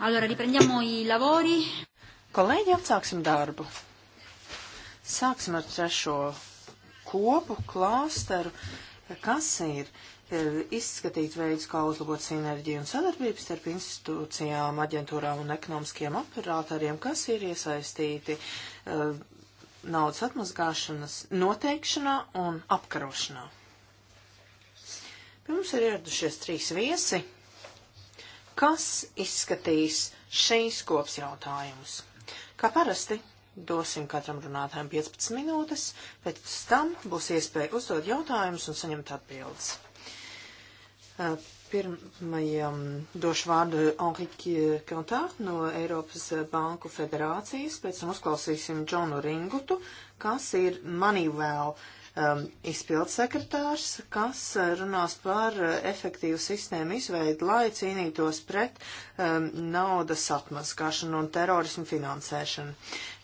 Allora, riprendiamo i lavori. Kolēģi, atsāksim darbu. Sāksim ar trešo kopu klāsteru, kas ir e, izskatīt veidus, kā uzlabot sinerģiju un sadarbību starp institūcijām, aģentūrām un ekonomiskiem operatoriem, kas ir iesaistīti uh, naudas atmazgāšanas noteikšanā un apkarošanā. Pie mums ir ieradušies trīs viesi kas izskatīs šīs kops jautājumus. Kā parasti, dosim katram runātājam 15 minūtes, pēc tam būs iespēja uzdot jautājumus un saņemt atbildes. Pirmajam došu vārdu Enrique Kantā no Eiropas Banku Federācijas, pēc tam uzklausīsim Džonu Ringutu, kas ir Manivell. Well um, izpildsekretārs, kas uh, runās par uh, efektīvu sistēmu izveidu, lai cīnītos pret um, naudas atmaskāšanu un terorismu finansēšanu.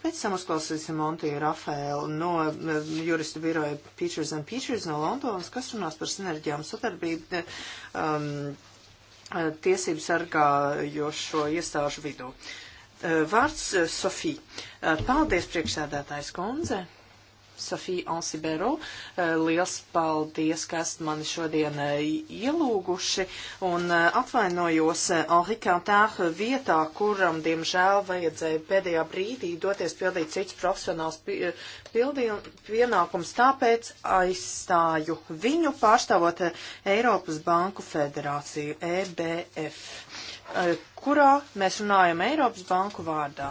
Pēc tam uzklausīsim Montiju Rafēlu no uh, juristu biroja Peters and Peters no Londonas, kas runās par sinerģijām sadarbību. Uh, um, tiesību sargājošo iestāžu vidū. Vārds Sofija. Paldies, priekšsēdētājs kundze. Sofija Onsiberu. Eh, liels paldies, ka esat mani šodien eh, ielūguši un eh, atvainojos Henri Kantāha vietā, kuram, diemžēl, vajadzēja pēdējā brīdī doties pildīt cits profesionāls pienākums. Tāpēc aizstāju viņu pārstāvot Eiropas Banku Federāciju, EBF. Eh, kurā mēs runājam Eiropas banku vārdā.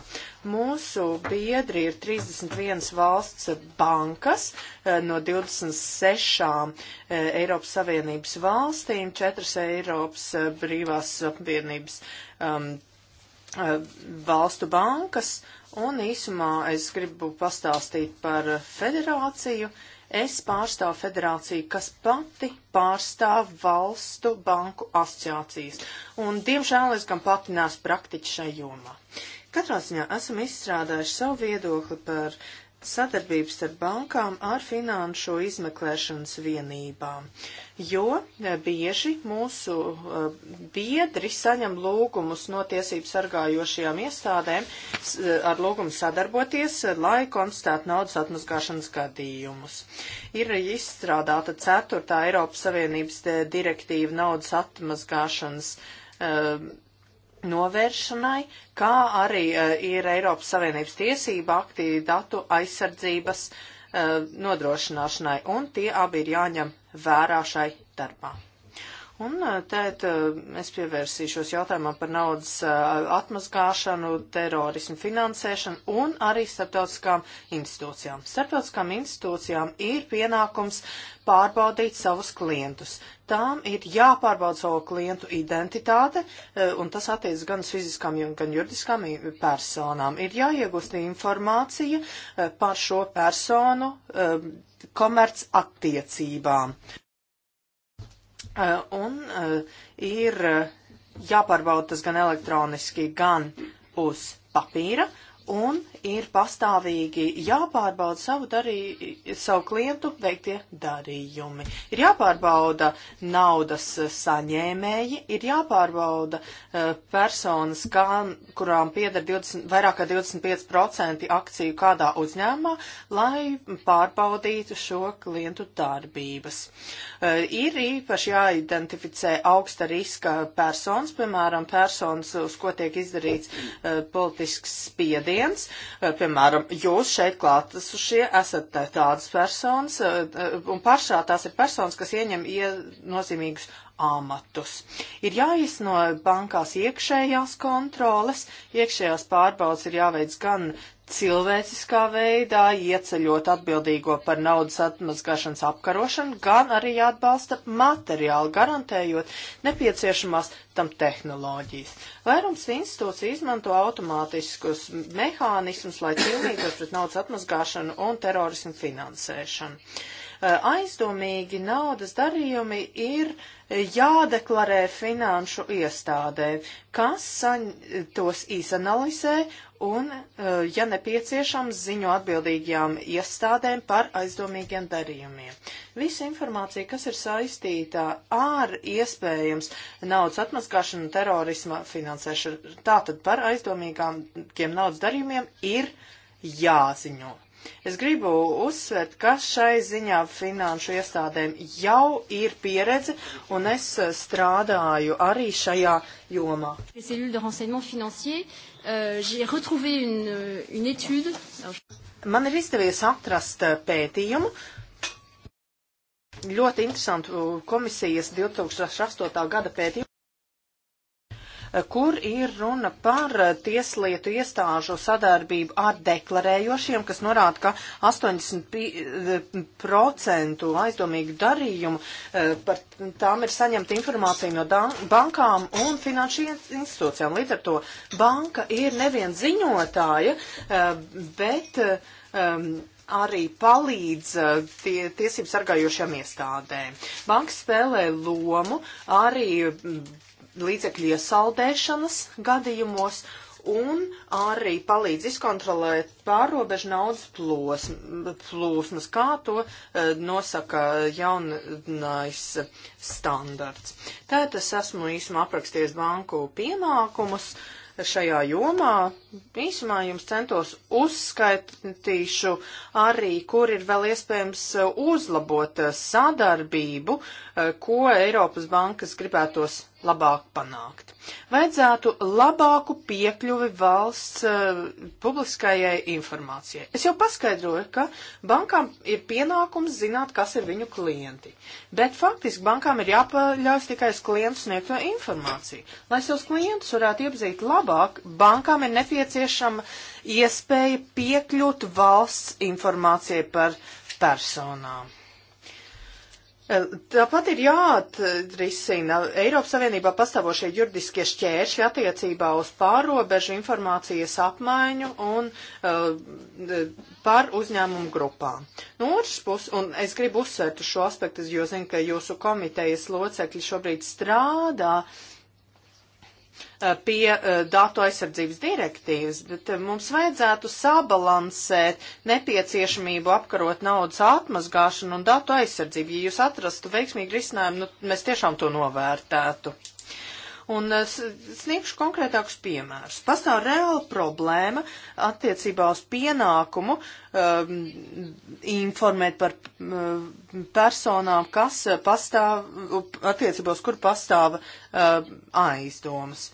Mūsu biedri ir 31 valsts bankas eh, no 26 eh, Eiropas Savienības valstīm, 4 Eiropas brīvās apvienības um, valstu bankas, un īsumā es gribu pastāstīt par federāciju. Uh, Es pārstāvu federāciju, kas pati pārstāv valstu banku asociācijas, un diemžēl es gan pati neesmu praktiķi šai jomā. Katrā ziņā esam izstrādājuši savu viedokli par sadarbības ar bankām ar finanšu izmeklēšanas vienībām, jo eh, bieži mūsu eh, biedri saņem lūgumus no tiesību sargājošajām iestādēm eh, ar lūgumu sadarboties, lai konstatētu naudas atmazgāšanas gadījumus. Ir izstrādāta 4. Eiropas Savienības direktīva naudas atmazgāšanas novēršanai, kā arī uh, ir Eiropas Savienības tiesība aktīvi datu aizsardzības uh, nodrošināšanai, un tie abi ir jāņem vērā šai darbā. Un tēt, es pievērsīšos jautājumam par naudas atmazgāšanu, terorismu finansēšanu un arī starptautiskām institūcijām. Starptautiskām institūcijām ir pienākums pārbaudīt savus klientus. Tām ir jāpārbauda savu klientu identitāte, un tas attiec gan uz fiziskām, gan juridiskām personām. Ir jāiegūst informācija par šo personu komerc attiecībām. Eh, un eh, ir eh, jāpārbauda tas gan elektroniski, gan uz papīra, un ir pastāvīgi jāpārbauda savu, darī, savu klientu veiktie darījumi. Ir jāpārbauda naudas saņēmēji, ir jāpārbauda uh, personas, kā, kurām pieder 20, vairāk kā 25% akciju kādā uzņēmumā, lai pārbaudītu šo klientu darbības. Uh, ir īpaši jāidentificē augsta riska personas, piemēram, personas, uz ko tiek izdarīts uh, politisks spiediens neviens, eh, piemēram, jūs šeit klātesušie esat eh, tādas personas, eh, un pašā tās ir personas, kas ieņem ie nozīmīgus amatus. Ir jāizno bankās iekšējās kontroles, iekšējās pārbaudas ir jāveic gan cilvēciskā veidā ieceļot atbildīgo par naudas atmazgāšanas apkarošanu, gan arī jāatbalsta materiāli, garantējot nepieciešamās tam tehnoloģijas. Vairums institūciju izmanto automātiskus mehānismus, lai cīnītos pret naudas atmazgāšanu un terorismu finansēšanu aizdomīgi naudas darījumi ir jādeklarē finanšu iestādē, kas tos izanalizē un, eh, ja nepieciešams, ziņo atbildīgajām iestādēm par aizdomīgiem darījumiem. Visa informācija, kas ir saistīta ar iespējams naudas atmaskāšanu un terorisma finansēšanu, tātad par aizdomīgākiem naudas darījumiem ir jāziņo. Es gribu uzsvērt, ka šai ziņā finanšu iestādēm jau ir pieredze, un es eh, strādāju arī šajā jomā. Euh, euh, Man ir izdevies atrast eh, pētījumu. Ļoti interesantu uh, komisijas 2008. gada pētījumu kur ir runa par tieslietu iestāžu sadarbību ar deklarējošiem, kas norāda, ka 80% eh, aizdomīgu darījumu eh, par tām ir saņemta informācija no bankām un finanšu institūcijām. Līdz ar to banka ir nevien ziņotāja, eh, bet arī palīdz tie, tiesību sargājošiem iestādēm. Banka spēlē lomu arī līdzekļu iesaldēšanas gadījumos un arī palīdz izkontrolēt pārobežu naudas plūsmas, kā to uh, nosaka jaunais standarts. Tātad es esmu īsumā aprakstījis banku pienākumus šajā jomā. Īsumā jums centos uzskaitīšu arī, kur ir vēl iespējams uzlabot sadarbību, e, ko Eiropas bankas gribētos labāk panākt. Vajadzētu labāku piekļuvi valsts uh, publiskajai informācijai. Es jau paskaidroju, ka bankām ir pienākums zināt, kas ir viņu klienti. Bet faktiski bankām ir jāpaļaus tikai uz klientu sniegto informāciju. Lai savus klientus varētu iepazīt labāk, bankām ir nepieciešama iespēja piekļūt valsts informācijai par personām. Tāpat ir jāatrisina Eiropas Savienībā pastāvošie juridiskie šķēršļi attiecībā uz pārobežu informācijas apmaiņu un uh, par uzņēmumu grupām. No otras puses, un es gribu uzsvērt uz šo aspektu, jo zinu, ka jūsu komitejas locekļi šobrīd strādā uh, Eh, pie eh, datu aizsardzības direktīvas, bet eh, mums vajadzētu sabalansēt nepieciešamību apkarot naudas atmazgāšanu un datu aizsardzību. Ja jūs atrastu veiksmīgu risinājumu, nu, mēs tiešām to novērtētu. Un eh, sniegšu konkrētākus piemērus. Pastāv reāla problēma attiecībā uz pienākumu um, informēt par um, personām, kas pastāv, attiecībā uz kur pastāv uh, aizdomas.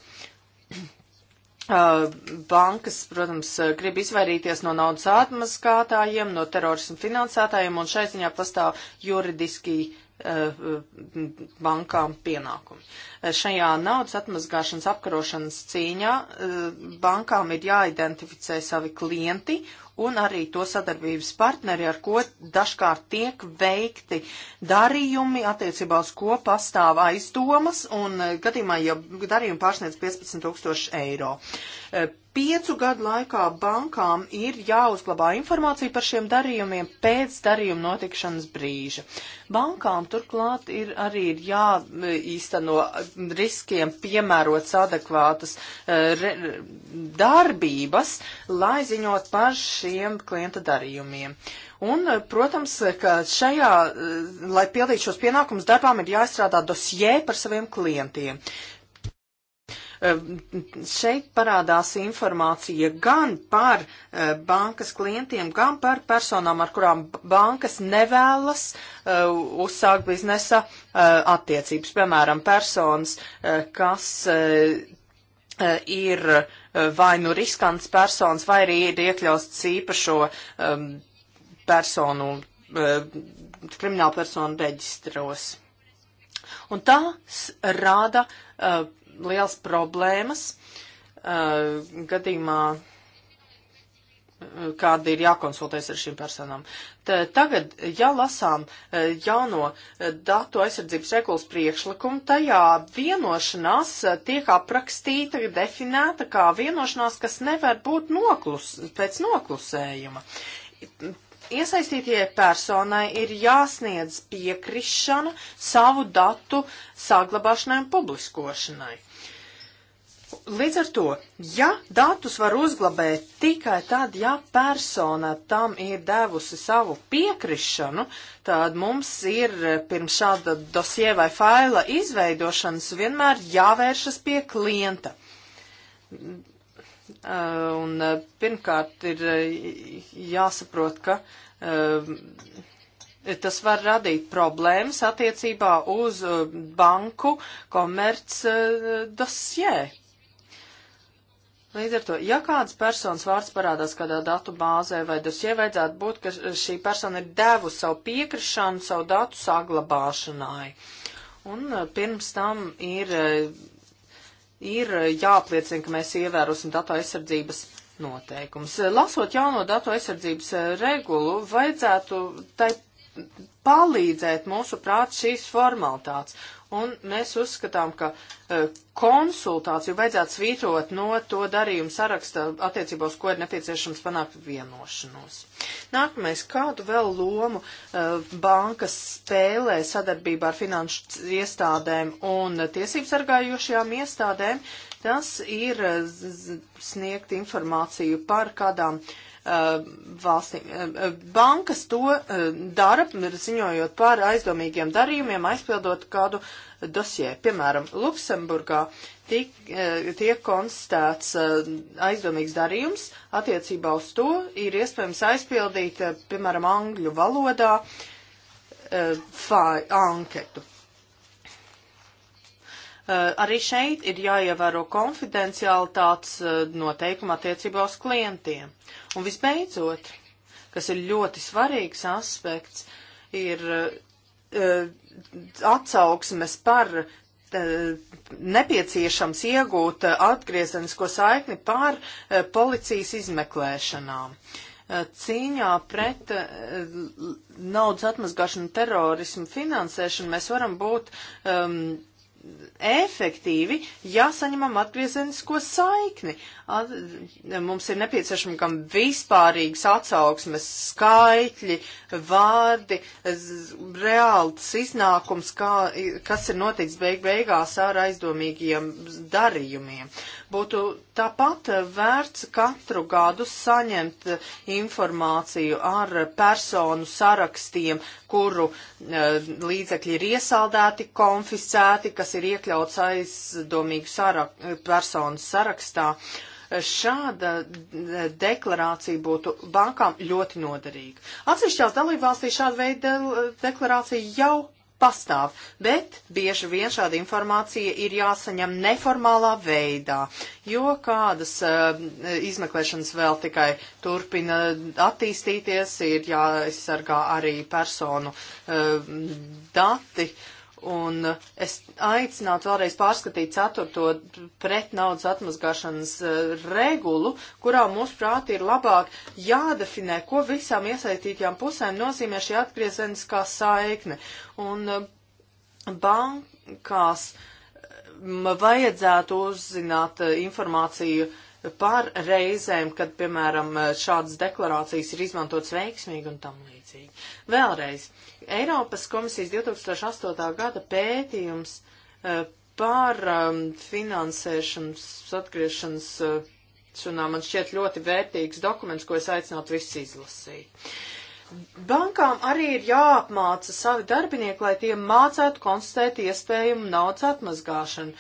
Uh, bankas, protams, grib izvairīties no naudas atmaskātājiem, no terorismu finansētājiem, un šai ziņā pastāv juridiski uh, Eh, bankām pienākumi. Eh, šajā naudas atmazgāšanas apkarošanas cīņā eh, bankām ir jāidentificē savi klienti un arī to sadarbības partneri, ar ko dažkārt tiek veikti darījumi, attiecībā uz ko pastāv aizdomas, un gadījumā, ja darījumi pārsniedz 15 tūkstoši eiro piecu gadu laikā bankām ir jāuzglabā informācija par šiem darījumiem pēc darījuma notikšanas brīža. Bankām turklāt ir arī ir jāīsteno riskiem piemērots adekvātas eh, re, darbības, lai ziņot par šiem klienta darījumiem. Un, eh, protams, ka šajā, eh, lai pildītu šos pienākumus, darbām ir jāizstrādā dosjē par saviem klientiem. Uh, šeit parādās informācija gan par eh, bankas klientiem, gan par personām, ar kurām bankas nevēlas eh, uzsākt biznesa eh, attiecības. Piemēram, personas, kas ir vai nu riskants personas, vai arī ir iekļausts īpašo personu, kriminālu personu reģistros. Un tās rāda uh, liels problēmas uh, gadījumā, uh, kāda ir jākonsultēs ar šīm personām. Tā, tagad, ja lasām uh, jauno uh, datu aizsardzības regulas priekšlikumu, tajā vienošanās tiek aprakstīta, ja definēta kā vienošanās, kas nevar būt noklus, pēc noklusējuma. Iesaistītie personai ir jāsniedz piekrišana savu datu saglabāšanai un publiskošanai. Līdz ar to, ja datus var uzglabēt tikai tad, ja persona tam ir devusi savu piekrišanu, tad mums ir eh, pirms šāda dosie vai faila izveidošanas vienmēr jāvēršas pie klienta. Eh, un eh, pirmkārt ir jāsaprot, ka tas var radīt problēmas attiecībā uz banku komerc dosjē. Līdz ar to, ja kādas personas vārds parādās kādā datu bāzē vai dosie, vajadzētu būt, ka šī persona ir devu savu piekrišanu, savu datu saglabāšanai. Un eh, pirms tam ir, eh, ir jāpliecina, ka mēs ievērosim datu aizsardzības noteikums. Lasot jauno datu aizsardzības eh, regulu, vajadzētu tai palīdzēt mūsu prāt šīs formalitātes Un mēs uzskatām, ka uh, konsultāciju vajadzētu svītrot no to darījumu saraksta attiecībā uz ko ir nepieciešams panākt vienošanos. Nākamais, kādu vēl lomu uh, e, bankas spēlē sadarbībā ar finanšu iestādēm un tiesību sargājošajām iestādēm, tas ir sniegt informāciju par kādām uh, Uh, valstīm. Uh, uh, bankas to dara, nu, ziņojot par aizdomīgiem darījumiem, aizpildot kādu dosie. Piemēram, Luksemburgā tiek, tiek konstatēts aizdomīgs darījums, attiecībā uz to ir iespējams aizpildīt, piemēram, angļu valodā fai anketu. Eh, arī šeit ir jāievēro konfidenciālitātes eh, noteikuma attiecībā uz klientiem. Un visbeidzot, kas ir ļoti svarīgs aspekts, ir eh, atsauksmes par nepieciešams iegūt atgriezenisko saikni pār policijas izmeklēšanām. Cīņā pret naudas atmazgāšanu, terorismu finansēšanu mēs varam būt um, efektīvi, ja saņemam atgriezenisko saikni. At, mums ir nepieciešama kam vispārīgas atsauksmes, skaitļi, vārdi, reāls iznākums, kā, kas ir noticis beig beigās ar aizdomīgiem darījumiem. Būtu tāpat vērts katru gadu saņemt informāciju ar personu sarakstiem kuru e, līdzekļi ir iesaldēti, konfiscēti, kas ir iekļauts aizdomīgu sarak personu sarakstā. Šāda e, deklarācija būtu bankām ļoti noderīga. Atsevišķās dalībvalstīs šāda veida e, deklarācija jau pastāv, bet bieži vien šāda informācija ir jāsaņem neformālā veidā, jo kādas uh, izmeklēšanas vēl tikai turpina attīstīties, ir jāaizsargā arī personu uh, dati. Uh, Un es aicinātu vēlreiz pārskatīt ceturto pretnaudas atmazgāšanas eh, regulu, kurā mūsuprāt ir labāk jādefinē, ko visām iesaistītajām pusēm nozīmē šī atgriezeniskā saikne. Un eh, bankās eh, vajadzētu uzzināt informāciju uh, par reizēm, kad, piemēram, šādas deklarācijas ir izmantotas veiksmīgi un tam līdzīgi. Vēlreiz, Eiropas komisijas 2008. gada pētījums eh, par um, finansēšanas atgriešanas sunā eh, man šķiet ļoti vērtīgs dokuments, ko es aicinātu visus izlasīt. Bankām arī ir jāapmāca savi darbinieki, lai tie mācētu konstatēt iespējumu naudas atmazgāšanu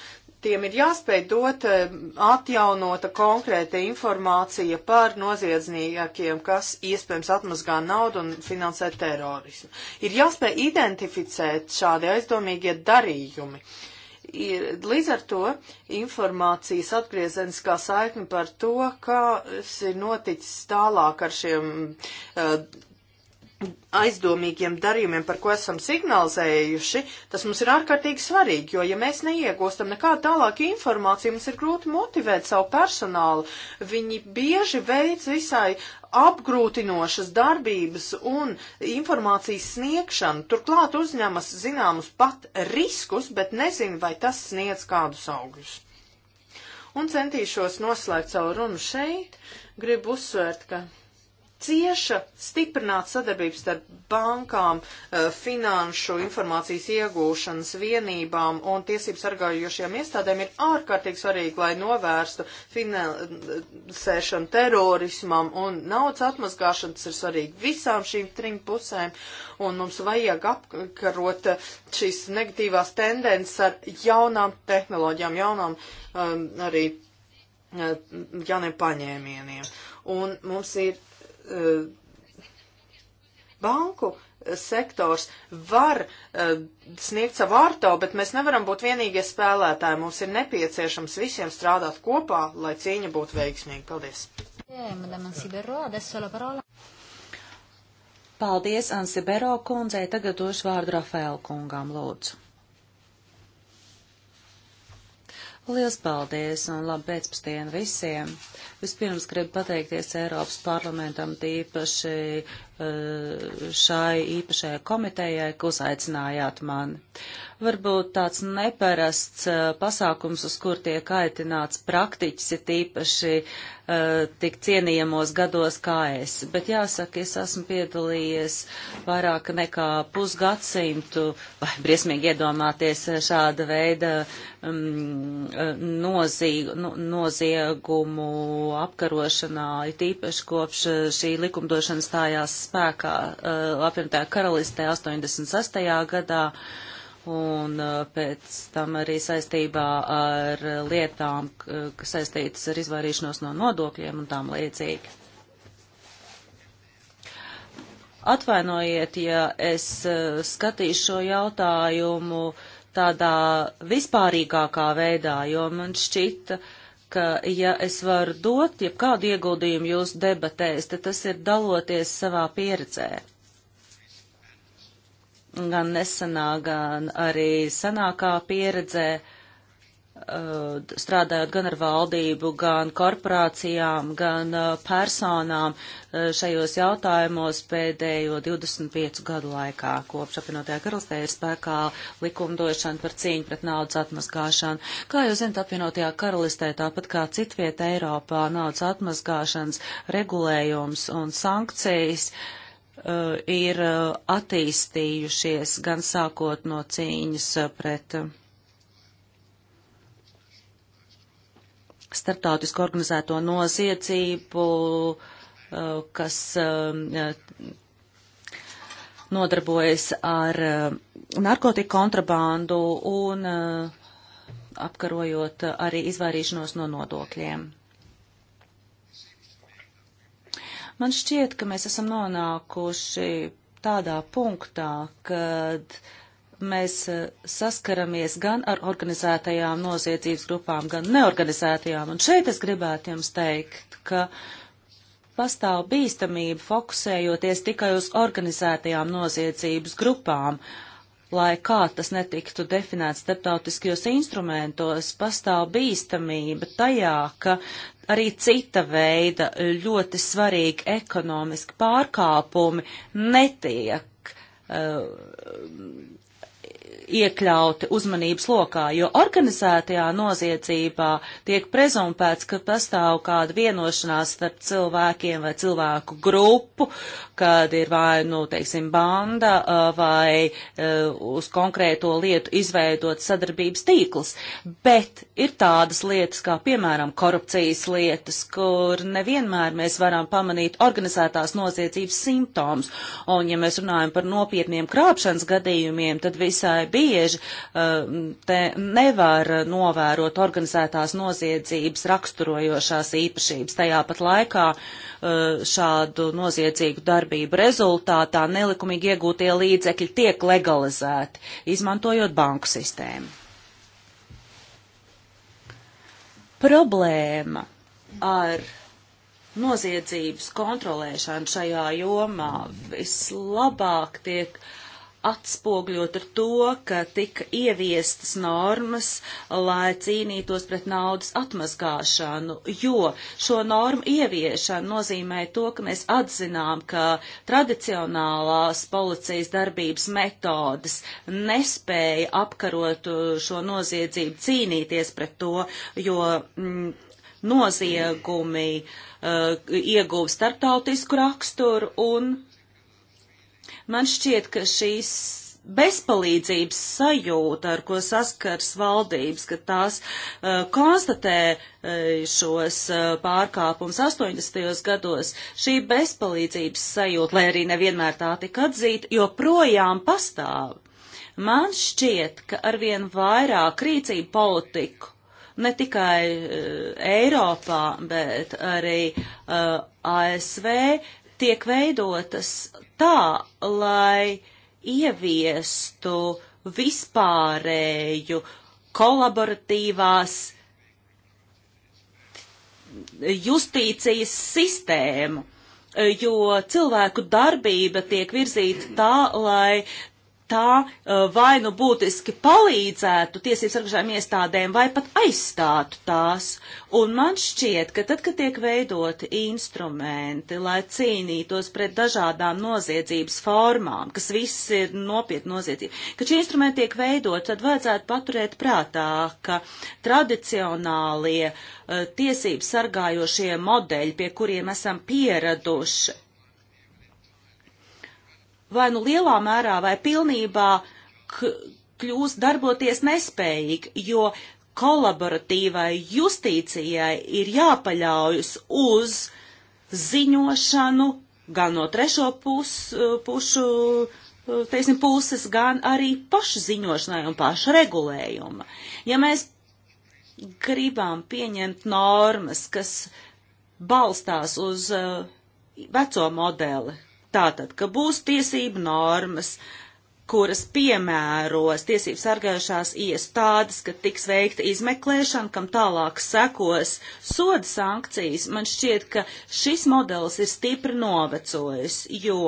tiem ir jāspēj dot eh, atjaunota konkrēta informācija par noziedzniekiem, kas iespējams atmazgā naudu un finansē terorismu. Ir jāspēj identificēt šādi aizdomīgie darījumi. Ir, līdz ar to informācijas atgriezeniskā saikne par to, kas ir noticis tālāk ar šiem uh, aizdomīgiem darījumiem, par ko esam signalizējuši, tas mums ir ārkārtīgi svarīgi, jo ja mēs neiegūstam nekādu tālāku informāciju, mums ir grūti motivēt savu personālu. Viņi bieži veic visai apgrūtinošas darbības un informācijas sniegšanu. Turklāt uzņemas zināmus pat riskus, bet nezinu, vai tas sniedz kādus augļus. Un centīšos noslēgt savu runu šeit. Gribu uzsvērt, ka cieša stiprināt sadarbības starp bankām, eh, finanšu informācijas iegūšanas vienībām un tiesību sargājošajām iestādēm ir ārkārtīgi svarīgi, lai novērstu finansēšanu terorismam un naudas atmazgāšanu. Tas ir svarīgi visām šīm trim pusēm un mums vajag apkarot eh, šīs negatīvās tendences ar jaunām tehnoloģijām, jaunām um, arī eh, jauniem paņēmieniem. Un mums ir Eh, banku sektors var uh, sniegt savu vārto, bet mēs nevaram būt vienīgie spēlētāji. Mums ir nepieciešams visiem strādāt kopā, lai cīņa būtu veiksmīga. Paldies! Eh, paldies, Ansibero kundzei. Tagad došu vārdu Rafael kungām, lūdzu. Liels paldies un labu pēcpusdienu visiem! Vispirms gribu pateikties Eiropas parlamentam tīpaši eh, šai īpašajai komitejai, kas aicinājāt mani. Varbūt tāds neparasts eh, pasākums, uz kur tiek aicināts praktiķis, ir tīpaši eh, tik cienījamos gados kā es. Bet jāsaka, es esmu piedalījies vairāk nekā pusgadsimtu, vai briesmīgi iedomāties šāda veida um, mm, nozie, no, noziegumu apkarošanā, it īpaši kopš eh, šī likumdošana stājās spēkā uh, apvienotā karalistē 86. gadā un uh, pēc tam arī saistībā ar lietām, kas saistītas ar izvairīšanos no nodokļiem un tām līdzīgi. Atvainojiet, ja es uh, skatīšu šo jautājumu tādā vispārīgākā veidā, jo man šķita, uh, ka, ja es varu dot, ja kādu ieguldījumu jūs debatēs, tad tas ir daloties savā pieredzē. Gan nesenā, gan arī senākā pieredzē. Uh, Uh, strādājot gan ar valdību, gan korporācijām, gan uh, personām uh, šajos jautājumos pēdējo 25 gadu laikā, kopš apvienotajā karalistē ir spēkā likumdošana par cīņu pret naudas atmazgāšanu. Kā jūs zinat, apvienotajā karalistē, tāpat kā citviet Eiropā, naudas atmazgāšanas regulējums un sankcijas uh, ir attīstījušies gan sākot no cīņas pret. Uh, starptautisko organizēto noziedzību, eh, kas eh, nodarbojas ar eh, narkotiku kontrabandu un apkarojot arī izvairīšanos no nodokļiem. Man šķiet, ka mēs esam nonākuši tādā punktā, kad uh, mēs eh, saskaramies gan ar organizētajām noziedzības grupām, gan neorganizētajām. Un šeit es gribētu jums teikt, ka pastāv bīstamība fokusējoties tikai uz organizētajām noziedzības grupām, lai kā tas netiktu definēts starptautiskajos instrumentos, pastāv bīstamība tajā, ka arī cita veida ļoti svarīgi ekonomiski pārkāpumi netiek uh, iekļauti uzmanības lokā, jo organizētajā noziedzībā tiek prezumpēts, ka pastāv kāda vienošanās starp cilvēkiem vai cilvēku grupu, kad ir vai, nu, teiksim, banda vai uz konkrēto lietu izveidot sadarbības tīkls. Bet ir tādas lietas, kā piemēram korupcijas lietas, kur nevienmēr mēs varam pamanīt organizētās noziedzības simptomus. Un, ja mēs runājam par nopietniem krāpšanas gadījumiem, tad visai bieži uh, te nevar novērot organizētās noziedzības raksturojošās īpašības. Tajā pat laikā uh, šādu noziedzīgu darbību rezultātā nelikumīgi iegūtie līdzekļi tiek legalizēti, izmantojot banku sistēmu. Problēma ar noziedzības kontrolēšana šajā jomā vislabāk tiek uh, atspogļot ar to, ka tika ieviestas normas, lai cīnītos pret naudas atmazgāšanu, jo šo normu ieviešana nozīmē to, ka mēs atzinām, ka tradicionālās policijas darbības metodas nespēja apkarot uh, šo noziedzību, cīnīties pret to, jo mm, noziegumi uh, ieguva starptautisku raksturu un Man šķiet, ka šīs bezpalīdzības sajūta, ar ko saskars valdības, ka tās uh, konstatē uh, šos uh, pārkāpumus 80. gados, šī bezpalīdzības sajūta, lai arī nevienmēr tā tika atzīta, joprojām pastāv. Man šķiet, ka arvien vairāk rīcību politiku ne tikai uh, Eiropā, bet arī uh, ASV tiek veidotas tā, lai ieviestu vispārēju kolaboratīvās justīcijas sistēmu, jo cilvēku darbība tiek virzīta tā, lai tā uh, vai nu būtiski palīdzētu tiesību sargājušām iestādēm, vai pat aizstātu tās. Un man šķiet, ka tad, kad tiek veidoti instrumenti, lai cīnītos pret dažādām noziedzības formām, kas viss ir nopietna noziedzība, ka šie instrumenti tiek veidoti, tad vajadzētu paturēt prātā, ka tradicionālie uh, tiesību sargājošie modeļi, pie kuriem esam pieraduši, vai nu lielā mērā vai pilnībā kļūst darboties nespējīgi, jo kolaboratīvai justīcijai ir jāpaļaujas uz ziņošanu gan no trešo pus, pušu, teiksim, puses, gan arī pašu ziņošanai un pašu regulējuma. Ja mēs gribam pieņemt normas, kas balstās uz uh, veco modeli, Tātad, ka būs tiesību normas, kuras piemēros tiesību sargājušās iestādes, ka tiks veikta izmeklēšana, kam tālāk sekos soda sankcijas, man šķiet, ka šis modelis ir stipri novecojis, jo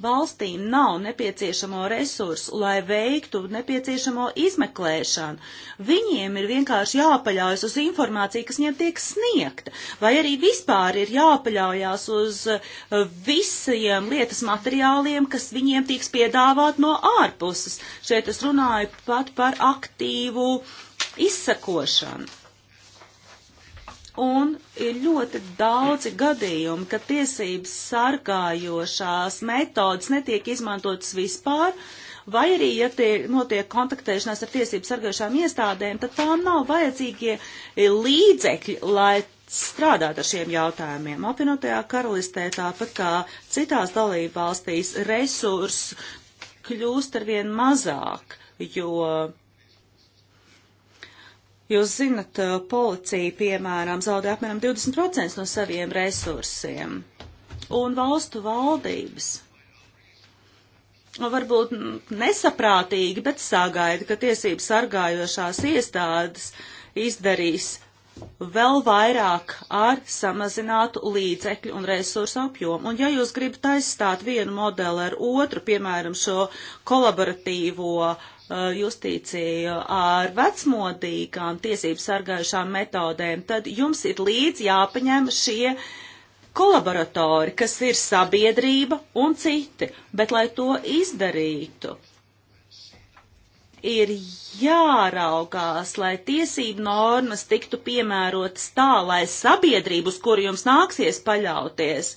valstīm nav nepieciešamo resursu, lai veiktu nepieciešamo izmeklēšanu. Viņiem ir vienkārši jāpaļaujas uz informāciju, kas viņiem tiek sniegta, vai arī vispār ir jāpaļaujas uz uh, visiem lietas materiāliem, kas viņiem tiks piedāvāt no ārpuses. Šeit es runāju pat par aktīvu izsakošanu un ir ļoti daudzi gadījumi, ka tiesības sargājošās metodas netiek izmantotas vispār, vai arī, ja tie notiek kontaktēšanās ar tiesības sargājošām iestādēm, tad tām nav vajadzīgie līdzekļi, lai strādāt ar šiem jautājumiem. Apvienotajā karalistē tāpat kā citās dalībvalstīs resursu kļūst arvien mazāk, jo Jūs zinat, policija, piemēram, zaudē apmēram 20% no saviem resursiem. Un valstu valdības varbūt nesaprātīgi, bet sagaida, ka tiesību sargājošās iestādes izdarīs vēl vairāk ar samazinātu līdzekļu un resursu apjomu. Un ja jūs gribat aizstāt vienu modeli ar otru, piemēram, šo kolaboratīvo uh, Uh, justīciju ar vecmodīgām tiesību sargājušām metodēm, tad jums ir līdz jāpaņem šie kolaboratori, kas ir sabiedrība un citi. Bet, lai to izdarītu, ir jāraugās, lai tiesību normas tiktu piemērotas tā, lai sabiedrību, uz kuru jums nāksies paļauties,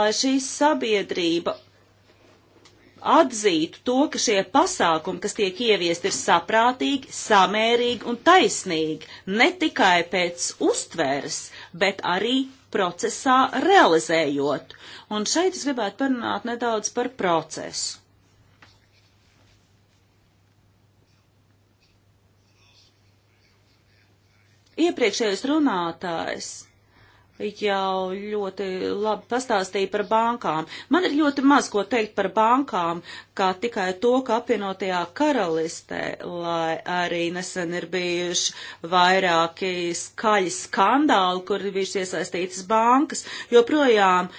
lai šī sabiedrība atzītu to, ka šie pasākumi, kas tiek ieviesti, ir saprātīgi, samērīgi un taisnīgi, ne tikai pēc uztveres, bet arī procesā realizējot. Un šeit es gribētu parunāt nedaudz par procesu. Iepriekšējais runātājs jau ļoti labi pastāstīja par bankām. Man ir ļoti maz ko teikt par bankām, kā tikai to, ka apvienotajā karalistē, lai arī nesen ir bijuši vairāki skaļi skandāli, kur ir bijušas iesaistītas bankas, joprojām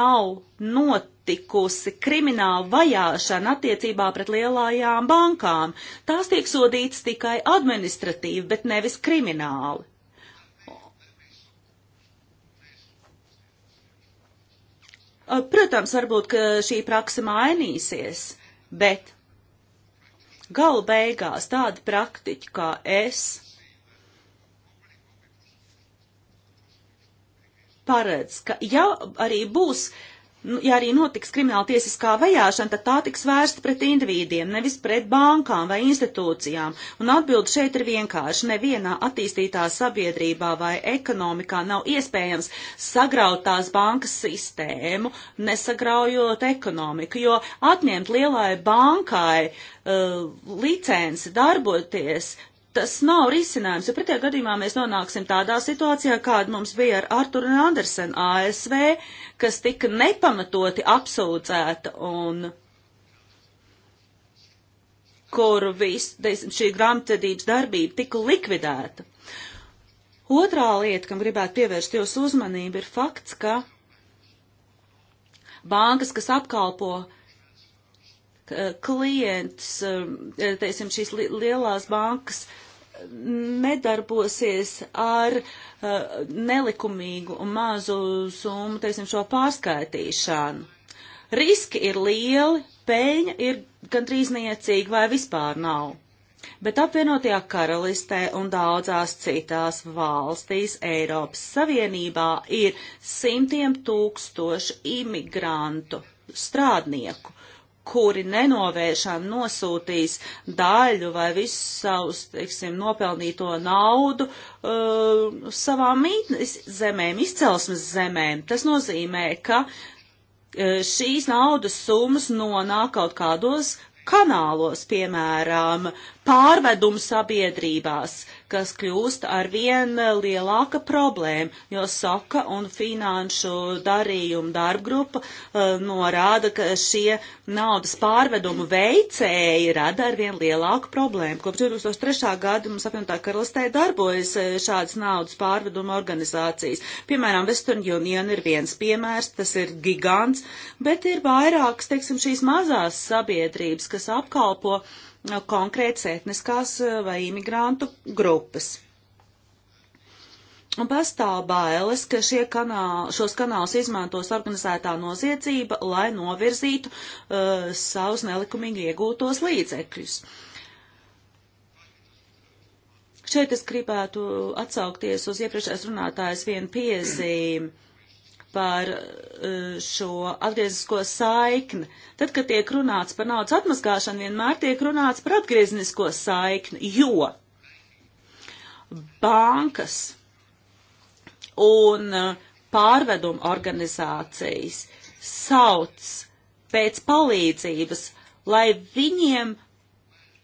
nav noticis notikusi krimināla vajāšana attiecībā pret lielajām bankām. Tās tiek sodītas tikai administratīvi, bet nevis krimināli. Uh, protams, varbūt šī praksa mainīsies, bet galu beigās tādi praktiķi kā es paredz, ka ja arī būs uh, Nu, ja arī notiks krimināla tiesiskā vajāšana, tad tā tiks vērsta pret individiem, nevis pret bankām vai institūcijām. Un atbildi šeit ir vienkārši. Nevienā attīstītā sabiedrībā vai ekonomikā nav iespējams sagraut tās bankas sistēmu, nesagraujot ekonomiku, jo atņemt lielai bankai uh, licenci darboties tas nav risinājums, jo pretējā gadījumā mēs nonāksim tādā situācijā, kāda mums bija ar Arturu Andersenu ASV, kas tika nepamatoti apsūdzēta un kur vis, teiksim, šī grāmatvedības darbība tika likvidēta. Otrā lieta, kam gribētu pievērst jūsu uzmanību, ir fakts, ka bankas, kas apkalpo uh, Eh, klients, eh, eh, teiksim, šīs lielās bankas nedarbosies ar nelikumīgu un mazu summu, teiksim, šo pārskaitīšanu. Riski ir lieli, peļņa ir gandrīz niecīga vai vispār nav. Bet apvienotajā karalistē un daudzās citās valstīs Eiropas Savienībā ir simtiem tūkstošu imigrantu strādnieku, kuri nenovēršām nosūtīs daļu vai visu savus, teiksim, nopelnīto naudu uh, savām mītnes zemēm, izcelsmes zemēm. Tas nozīmē, ka uh, šīs naudas summas nonāk kaut kādos kanālos, piemēram, pārvedumu sabiedrībās, uh, kas kļūst ar vien eh, lielāka problēma, jo soka un finanšu darījumu darbgrupa uh, norāda, ka šie naudas pārvedumu veicēji rada ar vien lielāku problēmu. Kopš 2003. gada mums apvienotā karalistē darbojas eh, šādas naudas pārvedumu organizācijas. Piemēram, Western Union ir viens piemērs, tas ir gigants, bet ir vairākas, teiksim, šīs mazās sabiedrības, kas apkalpo uh, konkrētas etniskās eh, vai imigrantu grupas. Un pastāv bailes, ka kanāli, šos kanālus izmantos organizētā noziedzība, lai novirzītu uh, savus nelikumīgi iegūtos līdzekļus. Šeit es gribētu atsaukties uz iepriekšējās runātājas vienu piezīmi par eh, šo atgriezisko saikni. Tad, kad tiek runāts par naudas atmaskāšanu, vienmēr tiek runāts par atgriezisko saikni, jo bankas un eh, pārvedumu organizācijas sauc pēc palīdzības, lai viņiem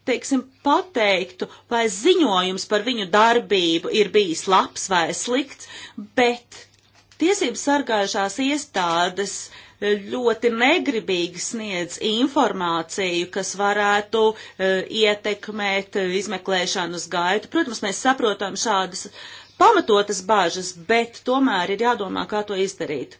teiksim, pateiktu, vai ziņojums par viņu darbību ir bijis labs vai slikts, bet Tiesības sargājušās iestādes ļoti negribīgi sniedz informāciju, kas varētu uh, ietekmēt izmeklēšanas gaitu. Protams, mēs saprotam šādas pamatotas bažas, bet tomēr ir jādomā, kā to izdarīt.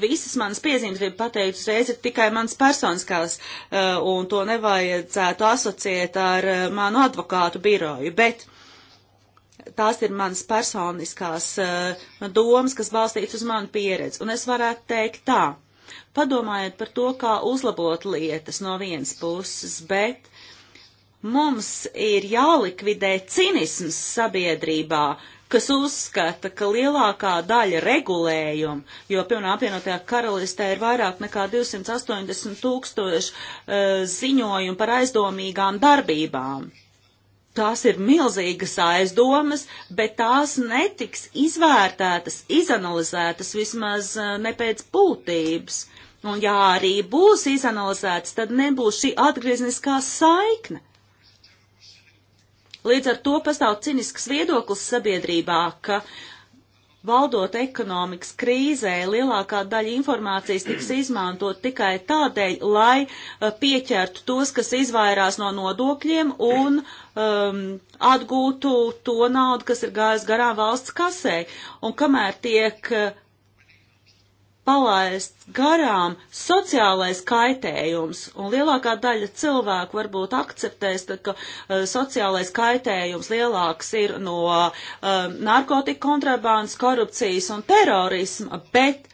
Visas manas piezīmes, gribu pateikt, uzreiz ir tikai mans personiskās, uh, un to nevajadzētu asociēt ar uh, manu advokātu biroju, bet uh, tās ir manas personiskās uh, domas, kas balstītas uz manu pieredzi. Un es varētu teikt tā, padomājiet par to, kā uzlabot lietas no vienas puses, bet mums ir jālikvidē cinisms sabiedrībā, kas uzskata, ka lielākā daļa regulējumu, jo, piemēram, apvienotajā karalistē ir vairāk nekā 280 tūkstoši uh, ziņojumu par aizdomīgām darbībām tās ir milzīgas aizdomas, bet tās netiks izvērtētas, izanalizētas vismaz eh, ne pēc būtības. Un ja arī būs izanalizētas, tad nebūs šī atgriezniskā saikne. Līdz ar to pastāv cinisks viedoklis sabiedrībā, ka uh, Valdot ekonomikas krīzē, lielākā daļa informācijas tiks izmantot tikai tādēļ, lai uh, pieķertu tos, kas izvairās no nodokļiem un um, atgūtu to naudu, kas ir gājis garām valsts kasē. Un kamēr tiek uh, palaist garām sociālais kaitējums, un lielākā daļa cilvēku varbūt akceptēs, tad, ka uh, sociālais kaitējums lielāks ir no uh, narkotika kontrabandas, korupcijas un terorisma, bet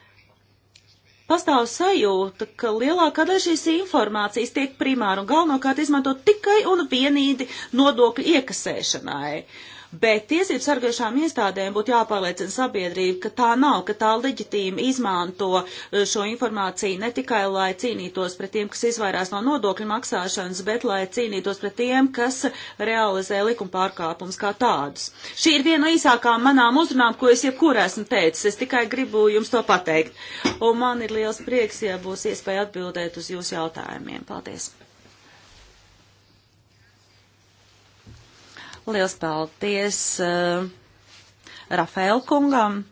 pastāv sajūta, ka lielākā daļa šīs informācijas tiek primāri un galvenokārt izmantot tikai un vienīgi nodokļu iekasēšanai. Uh, bet tiesību sargājušām iestādēm būtu jāpārliecina sabiedrība, ka tā nav, ka tā leģitīmi izmanto e, šo informāciju ne tikai, lai cīnītos pret tiem, kas izvairās no nodokļu maksāšanas, bet lai cīnītos pret tiem, kas realizē likuma pārkāpums kā tādus. Šī ir viena no īsākām manām uzrunām, ko es jebkur esmu teicis. Es tikai gribu jums to pateikt. Un man ir liels prieks, ja būs iespēja atbildēt uz jūsu jautājumiem. Paldies! Liels paldies uh, Rafael kungam.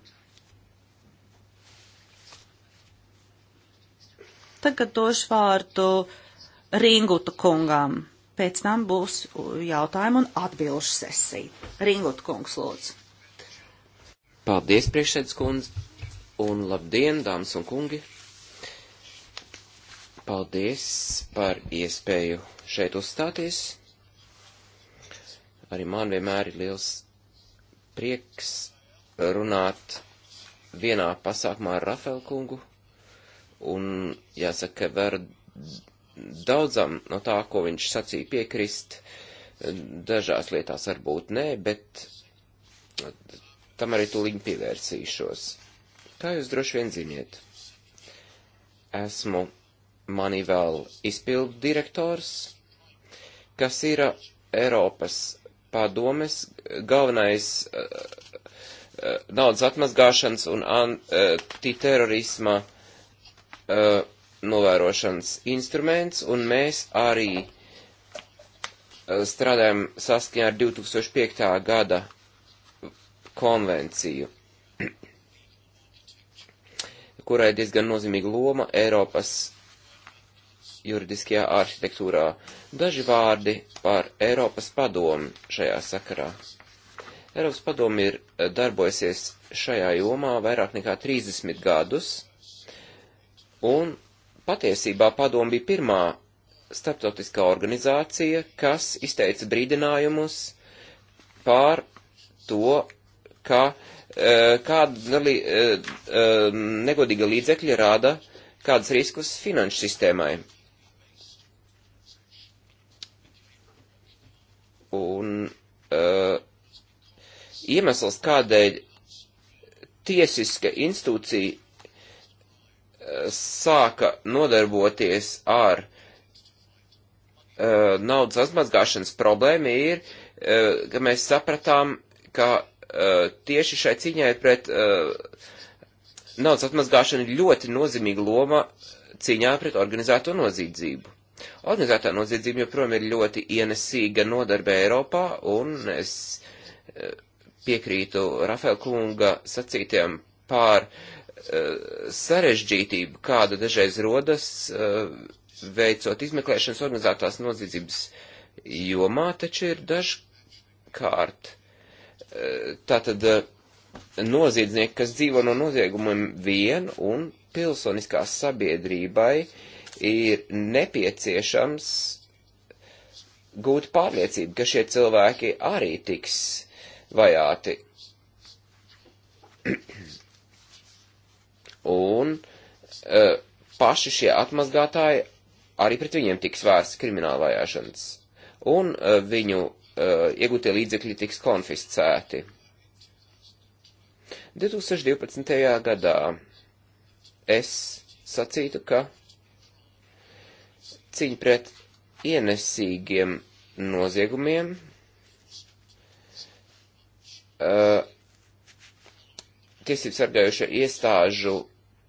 Tagad došu vārdu Ringutu kungam. Pēc tam būs jautājumu un atbilžu sesija. Ringutu kungs lūdzu. Paldies, priekšsēdus kundze, un labdien, dāmas un kungi. Paldies par iespēju šeit uzstāties. Arī man vienmēr ir liels prieks runāt vienā pasākumā ar Rafelu kungu, un jāsaka, var daudzam no tā, ko viņš sacīja piekrist, dažās lietās varbūt nē, bet tam arī tūlīt pievērsīšos. Kā jūs droši vien ziniet, esmu mani vēl izpildu direktors, kas ir Eiropas padomes galvenais eh, eh, naudas atmazgāšanas un eh, antiterorisma novērošanas instruments, un mēs arī strādājam saskaņā ar 2005. gada konvenciju, kurai diezgan nozīmīga loma Eiropas juridiskajā arhitektūrā. Daži vārdi par Eiropas padomu šajā sakarā. Eiropas padomu ir eh, darbojusies šajā jomā vairāk nekā 30 gadus, un patiesībā padomu bija pirmā starptautiskā organizācija, kas izteica brīdinājumus pār to, ka e, kāda li, e, e, negodīga līdzekļa rāda kādus riskus finanšu sistēmai. Un uh, iemesls, kādēļ tiesiska institūcija uh, sāka nodarboties ar uh, naudas atmazgāšanas problēmu, ir, uh, ka mēs sapratām, ka uh, tieši šai ciņai pret uh, naudas atmazgāšanu ļoti nozīmīga loma cīņā pret organizēto noziedzību. Organizētā noziedzība joprojām ir ļoti ienesīga nodarbe Eiropā, un es eh, piekrītu Rafael kunga sacītiem pār eh, sarežģītību, kāda dažreiz rodas, eh, veicot izmeklēšanas organizētās noziedzības jomā, taču ir dažkārt tātad noziedznieki, kas dzīvo no noziegumiem vien un pilsoniskās sabiedrībai uh, ir nepieciešams gūt pārliecību, ka šie cilvēki arī tiks vajāti. Un uh, paši šie atmazgātāji arī pret viņiem tiks vērsts krimināla vajāšanas. Un uh, viņu uh, iegūtie līdzekļi tiks konfiscēti. 2012. gadā es sacītu, ka cīņa pret ienesīgiem noziegumiem. Uh, tiesību sargājušo iestāžu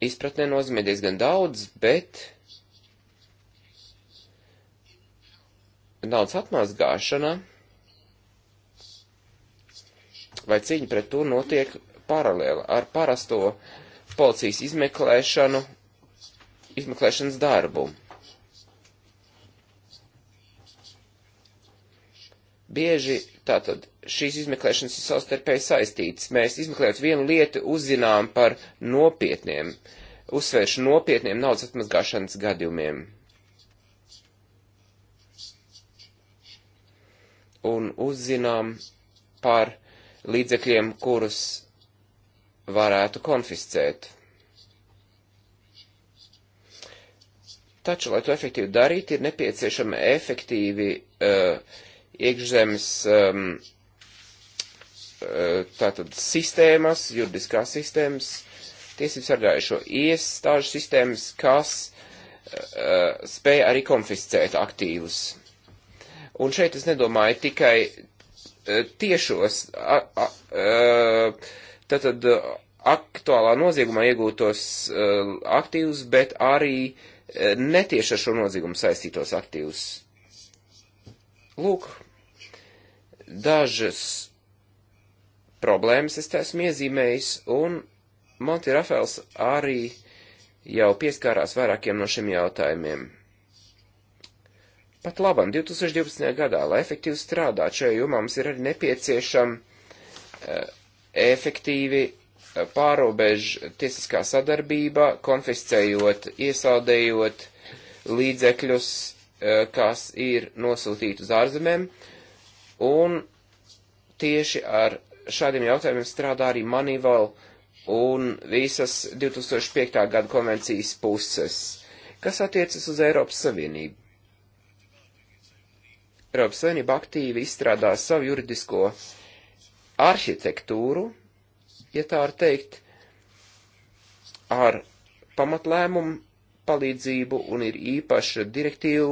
izpratnē nozīmē diezgan daudz, bet naudas atmazgāšana vai cīņa pret to notiek paralēli ar parasto policijas izmeklēšanu, izmeklēšanas darbu. Bieži tātad šīs izmeklēšanas ir savstarpēji saistītas. Mēs izmeklējot vienu lietu uzzinām par nopietniem, uzsvēršu nopietniem naudas atmazgāšanas gadījumiem. Un uzzinām par līdzekļiem, kurus varētu konfiscēt. Taču, lai to efektīvi darītu, ir nepieciešama efektīvi uh, iekšzemes um, uh, tātad sistēmas, juridiskās sistēmas, tiesības sargājušo iestāžu sistēmas, kas uh, spēja arī konfiscēt aktīvus. Un šeit es nedomāju tikai uh, tiešos, uh, uh, tātad uh, aktuālā noziegumā iegūtos uh, aktīvus, bet arī uh, netieši ar šo noziegumu saistītos aktīvus. Lūk, dažas problēmas es te esmu iezīmējis, un Monti Rafels arī jau pieskārās vairākiem no šiem jautājumiem. Pat labam, 2012. gadā, lai efektīvi strādātu šajā jomā, mums ir arī nepieciešama uh, efektīvi uh, eh, pārobežu tiesiskā sadarbība, konfiscējot, iesaldējot līdzekļus, uh, kas ir nosūtīti uz ārzemēm, uh, Un tieši ar šādiem jautājumiem strādā arī Manival un visas 2005. gada konvencijas puses, kas attiecas uz Eiropas Savienību. Eiropas Savienība aktīvi izstrādā savu juridisko arhitektūru, ja tā var teikt, ar pamatlēmumu palīdzību un ir īpaša direktīva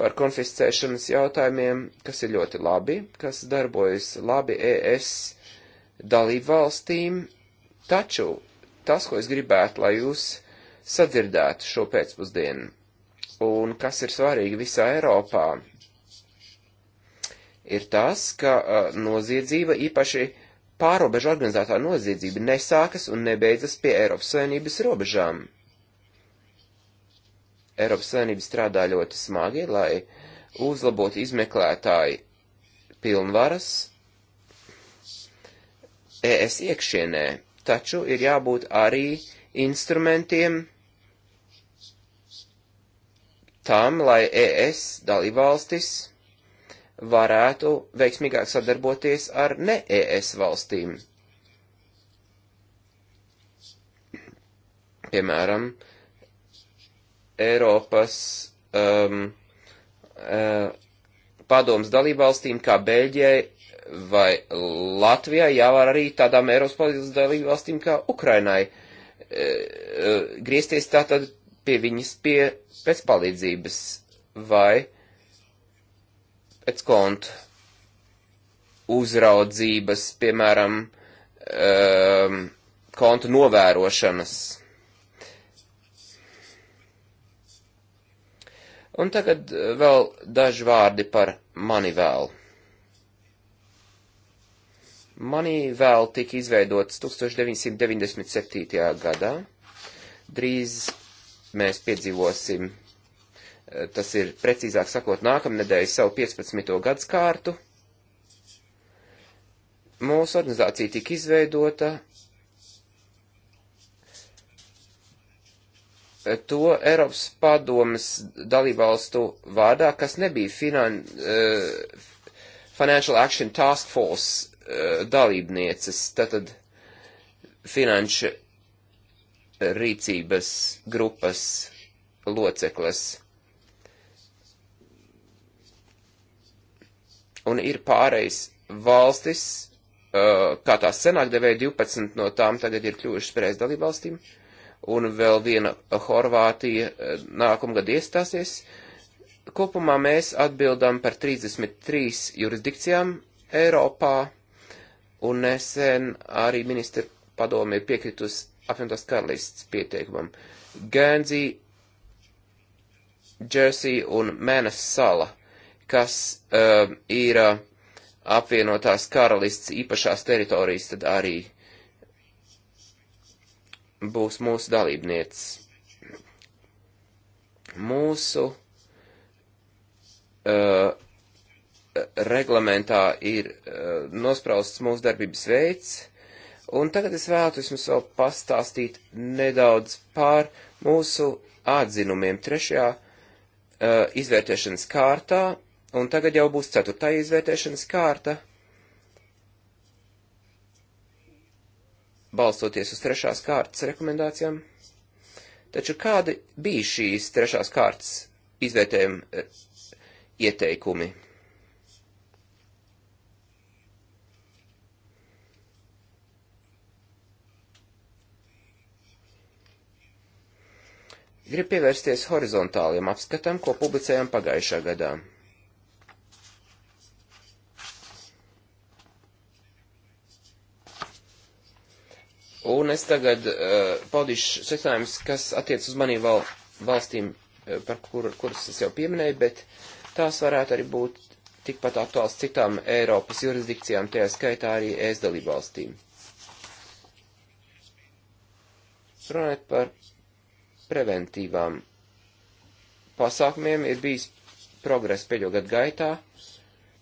par konfiscēšanas jautājumiem, kas ir ļoti labi, kas darbojas labi ES dalību valstīm, taču tas, ko es gribētu, lai jūs sadzirdētu šo pēcpusdienu, un kas ir svarīgi visā Eiropā, ir tas, ka uh, noziedzība, īpaši pārobežu organizētā noziedzība, nesākas un nebeidzas pie Eiropas Savienības robežām. Eiropas Savienība strādā ļoti smagi, lai uzlabotu izmeklētāju pilnvaras ES iekšienē, taču ir jābūt arī instrumentiem tam, lai ES dalībvalstis varētu veiksmīgāk sadarboties ar ne ES valstīm. Piemēram, uh, Eiropas um, uh, padomas dalībvalstīm, kā Beļģijai vai Latvijai, jāvar arī tādām Eiropas padomas dalībvalstīm kā Ukrainai uh, uh, griezties tātad pie viņas pie pēc palīdzības vai pēc kontu uzraudzības, piemēram, um, kontu novērošanas Un tagad eh, vēl daži vārdi par mani vēl. Mani vēl tika izveidots 1997. gadā. Drīz mēs piedzīvosim, eh, tas ir precīzāk sakot, nākamnedēļ savu 15. gadskārtu. Mūsu organizācija tika izveidota to Eiropas padomas dalībvalstu vārdā, kas nebija finan, uh, Financial Action Task Force uh, dalībnieces, tātad finanšu rīcības grupas locekles. Un ir pārējais valstis, uh, kā tās senāk devēja 12 no tām tagad ir kļuvušas pareiz dalībvalstīm. valstīm un vēl viena Horvātija eh, nākamgad iestāsies. Kopumā mēs atbildam par 33 jurisdikcijām Eiropā, un nesen arī ministra padomi ir piekritus apvienotās karalists pieteikumam. Guernsey, Jersey un Mēnes sala, kas uh, ir uh, apvienotās karalists īpašās teritorijas, tad arī uh, būs mūsu dalībnieces. Mūsu uh, reglamentā ir uh, nosprausts mūsu darbības veids, un tagad es vēlētos jums vēl pastāstīt nedaudz par mūsu atzinumiem trešajā uh, izvērtēšanas kārtā, un tagad jau būs ceturtā izvērtēšanas kārta. balstoties uz trešās kārtas rekomendācijām. Taču kādi bija šīs trešās kārtas izvērtējuma e, ieteikumi? Gribu pievērsties horizontāliem apskatam, ko publicējām pagājušā gadā. Un es tagad uh, paudīšu secinājumus, kas attiec uz manīm val, valstīm, eh, par kur, kuras es jau pieminēju, bet tās varētu arī būt tikpat aktuāls citām Eiropas jurisdikcijām, tajā skaitā arī ES dalību valstīm. Runājot par preventīvām pasākumiem, ir bijis progress pēdējo gadu gaitā,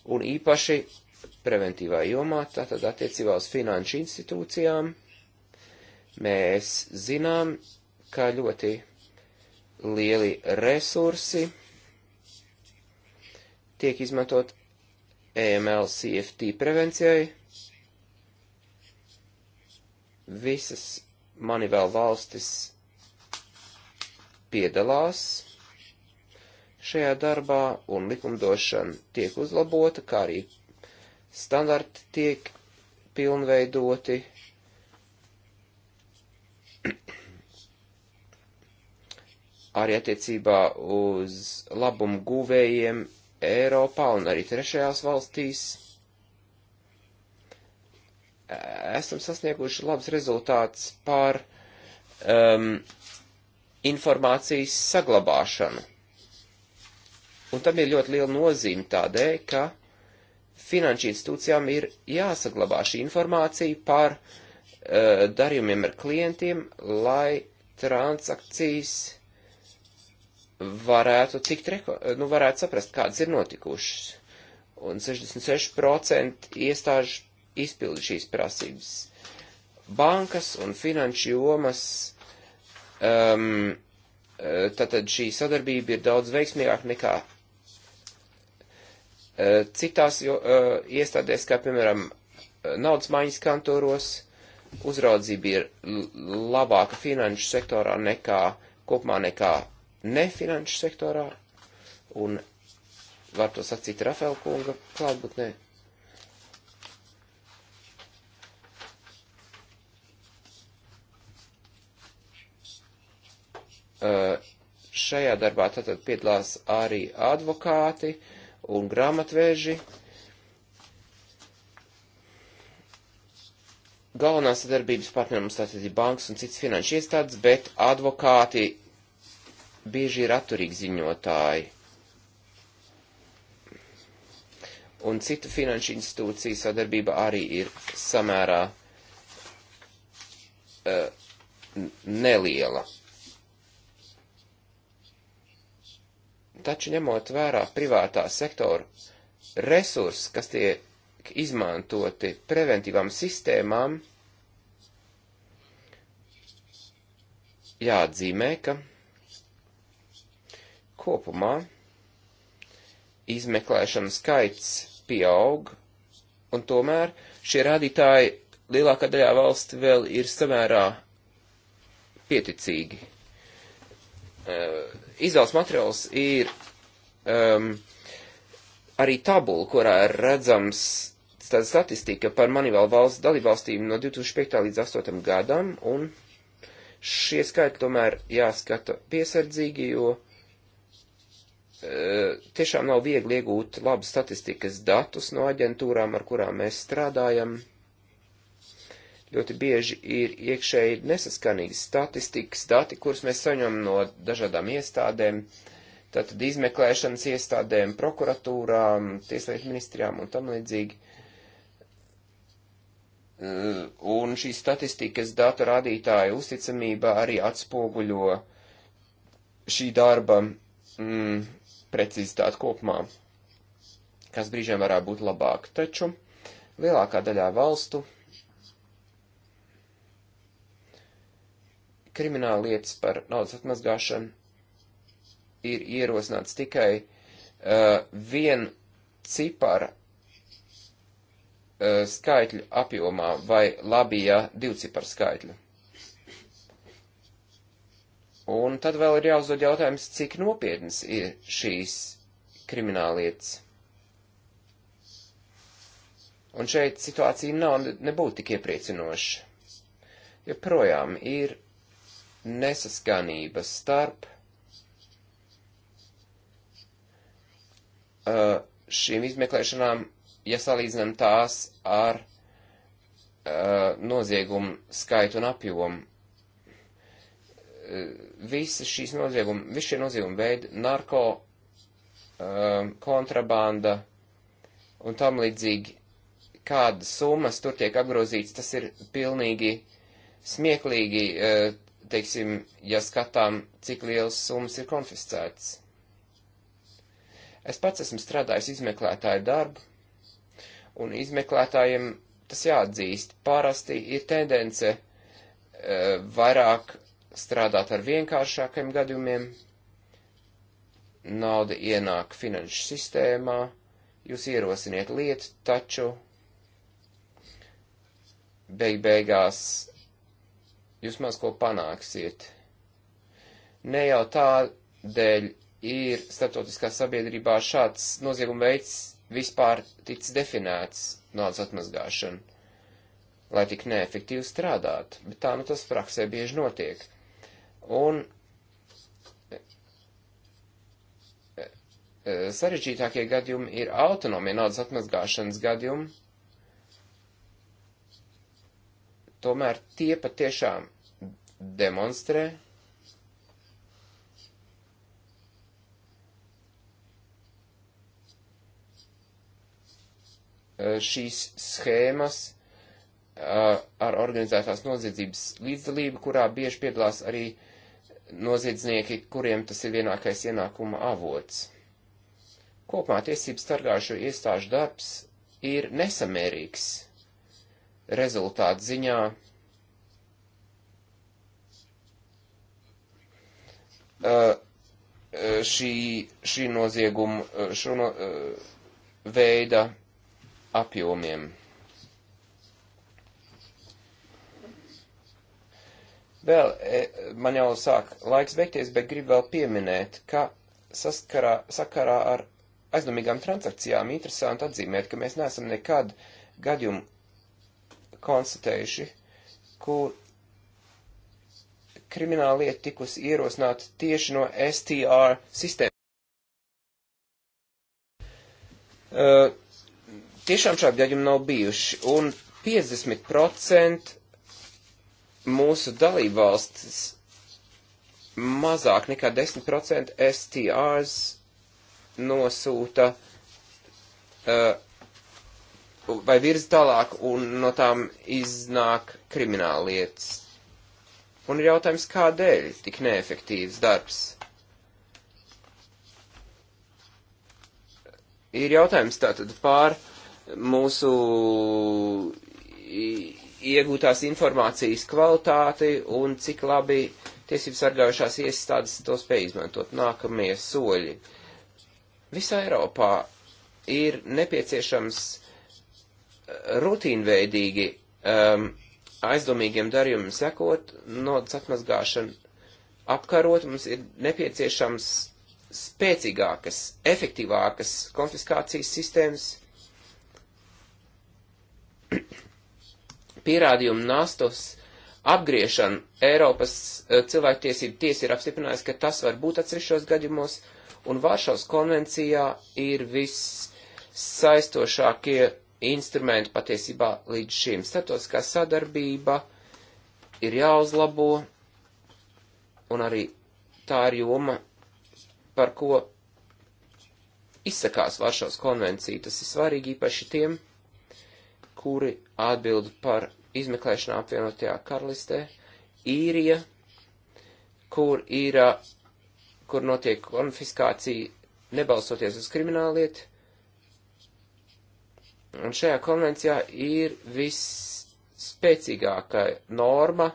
un īpaši preventīvā jomā, tātad attiecībā uz finanšu institūcijām, Mēs zinām, ka ļoti lieli resursi tiek izmantot AML e CFT prevencijai. Visas mani vēl valstis piedalās šajā darbā un likumdošana tiek uzlabota, kā arī standarti tiek pilnveidoti arī attiecībā uz labumu guvējiem Eiropā un arī trešajās valstīs. Esam sasnieguši labs rezultāts par um, informācijas saglabāšanu. Un tam ir ļoti liela nozīme tādēļ, ka finanšu institūcijām ir jāsaglabā šī informācija par uh, darījumiem ar klientiem, lai transakcijas varētu tikt, reko, nu, varētu saprast, kādas ir notikušas. Un 66% iestāžu izpildi šīs prasības. Bankas un finanšu jomas, um, eh, tātad šī sadarbība ir daudz veiksmīgāka nekā uh, citās jo, uh, iestādēs, kā piemēram naudas maiņas kantoros, uzraudzība ir labāka finanšu sektorā nekā kopumā nekā nefinanšu sektorā, un var to sacīt Rafaela kunga klātbūtnē. Uh, šajā darbā tātad piedalās arī advokāti un grāmatvēži. Galvenā sadarbības partneri mums tātad ir bankas un citas finanšu iestādes, bet advokāti bieži ir atturīgi ziņotāji. Un citu finanšu institūciju sadarbība arī ir samērā uh, neliela. Taču ņemot vērā privātā sektora resursus, kas tiek izmantoti preventīvām sistēmām, jāatzīmē, ka Kopumā izmeklēšana skaits pieaug, un tomēr šie rādītāji lielākā daļā valsts vēl ir samērā pieticīgi. Uh, Izvēles materiāls ir um, arī tabula, kurā ir redzams tāda statistika par manivālu valsts dalībvalstīm no 2005. līdz 2008. gadam, un šie skaitļi tomēr jāskata piesardzīgi, jo Eh, tiešām nav viegli iegūt labu statistikas datus no aģentūrām, ar kurām mēs strādājam. Ļoti bieži ir iekšēji nesaskanīgi statistikas dati, kurus mēs saņemam no dažādām iestādēm, tātad izmeklēšanas iestādēm, prokuratūrām, tieslietu ministrijām un tam līdzīgi. Eh, un šī statistikas datu rādītāja uzticamība arī atspoguļo šī darba mm, precizitāti kopumā, kas brīžiem varētu būt labāk. Taču lielākā daļā valstu krimināla lietas par naudas atmazgāšanu ir ierosināts tikai uh, vien cipara uh, skaitļu apjomā vai labi, ja divcipara skaitļu. Un tad vēl ir jāuzdod jautājums, cik nopietnas ir šīs krimināllietas. Un šeit situācija nav, nebūtu tik iepriecinoša. Jo projām ir nesaskanība starp uh, šīm izmeklēšanām, ja salīdzinām tās ar uh, noziegumu skaitu un apjomu Eh, visas šīs nozieguma, visi šie nozieguma veidi, narko, um, kontrabanda un tam līdzīgi, kādas summas tur tiek apgrozīts, tas ir pilnīgi smieklīgi, eh, teiksim, ja skatām, cik liels summas ir konfiscētas. Es pats esmu strādājis izmeklētāju darbu, un izmeklētājiem tas jāatzīst. Parasti ir tendence vairāk strādāt ar vienkāršākiem gadījumiem, nauda ienāk finanšu sistēmā, jūs ierosiniet lietu, taču beig beigās jūs maz ko panāksiet. Ne jau tādēļ ir starptautiskā sabiedrībā šāds nozieguma veids vispār ticis definēts naudas atmazgāšana, lai tik neefektīvi strādātu, bet tā nu tas praksē bieži notiek. Un e, e, e, sarežģītākie gadījumi ir autonomie naudas atmazgāšanas gadījumi. Tomēr tie patiešām demonstrē, šīs schēmas ar organizētās noziedzības līdzdalību, kurā bieži piedalās arī uh, noziedznieki, kuriem tas ir vienākais ienākuma avots. Kopumā tiesības sargājušo iestāžu darbs ir nesamērīgs rezultātu ziņā. Šī, šī nozieguma, šo no, veida apjomiem. Vēl e, man jau sāk laiks beigties, bet gribu vēl pieminēt, ka saskarā, sakarā ar aizdomīgām transakcijām interesanti atzīmēt, ka mēs neesam nekad gadījumu konstatējuši, kur krimināla lieta tikusi ierosināta tieši no STR sistēmas. Uh, e, tiešām šādi gadījumi nav bijuši, un 50% mūsu dalībvalstis mazāk nekā 10% STRs nosūta uh, vai virz tālāk, un no tām iznāk krimināllietas. Un ir jautājums, kādēļ tik neefektīvs darbs? Ir jautājums tātad pār mūsu iegūtās informācijas kvalitāti un cik labi tiesības sargājušās iestādes to spēj izmantot. Nākamie soļi. Visā Eiropā ir nepieciešams eh, rutīnveidīgi um, aizdomīgiem darījumiem sekot, nodas atmazgāšanu apkarot, mums ir nepieciešams spēcīgākas, efektīvākas konfiskācijas sistēmas pierādījumu nastos apgriešanu Eiropas eh, cilvēktiesību tiesa ir apstiprinājusi, ka tas var būt atsevišķos gadījumos, un Vāršavas konvencijā ir viss saistošākie instrumenti patiesībā līdz šim. Statotiskā sadarbība ir jāuzlabo, un arī tā ir joma, par ko izsakās Varšavas konvencija. Tas ir svarīgi īpaši tiem, kuri atbild par izmeklēšanā apvienotajā karalistē, īrija, kur ir, kur notiek konfiskācija nebalstoties uz kriminālieti, un šajā konvencijā ir visspēcīgākā norma,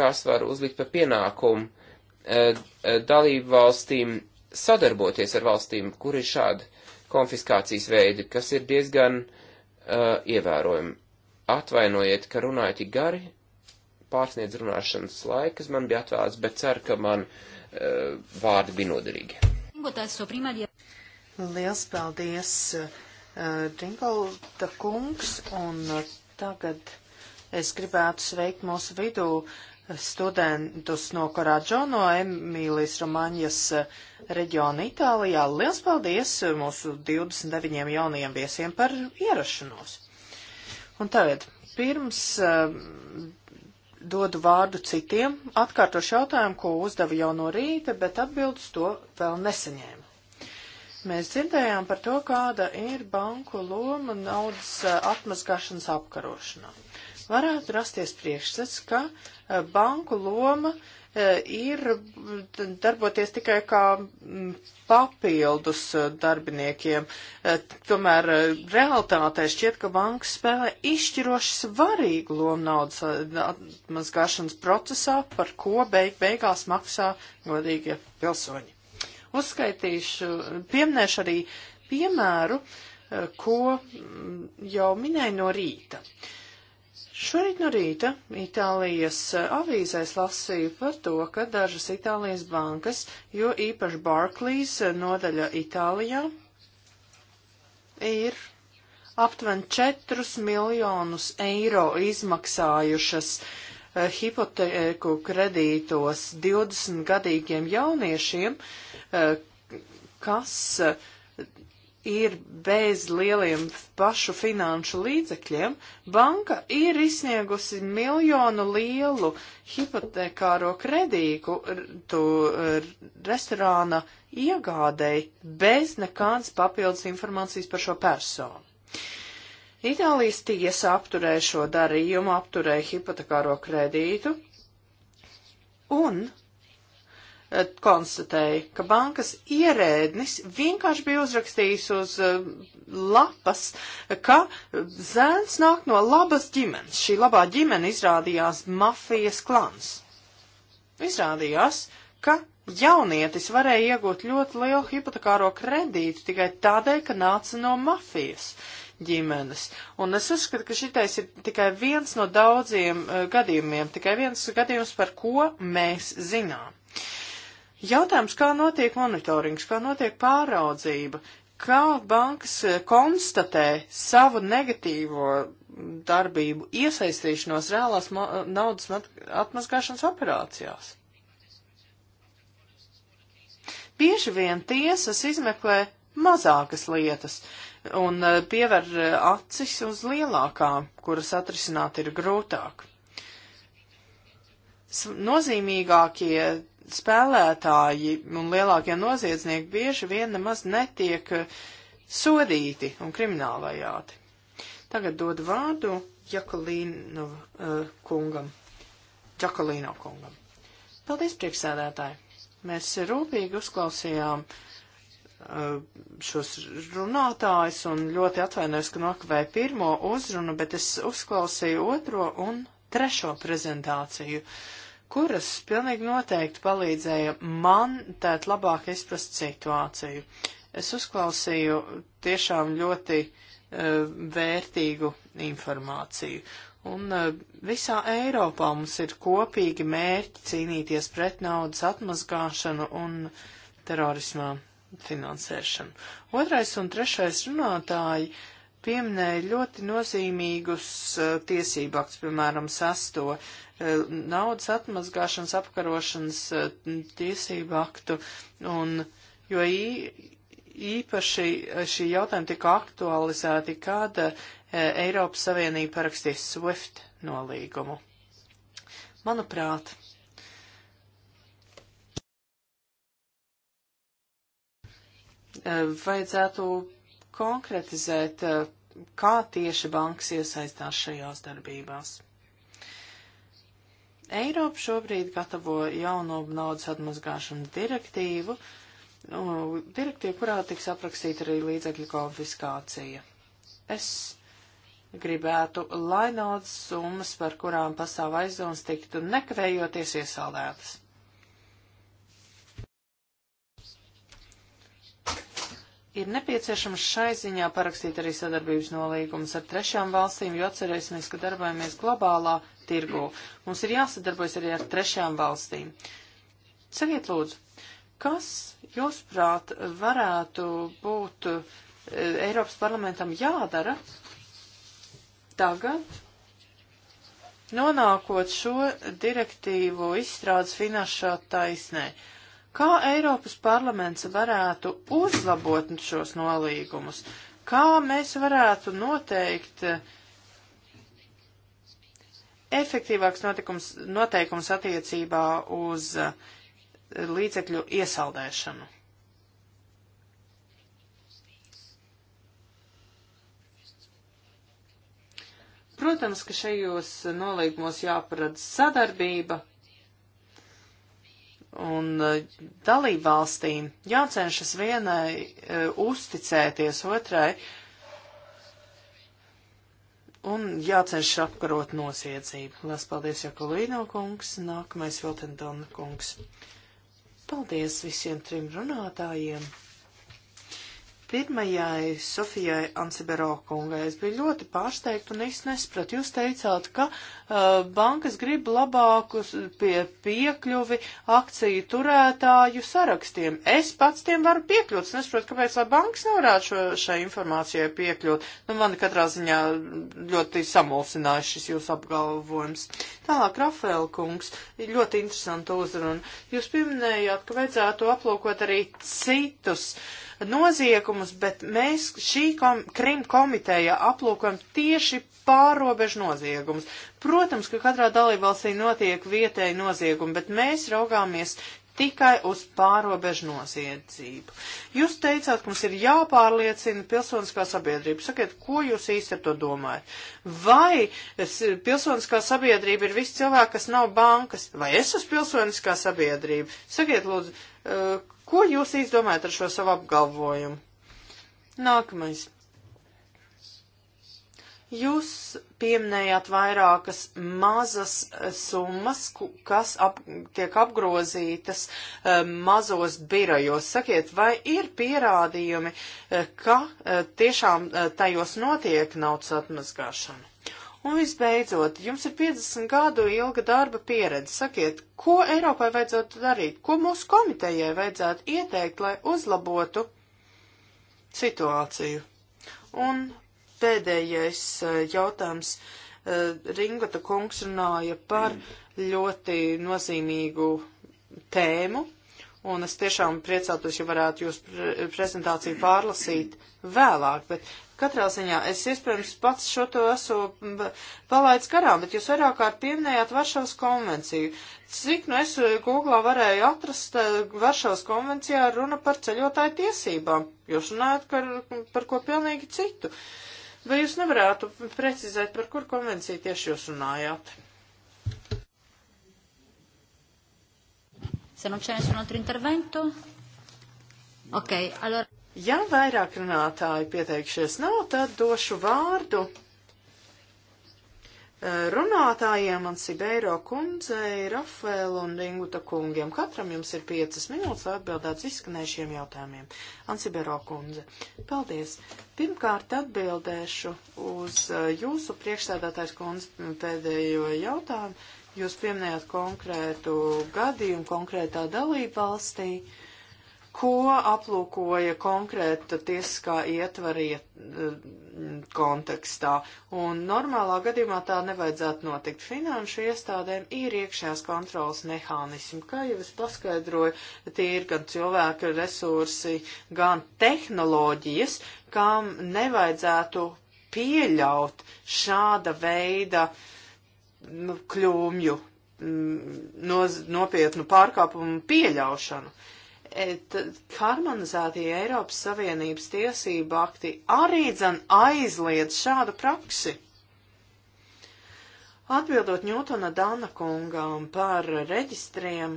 kas var uzlikt par pienākumu dalību valstīm sadarboties ar valstīm, kur ir šādi konfiskācijas veidi, kas ir diezgan uh, ievērojami. Atvainojiet, ka runāju tik gari, pārsniedz runāšanas laikas man bija atvēlēts, bet ceru, ka man uh, vārdi bija noderīgi. Liels paldies, Džingolda eh, uh, kungs, un uh, tagad es gribētu sveikt mūsu vidū studentus no Korāģo, no Emīlijas Romaņas reģiona Itālijā. Liels paldies mūsu 29 jaunajiem viesiem par ierašanos! Un tagad, pirms uh, dodu vārdu citiem, atkārtošu jautājumu, ko uzdeva jau no rīta, bet atbildus to vēl nesaņēma. Mēs dzirdējām par to, kāda ir banku loma naudas eh, atmazgāšanas apkarošanā. Varētu rasties priekšsats, ka eh, banku loma uh, E, ir darboties tikai kā mm, papildus e, darbiniekiem. E, tomēr realtātē šķiet, ka bankas spēlē izšķiroši svarīgu lomu naudas atmazgāšanas procesā, par ko beig beigās maksā godīgie pilsoņi. Uzskaitīšu, pieminēšu arī piemēru, ko mm, jau minēju no rīta. Uh, Šorīt no rīta Itālijas eh, avīzēs lasīju par to, ka dažas Itālijas bankas, jo īpaši Barclays eh, nodaļa Itālijā, ir aptuveni 4 miljonus eiro izmaksājušas eh, hipotēku kredītos 20 gadīgiem jauniešiem, eh, kas eh, ir bez lieliem pašu finanšu līdzekļiem, banka ir izsniegusi miljonu lielu hipotekāro kredītu restorāna iegādēji bez nekādas papildus informācijas par šo personu. Itālijas tiesa apturēja šo darījumu, apturēja hipotekāro kredītu, un Eh, konstatēja, ka bankas ierēdnis vienkārši bija uzrakstījis uz eh, lapas, ka zēns nāk no labas ģimenes. Šī labā ģimene izrādījās mafijas klans. Izrādījās, ka jaunietis varēja iegūt ļoti lielu hipotekāro kredītu tikai tādēļ, ka nāca no mafijas ģimenes. Un es uzskatu, ka šitais ir tikai viens no daudziem uh, gadījumiem, tikai viens gadījums, par ko mēs zinām. Uh, Jautājums, kā notiek monitorings, kā notiek pāraudzība, kā bankas eh, konstatē savu negatīvo darbību iesaistīšanos reālās eh, naudas atmazgāšanas operācijās. Bieži vien tiesas izmeklē mazākas lietas un eh, piever acis uz lielākām, kuras atrisināt ir grūtāk. Nozīmīgākie spēlētāji un lielākie noziedznieki bieži vien nemaz netiek eh, sodīti un kriminālajāti. Tagad dodu vārdu Jakalīnu uh, eh, kungam. Jakalīno kungam. Paldies, priekšsēdētāji! Mēs rūpīgi uzklausījām uh, šos runātājus un ļoti atvainojos, ka nokavēju pirmo uzrunu, bet es uzklausīju otro un trešo prezentāciju. Uh, kuras pilnīgi noteikti palīdzēja man tēt labāk izprast situāciju. Es uzklausīju tiešām ļoti uh, vērtīgu informāciju. Un uh, visā Eiropā mums ir kopīgi mērķi cīnīties pret naudas atmazgāšanu un terorismā finansēšanu. Otrais un trešais runātāji uh, pieminēja ļoti nozīmīgus eh, tiesību aktus, piemēram, sasto eh, naudas atmazgāšanas apkarošanas eh, tiesību aktu, un, jo īpaši šī jautājuma tika aktualizēti, kāda Eiropas Savienība parakstīs SWIFT nolīgumu. Manuprāt, vajadzētu konkretizēt, eh, kā tieši bankas iesaistās šajās darbībās. Eiropa šobrīd gatavo jauno naudas atmazgāšanas direktīvu, nu, direktīvu, kurā tiks aprakstīta arī līdzekļu konfiskācija. Es gribētu, lai naudas summas, par kurām pastāv aizdomas, tiktu nekavējoties iesaldētas. ir nepieciešams šai ziņā parakstīt arī sadarbības nolīgumus ar trešām valstīm, jo atcerēsimies, ka darbojamies globālā tirgu. Mums ir jāsadarbojas arī ar trešām valstīm. Sakiet lūdzu, kas, jūsuprāt, varētu būt e, Eiropas parlamentam jādara tagad, nonākot šo direktīvu izstrādes finanšā taisnē? Uh, Kā Eiropas parlaments varētu uzlabot šos nolīgumus? Kā mēs varētu noteikt efektīvāks notikums, noteikums attiecībā uz eh, līdzekļu iesaldēšanu? Protams, ka šajos nolīgumos jāparedz sadarbība un eh, dalībvalstīm jācenšas vienai eh, uzticēties otrai un jācenšas apkarot nosiedzību. Lielas paldies, Jakulīno kungs, nākamais Viltendona kungs. Paldies visiem trim runātājiem! Pirmajai Sofijai Ansibero kungai es biju ļoti pārsteigta un es nespratu. Jūs teicāt, ka uh, bankas grib labākus pie piekļuvi akciju turētāju sarakstiem. Es pats tiem varu piekļūt. Es nespratu, kāpēc lai bankas nevarētu šo, šai informācijai piekļūt. Nu, man katrā ziņā ļoti samulsināja šis jūsu apgalvojums. Tālāk, Rafael kungs, ļoti interesanta uzruna. Jūs pieminējāt, ka vajadzētu aplūkot arī citus. Uh, noziegumus, bet mēs šī kom Krim komiteja aplūkojam tieši pārobežu noziegumus. Protams, ka katrā dalībvalstī notiek vietēji noziegumi, bet mēs raugāmies tikai uz pārobežu noziedzību. Jūs teicāt, ka mums ir jāpārliecina pilsoniskā sabiedrība. Sakiet, ko jūs īsti ar to domājat? Vai es, pilsoniskā sabiedrība ir visi cilvēki, kas nav bankas, vai es esmu pilsoniskā sabiedrība? Sakiet, lūdzu, eh, Ko jūs izdomājat ar šo savu apgalvojumu? Nākamais. Jūs pieminējāt vairākas mazas eh, summas, kas ap, tiek apgrozītas e, mazos birojos. Sakiet, vai ir pierādījumi, e, ka e, tiešām tajos notiek naudas atmazgāšana? Un visbeidzot, jums ir 50 gadu ilga darba pieredze. Sakiet, ko Eiropai vajadzētu darīt, ko mūsu komitejai vajadzētu ieteikt, lai uzlabotu situāciju? Un pēdējais eh, jautājums. Eh, Ringota kungs runāja par ļoti nozīmīgu tēmu, un es tiešām priecātos, ja varētu jūs prezentāciju pārlasīt vēlāk, bet Katrā ziņā es iespējams pats šo to esmu palaidis garām, bet jūs vairāk kārt pieminējāt Varšavas konvenciju. Cik nu es eh, Googlā varēju atrast, eh, Varšavas konvencijā runa par ceļotāju tiesībām. Jūs runājat par, par ko pilnīgi citu. Vai jūs nevarētu precizēt, par kur konvenciju tieši jūs runājāt? Se non c'è nessun altro intervento? Ok, allora. Ja vairāk runātāji pieteikšies nav, tad došu vārdu eh, runātājiem un Sibeiro kundzei, Rafēlu un Ringuta kungiem. Katram jums ir piecas minūtes, lai atbildētu izskanējušiem jautājumiem. Ansibero kundze, paldies. Pirmkārt atbildēšu uz eh, jūsu priekšstādātājs kundze pēdējo jautājumu. Jūs pieminējāt konkrētu gadījumu konkrētā dalība valstī. Uh, ko aplūkoja konkrēta tiesiskā ietvara eh, kontekstā, un normālā gadījumā tā nevajadzētu notikt. Finanšu iestādēm ir iekšējās kontrolas mehānismi, kā jau es paskaidroju, tie ir gan cilvēka resursi, gan tehnoloģijas, kam nevajadzētu pieļaut šāda veida nu, kļūmju, mm, no, nopietnu pārkāpumu pieļaušanu. Uh, E, harmonizētie Eiropas Savienības tiesību akti arī dzen aizliedz šādu praksi. Atbildot Ņūtona Dana kungām par reģistriem,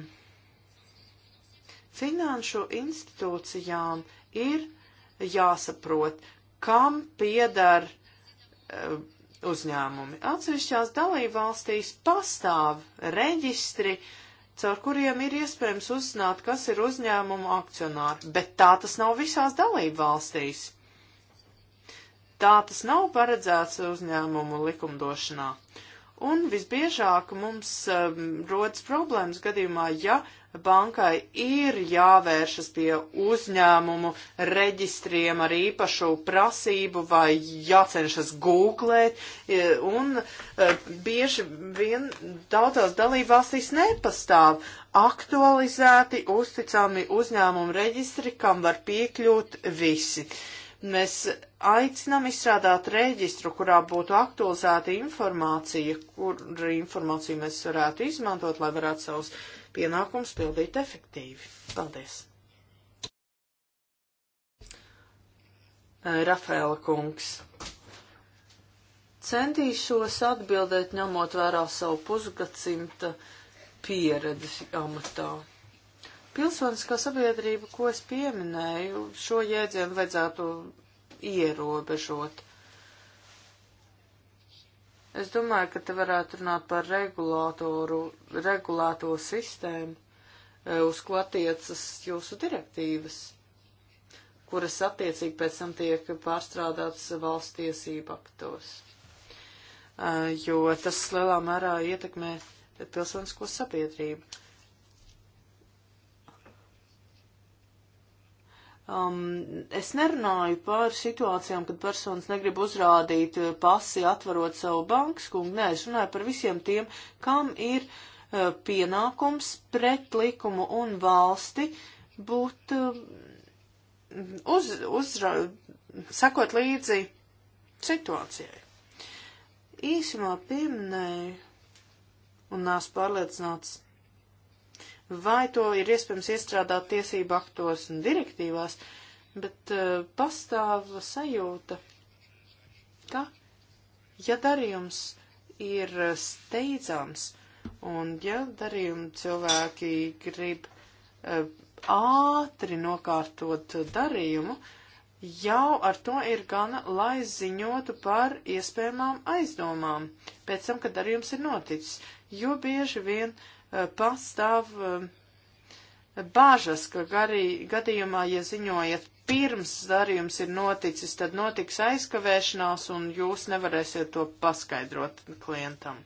finanšu institūcijām ir jāsaprot, kam piedar uh, e, uzņēmumi. Atsevišķās dalībvalstīs pastāv reģistri uh, caur kuriem ir iespējams uzzināt, kas ir uzņēmuma akcionāri, bet tā tas nav visās dalību valstīs. Tā tas nav paredzēts uzņēmumu likumdošanā. Un visbiežāk mums um, rodas problēmas gadījumā, ja bankai ir jāvēršas pie uzņēmumu reģistriem ar īpašu prasību vai jācenšas googlēt, e, un e, bieži vien daudzās dalībvalstīs nepastāv aktualizēti uzticami uzņēmumu reģistri, kam var piekļūt visi. Mēs aicinām izstrādāt reģistru, kurā būtu aktualizēta informācija, kur informāciju mēs varētu izmantot, lai varētu savus uh, pienākums pildīt efektīvi. Paldies! Eh, Rafēla kungs. Centīšos atbildēt, ņemot vērā savu pusgadsimta pieredzi amatā. Pilsoniskā sabiedrība, ko es pieminēju, šo jēdzienu vajadzētu ierobežot. Es domāju, ka te varētu runāt par regulātoru, regulāto sistēmu, e, uz ko attiecas jūsu direktīvas, kuras attiecīgi pēc tam tiek pārstrādātas valsts tiesību aktos. E, jo tas lielā mērā ietekmē pilsonisko sabiedrību. Um, es nerunāju par situācijām, kad personas negrib uzrādīt uh, pasi, atverot savu bankas kungu. Nē, es runāju par visiem tiem, kam ir uh, pienākums pret likumu un valsti būt uh, uz, uzra, sakot līdzi situācijai. Īsumā pieminēju, un nāc pārliecināts vai to ir iespējams iestrādāt tiesību aktos un direktīvās, bet uh, pastāv sajūta, ka, ja darījums ir eh, steidzams, un ja darījumi cilvēki grib uh, ātri nokārtot darījumu, jau ar to ir gana, lai ziņotu par iespējamām aizdomām pēc tam, kad darījums ir noticis, jo bieži vien uh, Eh, pastāv eh, bāžas, ka garī, gadījumā, ja ziņojat pirms darījums ir noticis, tad notiks aizkavēšanās un jūs nevarēsiet to paskaidrot klientam.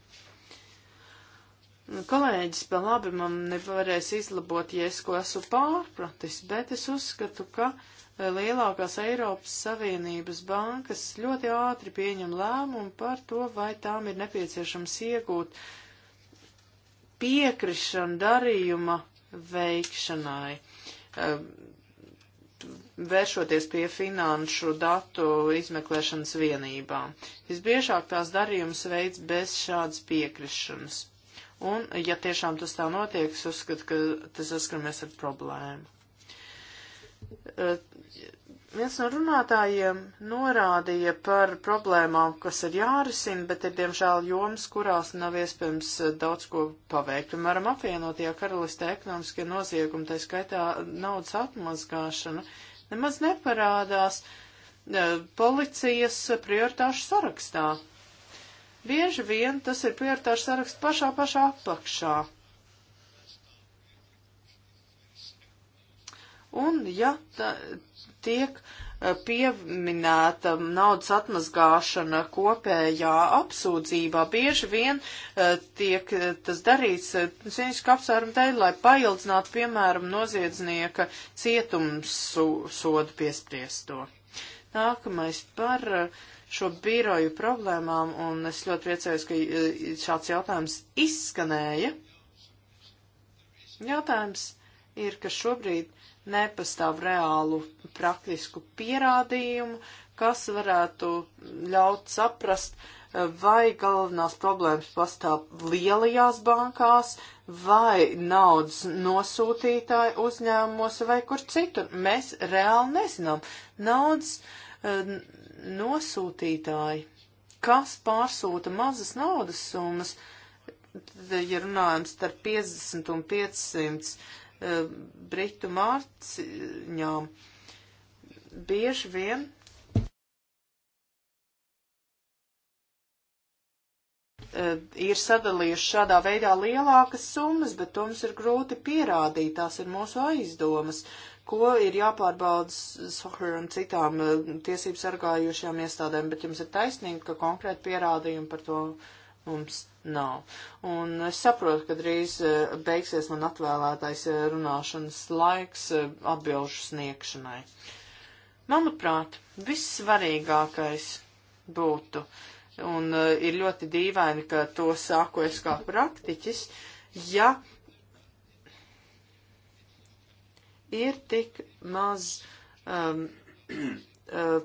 Nu, kolēģis pa labi man nevarēs izlabot, ja es ko esmu pārpratis, bet es uzskatu, ka eh, lielākās Eiropas Savienības bankas ļoti ātri pieņem lēmumu par to, vai tām ir nepieciešams iegūt uh, piekrišana darījuma veikšanai, eh, vēršoties pie finanšu datu izmeklēšanas vienībām. Visbiežāk tās darījums veids bez šādas piekrišanas. Un, ja tiešām tas tā notiek, es uzskatu, ka tas saskaramies ar problēmu. Eh, Viens no runātājiem norādīja par problēmām, kas ir jārisina, bet ir diemžēl jomas, kurās nav iespējams eh, daudz ko paveikt. Piemēram, apvienotajā karalistē ekonomiskie noziegumi, tā skaitā naudas atmazgāšana, nemaz neparādās eh, policijas prioritāšu sarakstā. Bieži vien tas ir prioritāšu saraksts pašā pašā apakšā. Un, ja tā, tiek eh, pieminēta naudas atmazgāšana kopējā apsūdzībā. Bieži vien eh, tiek eh, tas darīts cīniski apsvērumu dēļ, lai paildzinātu, piemēram, noziedznieka cietumsodu piespriesto. Nākamais par šo biroju problēmām, un es ļoti priecājos, ka šāds jautājums izskanēja. Jautājums ir, ka šobrīd nepastāv reālu praktisku pierādījumu, kas varētu ļaut saprast, vai galvenās problēmas pastāv lielajās bankās, vai naudas nosūtītāju uzņēmumos, vai kur citur. Mēs reāli nezinām. Naudas e, nosūtītāji, kas pārsūta mazas naudas summas, ja runājam starp 50 un 500 Eh, britu mārciņām. Bieži vien eh, ir sadalījuši šādā veidā lielākas summas, bet to mums ir grūti pierādīt. Tās ir mūsu aizdomas, ko ir jāpārbauda Sohar un citām eh, tiesību sargājušajām iestādēm, bet jums ir taisnība, ka konkrēti pierādījumi par to mums nav. Un es saprotu, ka drīz e, beigsies man atvēlētais e, runāšanas laiks e, atbilžu sniegšanai. Manuprāt, vissvarīgākais būtu, un ir ļoti dīvaini, ka to sāku es kā praktiķis, ja ir tik maz um, uh,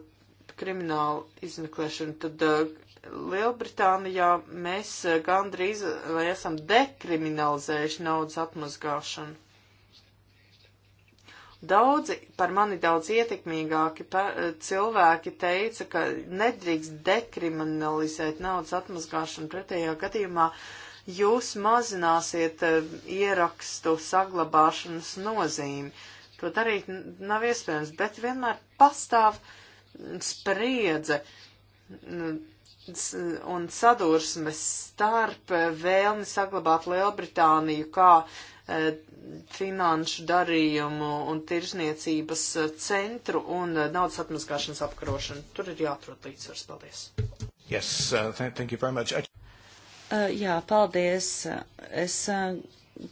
kriminālu izmeklēšanu, tad uh, Lielbritānijā mēs eh, gandrīz vai esam dekriminalizējuši naudas atmazgāšanu. Daudzi par mani daudz ietekmīgāki eh, cilvēki teica, ka nedrīkst dekriminalizēt naudas atmazgāšanu pretējā gadījumā. Jūs mazināsiet eh, ierakstu saglabāšanas nozīmi. To darīt nav iespējams, bet vienmēr pastāv spriedze un sadursmes starp vēlmi saglabāt Lielbritāniju kā e, finanšu darījumu un tirzniecības e, centru un e, naudas atmaskāšanas apkarošanu. Tur ir jāatrod līdzsvars. Paldies. Yes, uh, thank, thank you very much. I... Uh, jā, paldies. Es uh,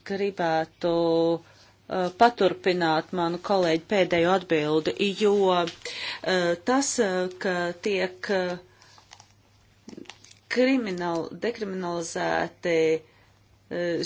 gribētu uh, paturpināt manu kolēģi pēdējo atbildi, jo uh, tas, uh, ka tiek. Uh, kriminal, dekriminalizēti e,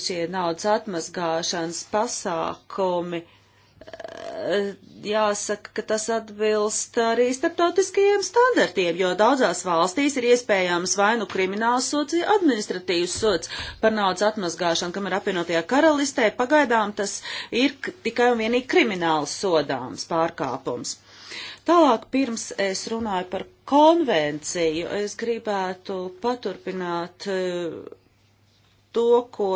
šie naudas atmazgāšanas pasākumi, e, jāsaka, ka tas atbilst arī starptautiskajiem standartiem, jo daudzās valstīs ir iespējams vai nu krimināls sots, vai administratīvs sots par naudas atmazgāšanu, kam ir apvienotajā karalistē. Pagaidām tas ir tikai un vienīgi krimināls sodāms pārkāpums. Tālāk, pirms es runāju par konvenciju, es gribētu paturpināt e, to, ko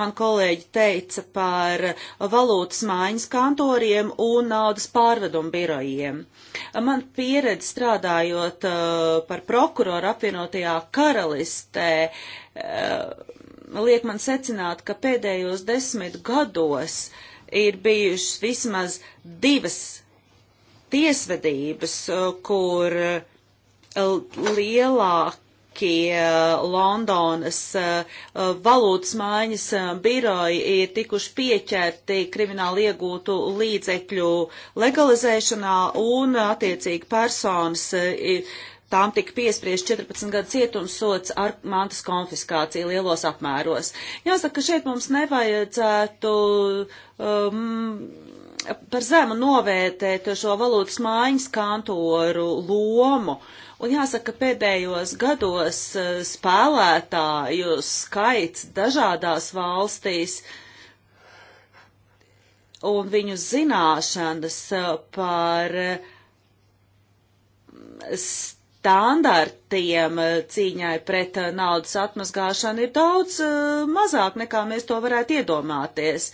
man kolēģi teica par valūtas mājas kantoriem un naudas pārvedumu birojiem. Man pieredze strādājot e, par prokuroru apvienotajā karalistē e, liek man secināt, ka pēdējos desmit gados ir bijušas vismaz divas tiesvedības, eh, kur eh, lielākie eh, Londonas valūtas mājas biroji ir tikuši pieķerti krimināli iegūtu līdzekļu legalizēšanā un attiecīgi personas tām tika piespriezt 14 gadu cietumsots ar mantas konfiskāciju lielos apmēros. Jāsaka, ka šeit mums nevajadzētu um, par zemu novērtēt šo valūtas mājas kantoru lomu. Un jāsaka, pēdējos gados e, spēlētāju skaits dažādās valstīs un viņu zināšanas e, par e, standartiem cīņai pret naudas atmazgāšanu ir daudz mazāk nekā mēs to varētu iedomāties.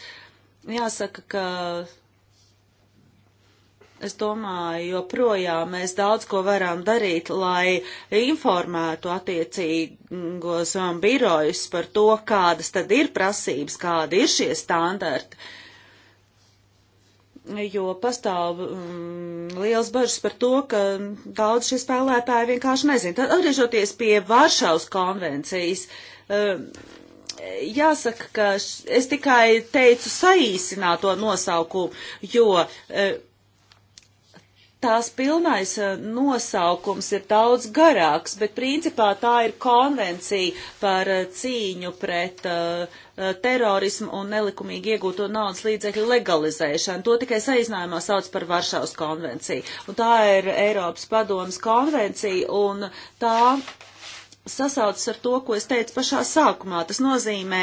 Jāsaka, ka Es domāju, joprojām mēs daudz ko varam darīt, lai informētu attiecīgos um, birojus par to, kādas tad ir prasības, kādi ir šie standarti. Jo pastāv um, liels bažas par to, ka daudz šie spēlētāji vienkārši nezina. Tad atgriežoties pie Varšavas konvencijas. Um, Jāsaka, ka es tikai teicu saīsināto nosaukumu, jo uh, um, tās pilnais eh, nosaukums ir daudz garāks, bet principā tā ir konvencija par eh, cīņu pret uh, terorismu un nelikumīgi iegūto naudas līdzekļu legalizēšanu. To tikai saīsinājumā sauc par Varšavas konvenciju. Un tā ir Eiropas padomas konvencija, un tā sasaucas ar to, ko es teicu pašā sākumā. Tas nozīmē,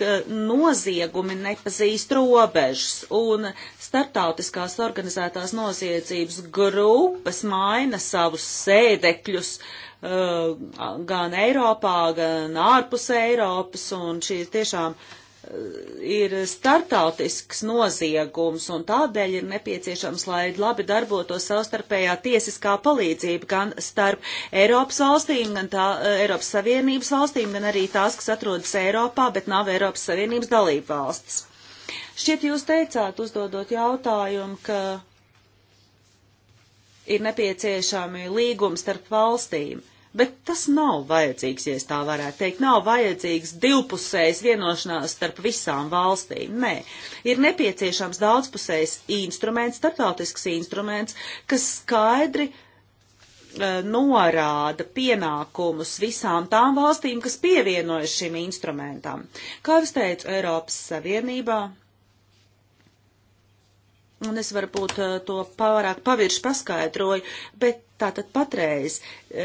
ka noziegumi nepazīst robežas un starptautiskās organizētās noziedzības grupas maina savus sēdekļus uh, gan Eiropā, gan ārpus Eiropas un šīs tiešām uh, ir startautisks noziegums, un tādēļ ir nepieciešams, lai labi darbotos savstarpējā tiesiskā palīdzība gan starp Eiropas valstīm, gan tā, Eiropas Savienības valstīm, gan arī tās, kas atrodas Eiropā, bet nav Eiropas Savienības dalība valsts. Šķiet, jūs teicāt, uzdodot jautājumu, ka ir nepieciešami līgums starp valstīm bet tas nav vajadzīgs, ja es tā varētu teikt, nav vajadzīgs divpusējs vienošanās starp visām valstīm. Nē, ir nepieciešams daudzpusējs instruments, starptautisks instruments, kas skaidri e, norāda pienākumus visām tām valstīm, kas pievienojas šim instrumentam. Kā es teicu, Eiropas Savienībā, un es varbūt e, to pārāk pavirši paskaidroju, bet Tātad patreiz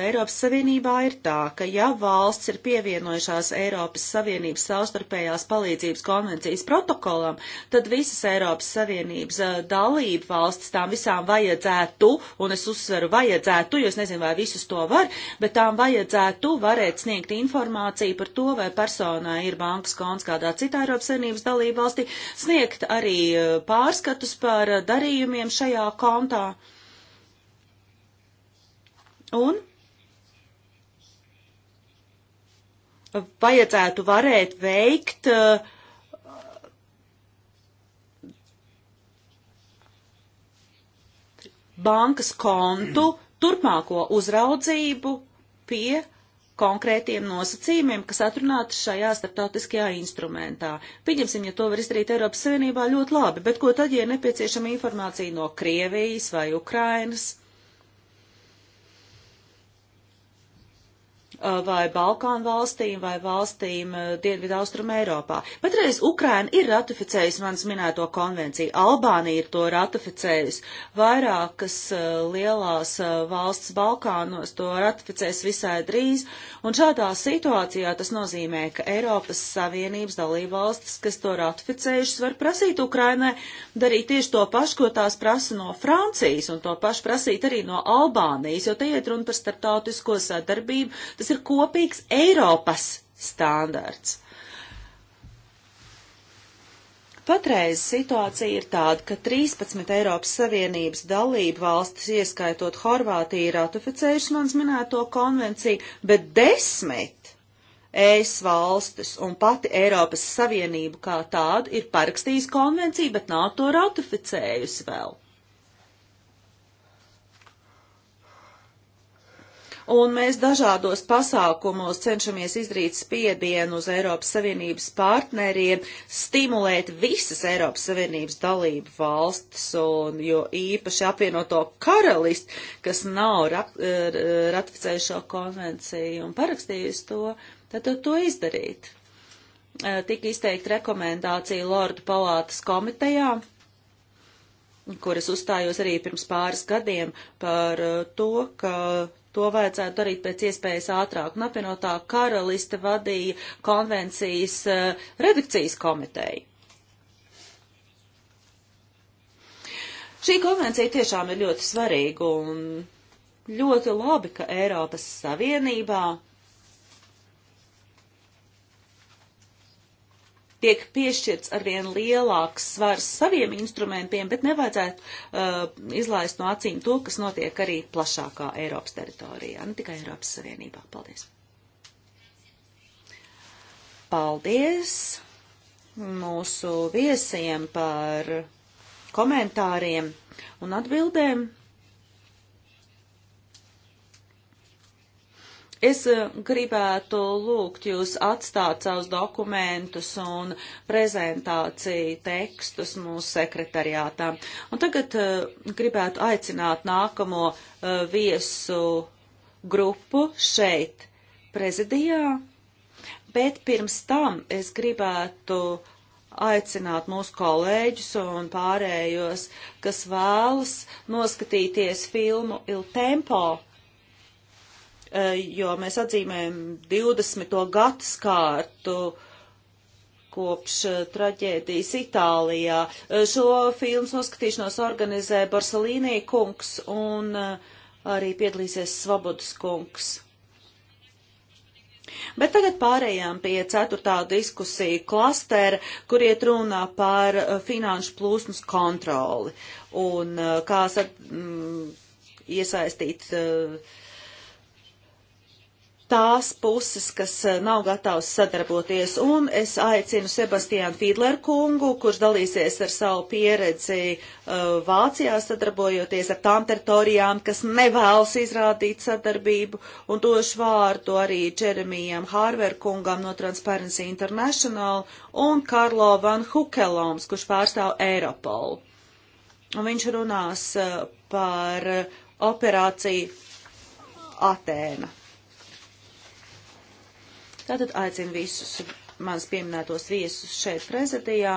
Eiropas Savienībā ir tā, ka ja valsts ir pievienojušās Eiropas Savienības savstarpējās palīdzības konvencijas protokolam, tad visas Eiropas Savienības eh, dalība valstis tām visām vajadzētu, un es uzsveru vajadzētu, jo es nezinu, vai visus to var, bet tām vajadzētu varēt sniegt informāciju par to, vai personai ir bankas konts kādā citā Eiropas Savienības dalība valstī, sniegt arī eh, pārskatus par eh, darījumiem šajā kontā. Un vajadzētu varēt veikt uh, bankas kontu turpmāko uzraudzību pie konkrētiem nosacījumiem, kas atrunāti šajā starptautiskajā instrumentā. Pieņemsim, ja to var izdarīt Eiropas Savienībā ļoti labi, bet ko tad, ja ir nepieciešama informācija no Krievijas vai Ukrainas? Uh, vai Balkānu valstīm, vai valstīm uh, Dienvidu Austrum Eiropā. Patreiz Ukraina ir ratificējusi manas minēto konvenciju, Albānija ir to ratificējusi, vairākas uh, lielās valsts Balkānos to ratificēs visai drīz, un šādā situācijā tas nozīmē, ka Eiropas Savienības dalībvalstis, kas to ratificējušas, var prasīt Ukrainai darīt tieši to pašu, ko tās prasa no Francijas, un to pašu prasīt arī no Albānijas, jo te iet runa par starptautisko sadarbību, Tas ir kopīgs Eiropas standarts. Patreiz situācija ir tāda, ka 13 Eiropas Savienības dalību valstis, ieskaitot Horvātiju, ir ratificējuši mans minēto konvenciju, bet desmit ES valstis un pati Eiropas Savienība kā tāda ir parakstījusi konvenciju, bet nav to ratificējusi vēl. un mēs dažādos pasākumos cenšamies izdarīt spiedienu uz Eiropas Savienības partneriem, stimulēt visas Eiropas Savienības dalību valstis, un jo īpaši apvienoto karalisti, kas nav rat, e, ratificējuši šo konvenciju un parakstījusi to, tad to izdarīt. E, tika izteikta rekomendācija Lordu palātas komitejā, kuras uzstājos arī pirms pāris gadiem par e, to, ka To vajadzētu darīt pēc iespējas ātrāk. Un apvienotā karaliste vadīja konvencijas eh, redakcijas komiteju. Šī konvencija tiešām ir ļoti svarīga un ļoti labi, ka Eiropas Savienībā tiek piešķirts arvien lielāks svars saviem instrumentiem, bet nevajadzētu uh, izlaist no acīm to, kas notiek arī plašākā Eiropas teritorijā, ne tikai Eiropas Savienībā. Paldies! Paldies mūsu viesiem par komentāriem un atbildēm. Es eh, gribētu lūgt jūs atstāt savus dokumentus un prezentāciju tekstus mūsu sekretariātā. Un tagad uh, gribētu aicināt nākamo uh, viesu grupu šeit prezidijā, bet pirms tam es gribētu aicināt mūsu kolēģus un pārējos, kas vēlas noskatīties filmu Il Tempo Eh, jo mēs atzīmējam 20. gadskārtu kopš eh, traģēdijas Itālijā. Eh, šo filmu noskatīšanos organizē Barcelīnī kungs un arī piedalīsies Svobodas kungs. Bet tagad pārējām pie ceturtā diskusija klastera, kur iet runā par finanšu plūsmas kontroli un kā sat, mm, iesaistīt uh, tās puses, kas eh, nav gatavs sadarboties. Un es aicinu Sebastiānu Fīdleru kungu, kurš dalīsies ar savu pieredzi uh, Vācijā, sadarbojoties ar tām teritorijām, kas nevēlas izrādīt sadarbību, un došu vārdu arī Džeremijam Hārver kungam no Transparency International un Karlo Van Hukeloms, kurš pārstāv Eiropolu. Un viņš runās uh, par operāciju Atēna. Tātad aicinu visus manas pieminētos viesus šeit prezidijā,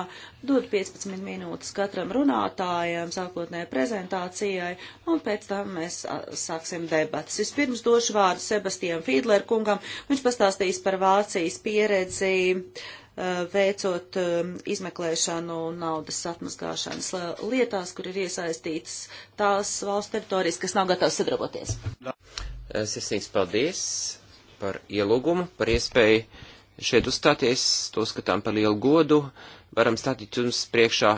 dod 15 minūtes katram runātājam, sākotnēji prezentācijai, un pēc tam mēs sāksim debatas. Vispirms došu vārdu Sebastijam Fīdler kungam, viņš pastāstīs par Vācijas pieredzi veicot izmeklēšanu naudas atmazgāšanas lietās, kur ir iesaistītas tās valsts teritorijas, kas nav gatavas sadarboties. Sirsnīgs paldies! par ielūgumu, par iespēju šeit uzstāties, to skatām par lielu godu, varam statīt jums priekšā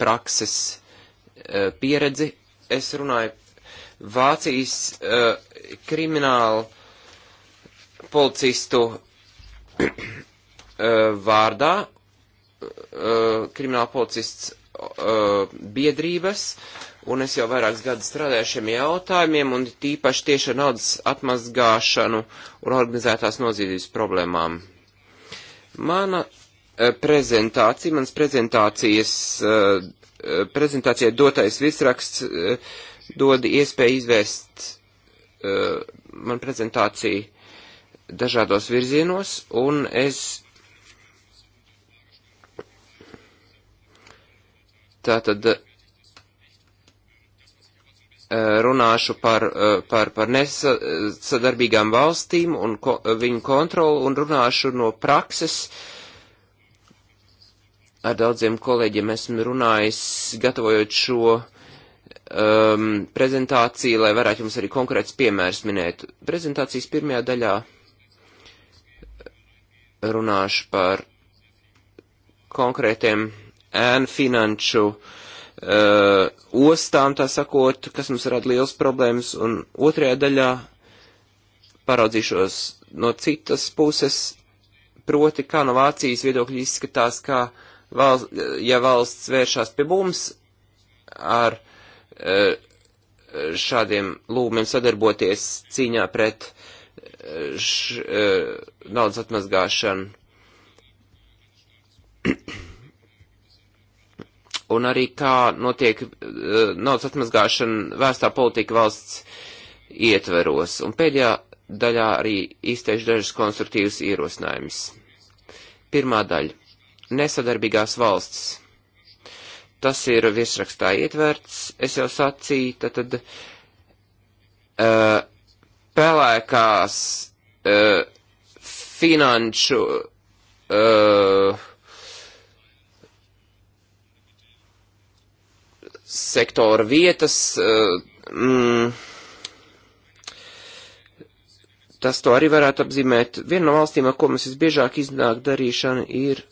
prakses e, pieredzi. Es runāju Vācijas e, kriminālu policistu e, vārdā, krimināla policists biedrības, uh, un es jau vairākus gadus strādāju šiem jautājumiem, un tīpaši tieši ar naudas atmazgāšanu un organizētās noziedzības problēmām. Mana e, prezentācija, manas prezentācijas, e, e, prezentācijai dotais visraksts dod iespēju izvērst man prezentāciju dažādos virzienos, un es tātad Eh, runāšu par, eh, par, par nesadarbīgām valstīm un ko, eh, viņu kontroli un runāšu no prakses. Ar daudziem kolēģiem esmu runājis, gatavojot šo um, prezentāciju, lai varētu jums arī konkrēts piemērs minēt. Prezentācijas pirmajā daļā runāšu par konkrētiem ēnu finanšu uh, uh, ostām, tā sakot, kas mums rada liels problēmas, un otrajā daļā paraudzīšos no citas puses, proti, kā no Vācijas viedokļa izskatās, kā valsts, ja valsts vēršās pie mums ar uh, šādiem lūgumiem sadarboties cīņā pret uh, š, uh, naudas atmazgāšanu. un arī kā notiek uh, naudas atmazgāšana vēstā politika valsts ietveros. Un pēdējā daļā arī izteikšu dažas konstruktīvas ierosinājumus. Pirmā daļa - nesadarbīgās valsts. Tas ir viesrakstā ietverts, es jau sacīju, tad, tad uh, pelēkās uh, finanšu uh, sektora vietas. Eh, mm, tas to arī varētu apzīmēt. Viena no valstīm, ar ko mums visbiežāk iznāk darīšana, ir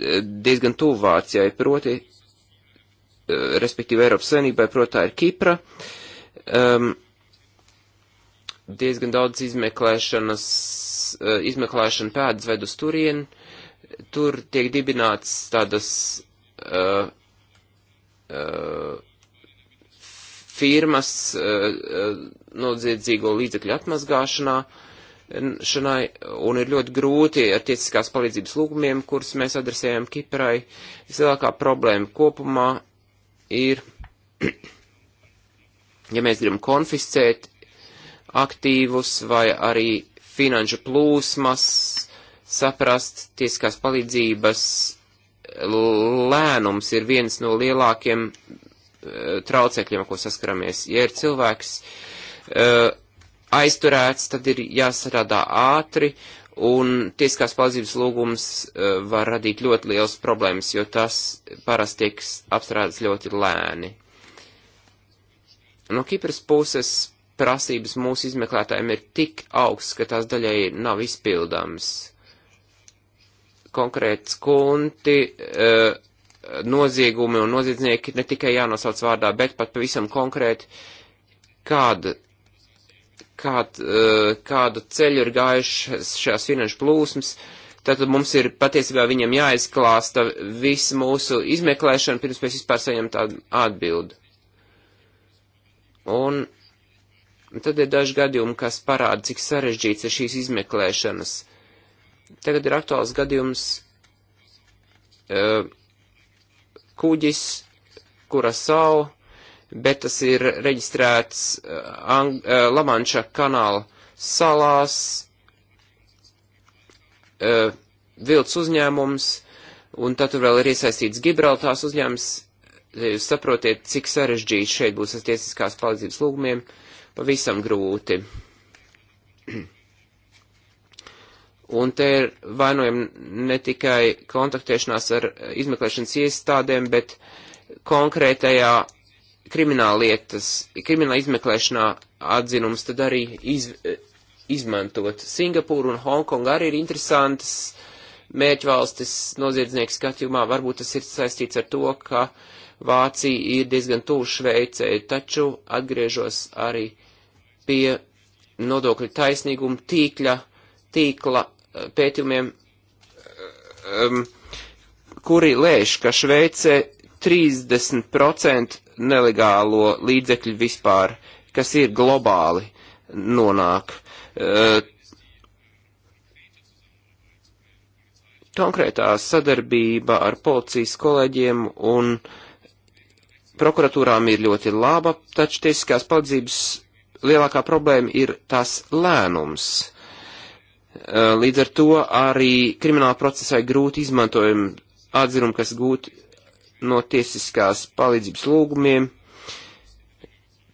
eh, diezgan tuvu Vācijai, proti, eh, respektīvi Eiropas Savienībai, proti, tā ir Kipra. Um, diezgan daudz izmeklēšanas, izmeklēšana pēdas ved uz turienu. Tur tiek dibināts tādas uh, Uh, firmas uh, uh, nodziedzīgo līdzekļu atmazgāšanā, šanai, un ir ļoti grūti ar tiesiskās palīdzības lūgumiem, kurus mēs adresējam Kiprai. Vislielākā problēma kopumā ir, ja mēs gribam konfiscēt aktīvus vai arī finanšu plūsmas, saprast tiesiskās palīdzības lēnums ir viens no lielākiem eh, traucekļiem, ko saskaramies. Ja ir cilvēks eh, aizturēts, tad ir jāsarādā ātri, un tieskās palīdzības lūgums eh, var radīt ļoti liels problēmas, jo tas parasti tiek apstrādāts ļoti lēni. No Kipras puses prasības mūsu izmeklētājiem ir tik augsts, ka tās daļai nav izpildāmas konkrēti skunti, e, noziegumi un noziedznieki ne tikai jānosauc vārdā, bet pat pavisam konkrēti, kāda, kād, e, kādu ceļu ir gājušas šās finanšu plūsmas. Tātad mums ir patiesībā viņam jāizklāsta viss mūsu izmeklēšana, pirms mēs vispār saņem tādu atbildi. Un tad ir daži gadījumi, kas parāda, cik sarežģīts ir šīs izmeklēšanas. Uh, Tagad ir aktuāls gadījums e, kuģis, kura savu, bet tas ir reģistrēts e, e, Lamanča kanāla salās, vilts uzņēmums, un tad tur vēl ir iesaistīts Gibraltārs uzņēmums. Jūs saprotiet, cik sarežģīti šeit būs ar tiesiskās palīdzības lūgumiem. Pavisam grūti. Un te ir vainojami ne tikai kontaktēšanās ar eh, izmeklēšanas iestādēm, bet konkrētajā krimināllietas, krimināla izmeklēšanā atzinums tad arī iz, eh, izmantot. Singapūra un Hongkonga arī ir interesantas mērķvalstis noziedznieku skatījumā. Varbūt tas ir saistīts ar to, ka Vācija ir diezgan tuvu Šveicē, taču atgriežos arī pie nodokļu taisnīguma tīkļa tīkla eh, pētījumiem, um, kuri lēš, ka Šveicē 30% nelegālo līdzekļu vispār, kas ir globāli, nonāk. Uh, konkrētā sadarbība ar policijas kolēģiem un prokuratūrām ir ļoti laba, taču tiesiskās palīdzības lielākā problēma ir tas lēnums. Eh, līdz ar to arī krimināla procesā ir grūti izmantojumi atzinumi, kas gūti no tiesiskās palīdzības lūgumiem.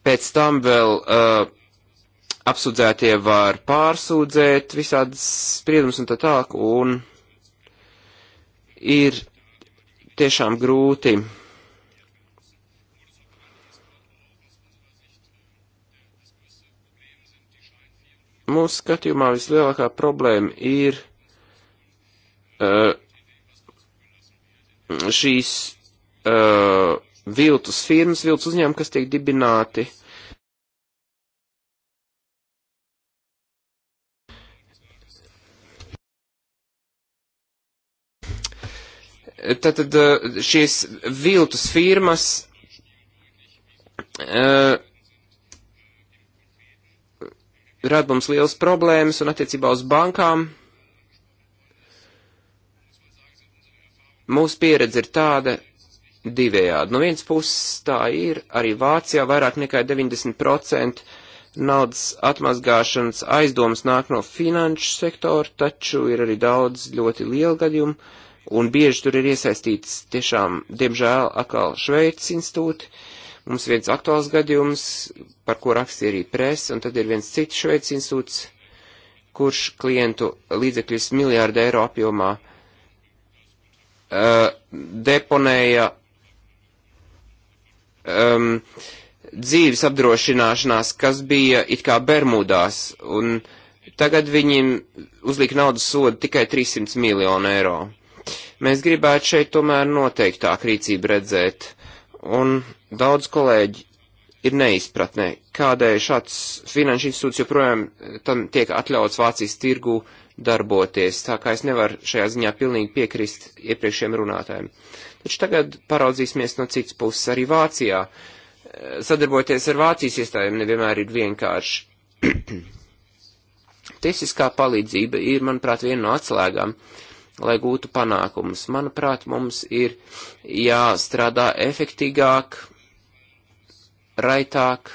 Pēc tam vēl uh, apsūdzētie var pārsūdzēt visādas spriedumus un tā tālāk, un ir tiešām grūti Mūsu skatījumā vislielākā problēma ir uh, šīs uh, viltus firmas, viltus uzņēmumi, kas tiek dibināti. Tātad eh, šīs viltus firmas uh, rada mums liels problēmas un attiecībā uz bankām. Mūsu pieredze ir tāda divējādi. No vienas puses tā ir, arī Vācijā vairāk nekā 90% naudas atmazgāšanas aizdomas nāk no finanšu sektora, taču ir arī daudz ļoti lielu gadījumu, un bieži tur ir iesaistīts tiešām, diemžēl, atkal Šveicis institūti, uh, Mums viens aktuāls gadījums, par ko rakstīja arī presa, un tad ir viens cits šveicis institūts, kurš klientu līdzekļus miljārdu eiro apjomā uh, deponēja um, dzīves apdrošināšanās, kas bija it kā Bermudās, un tagad viņiem uzlika naudas sodu tikai 300 miljonu eiro. Mēs gribētu šeit tomēr noteiktāk rīcību redzēt, un Daudz kolēģi ir neizpratnē, kādēļ šāds finanšu institūts joprojām eh, tam tiek atļauts Vācijas tirgu darboties, tā kā es nevaru šajā ziņā pilnīgi piekrist iepriekšiem runātājiem. Taču tagad paraudzīsimies no citas puses arī Vācijā. Eh, Sadarboties ar Vācijas iestājiem nevienmēr ir vienkārši. Tiesiskā palīdzība ir, manuprāt, viena no atslēgām, lai gūtu panākumus. Manuprāt, mums ir jāstrādā efektīgāk, raitāk.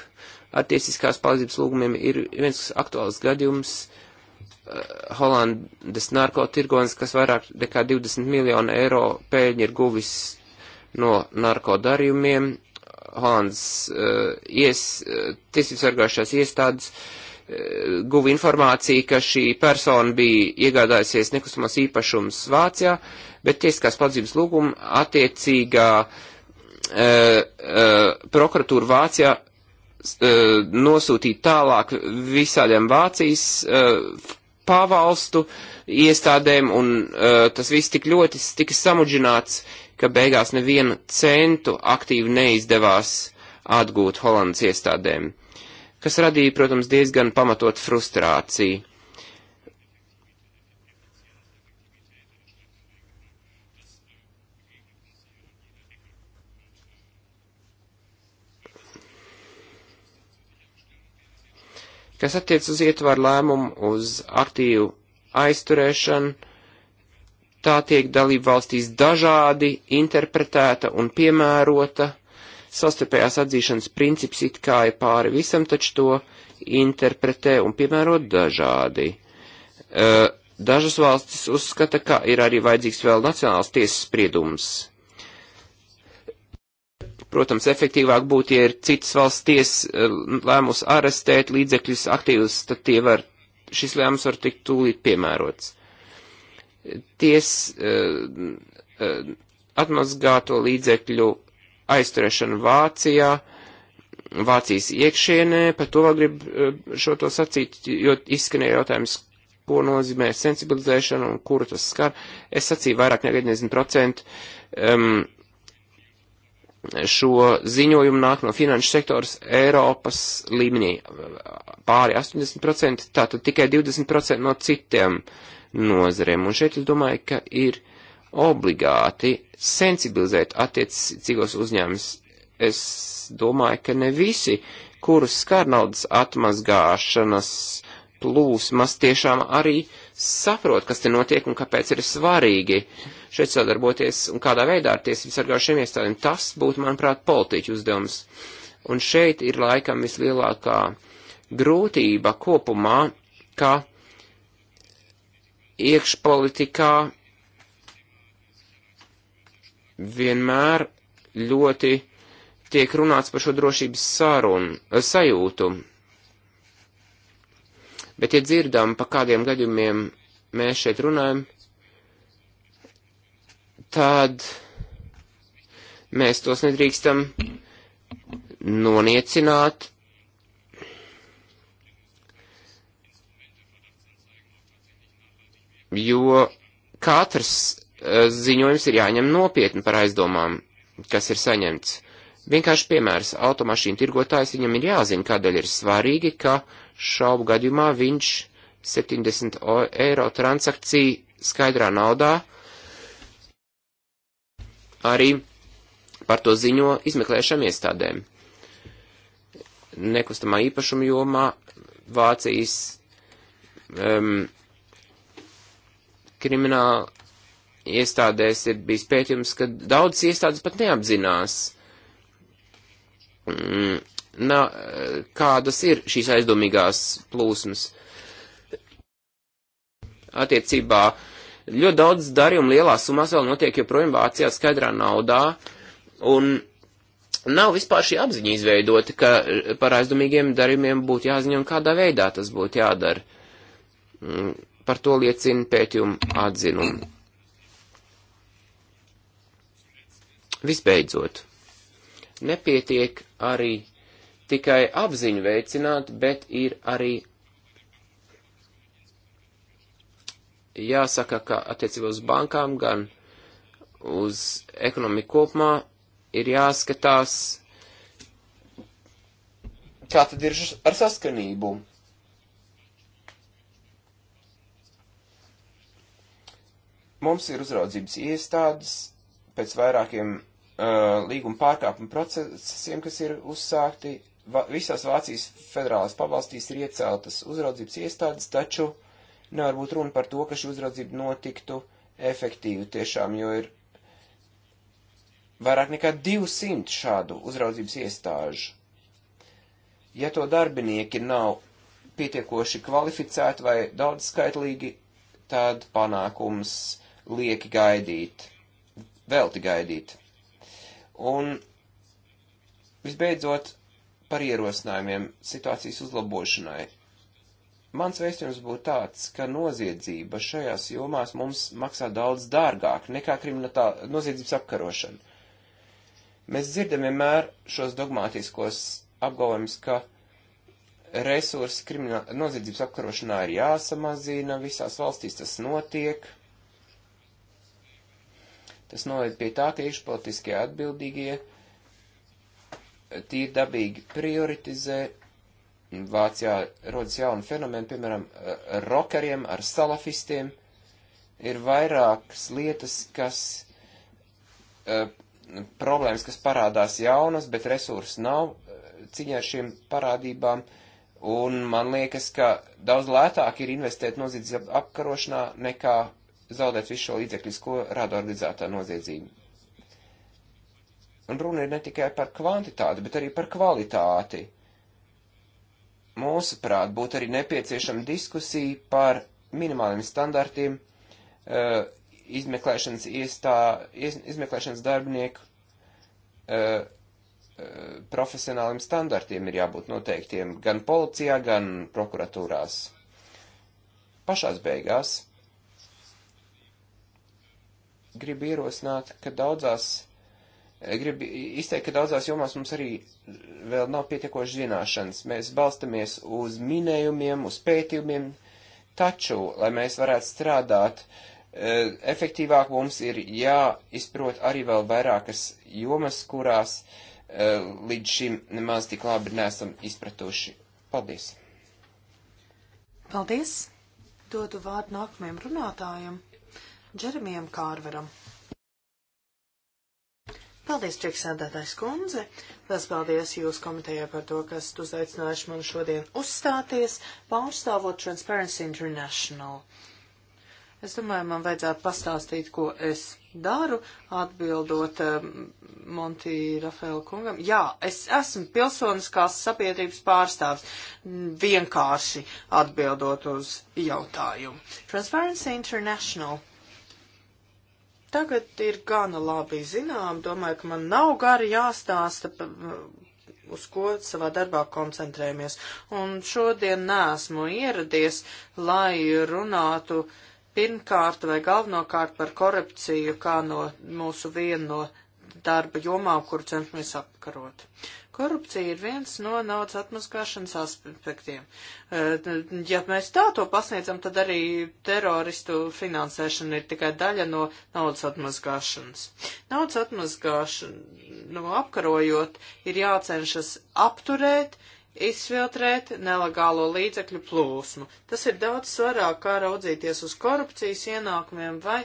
Ar tiesiskās palīdzības lūgumiem ir viens aktuāls gadījums. Eh, Holandes narkotirgonis, kas vairāk nekā 20 miljonu eiro pēļņi ir guvis no narkodarījumiem. Holandes uh, ies, eh, tiesības sargājušās iestādes uh, guva informāciju, ka šī persona bija iegādājusies nekustamos īpašumus Vācijā, bet tiesiskās palīdzības lūguma attiecīgā uh, Eh, eh, prokuratūra Vācijā eh, nosūtīt tālāk visādiem Vācijas pavalstu iestādēm, un tas viss tik ļoti tika samudžināts, ka beigās nevienu centu aktīvi neizdevās atgūt Holandas iestādēm, kas radīja, protams, diezgan pamatot frustrāciju. Kas attiec uz ietvaru lēmumu, uz aktīvu aizturēšanu, tā tiek dalību valstīs dažādi interpretēta un piemērota. Sastarpējās atzīšanas princips it kā ir pāri visam, taču to interpretē un piemēro dažādi. Eh, dažas valstis uzskata, ka ir arī vajadzīgs vēl nacionāls tiesas spriedums Protams, efektīvāk būtu, ja ir citas valsts tiesas eh, lēmus arestēt līdzekļus aktīvus, tad tie var, šis lēmums var tikt tūlīt piemērots. Ties eh, eh, atmazgāto līdzekļu aizturēšana Vācijā, Vācijas iekšienē, par to vēl grib šo to sacīt, jo izskanēja jautājums, ko nozīmē sensibilizēšana un kuru tas skar. Es sacīju vairāk nekā 90% um, šo ziņojumu nāk no finanšu sektors Eiropas līmenī pāri 80%, tātad tikai 20% no citiem nozarēm. Un šeit es domāju, ka ir obligāti sensibilizēt attiecīgos uzņēmumus. Es domāju, ka ne visi, kurus skar naudas atmazgāšanas plūsmas, tiešām arī uh, saprot, kas te notiek un kāpēc ir svarīgi šeit sadarboties un kādā veidā ar tiesību sargājušiem iestādēm. Tas būtu, manuprāt, politiķu uzdevums. Un šeit ir laikam vislielākā grūtība kopumā, ka iekšpolitikā vienmēr ļoti tiek runāts par šo drošības sarunu, sajūtu, Bet, ja dzirdam, pa kādiem gadījumiem mēs šeit runājam, tad mēs tos nedrīkstam noniecināt. Jo katrs eh, ziņojums ir jāņem nopietni par aizdomām, kas ir saņemts. Vienkārši piemērs automašīnu tirgotājs viņam ir jāzina, kādēļ ir svarīgi, ka uh, šaubu gadījumā viņš 70 eiro transakciju skaidrā naudā arī par to ziņo izmeklēšana iestādēm. Nekustamā īpašuma jomā Vācijas um, krimināla iestādēs ir bijis pētījums, ka daudzas iestādes pat neapzinās mm, nā, kādas ir šīs aizdomīgās plūsmas. Attiecībā ļoti daudz darījumu lielās summās vēl notiek joprojām Vācijā skaidrā naudā, un nav vispār šī apziņa izveidota, ka par aizdomīgiem darījumiem būtu jāziņo un kādā veidā tas būtu jādara. Mm, par to liecina pētījuma atzinumi. Visbeidzot, nepietiek arī tikai apziņu veicināt, bet ir arī jāsaka, ka attiecībā uz bankām gan uz ekonomiku kopumā ir jāskatās, kā tad ir ar saskanību. Mums ir uzraudzības iestādes pēc vairākiem uh, līguma pārkāpuma procesiem, kas ir uzsākti, va, visās Vācijas federālās pavalstīs ir ieceltas uzraudzības iestādes, taču nevar būt runa par to, ka šī uzraudzība notiktu efektīvi tiešām, jo ir vairāk nekā 200 šādu uzraudzības iestāžu. Ja to darbinieki nav pietiekoši kvalificēti vai daudz skaitlīgi, tad panākums lieki gaidīt, velti gaidīt. Un visbeidzot, par ierosinājumiem situācijas uzlabošanai. Mans vēstījums būtu tāds, ka noziedzība šajās jomās mums maksā daudz dārgāk nekā noziedzības apkarošana. Mēs dzirdam vienmēr šos dogmātiskos apgalvojumus, ka resursi krimināla, noziedzības apkarošanā ir jāsamazina, visās valstīs tas notiek. Tas noved pie tā, ka iekšpolitiskie atbildīgie tīri dabīgi prioritizē. Vācijā rodas jauni fenomeni, piemēram, eh, rokeriem ar salafistiem. Ir vairākas lietas, kas, eh, problēmas, kas parādās jaunas, bet resursu nav eh, ciņā ar šiem parādībām. Un man liekas, ka daudz lētāk ir investēt noziedzības apkarošanā nekā zaudēt visu šo līdzekļus, ko rada organizētā noziedzība. Un runa ir ne tikai par kvantitāti, bet arī par kvalitāti. Mūsuprāt, būtu arī nepieciešama diskusija par minimāliem standartiem uh, izmeklēšanas, iestā, iz, izmeklēšanas darbinieku uh, profesionāliem standartiem ir jābūt noteiktiem gan policijā, gan prokuratūrās. Pašās beigās gribu ierosināt, ka daudzās Gribu izteikt, ka daudzās jomās mums arī vēl nav pietiekoši zināšanas. Mēs balstamies uz minējumiem, uz pētījumiem, taču, lai mēs varētu strādāt e, efektīvāk, mums ir jāizprot arī vēl vairākas jomas, kurās e, līdz šim nemaz tik labi nesam izpratuši. Paldies! Paldies! Dodu vārdu nākamajam runātājam, Džeremijam Kārveram. Paldies, priekšsēdētājs kundze. Lielas paldies jūs komitejai par to, kas uzaicinājuši man šodien uzstāties, pārstāvot Transparency International. Es domāju, man vajadzētu pastāstīt, ko es daru, atbildot um, Monti Rafaela kungam. Jā, es esmu pilsoniskās sabiedrības pārstāvs, vienkārši atbildot uz jautājumu. Transparency International tagad ir gana labi zinām. Domāju, ka man nav gari jāstāsta, uz ko savā darbā koncentrējamies. Un šodien nesmu ieradies, lai runātu pirmkārt vai galvenokārt par korupciju kā no mūsu vienu no darba jomām, kuru cenšamies apkarot. Uh, Korupcija ir viens no naudas atmaskāšanas aspektiem. E, ja mēs tā to pasniedzam, tad arī teroristu finansēšana ir tikai daļa no naudas atmaskāšanas. Naudas atmaskāšanu nu, no apkarojot ir jācenšas apturēt, izfiltrēt nelegālo līdzekļu plūsmu. Tas ir daudz svarāk, kā raudzīties uz korupcijas ienākumiem vai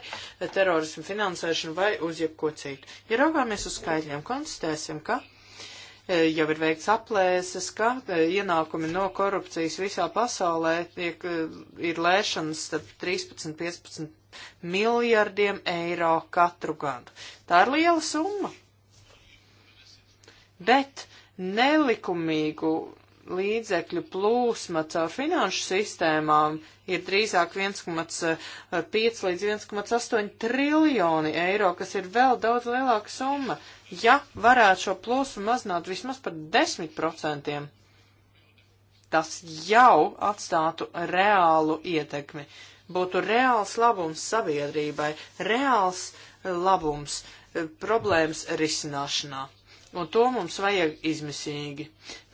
terorismu finansēšanu vai uz jebko citu. Ja raugāmies uz skaitļiem, konstatēsim, ka jau ir veikts aplēses, ka e, ienākumi no korupcijas visā pasaulē tiek, e, ir lēšanas starp 13-15 miljardiem eiro katru gadu. Tā ir liela summa. Bet nelikumīgu līdzekļu plūsma caur finanšu sistēmām ir drīzāk 1,5 eh, līdz 1,8 triljoni eiro, kas ir vēl daudz lielāka summa. Ja varētu šo plūsmu mazināt vismaz par 10%, tas jau atstātu reālu ietekmi. Būtu reāls labums sabiedrībai, reāls eh, labums eh, problēmas risināšanā. Un to mums vajag izmisīgi.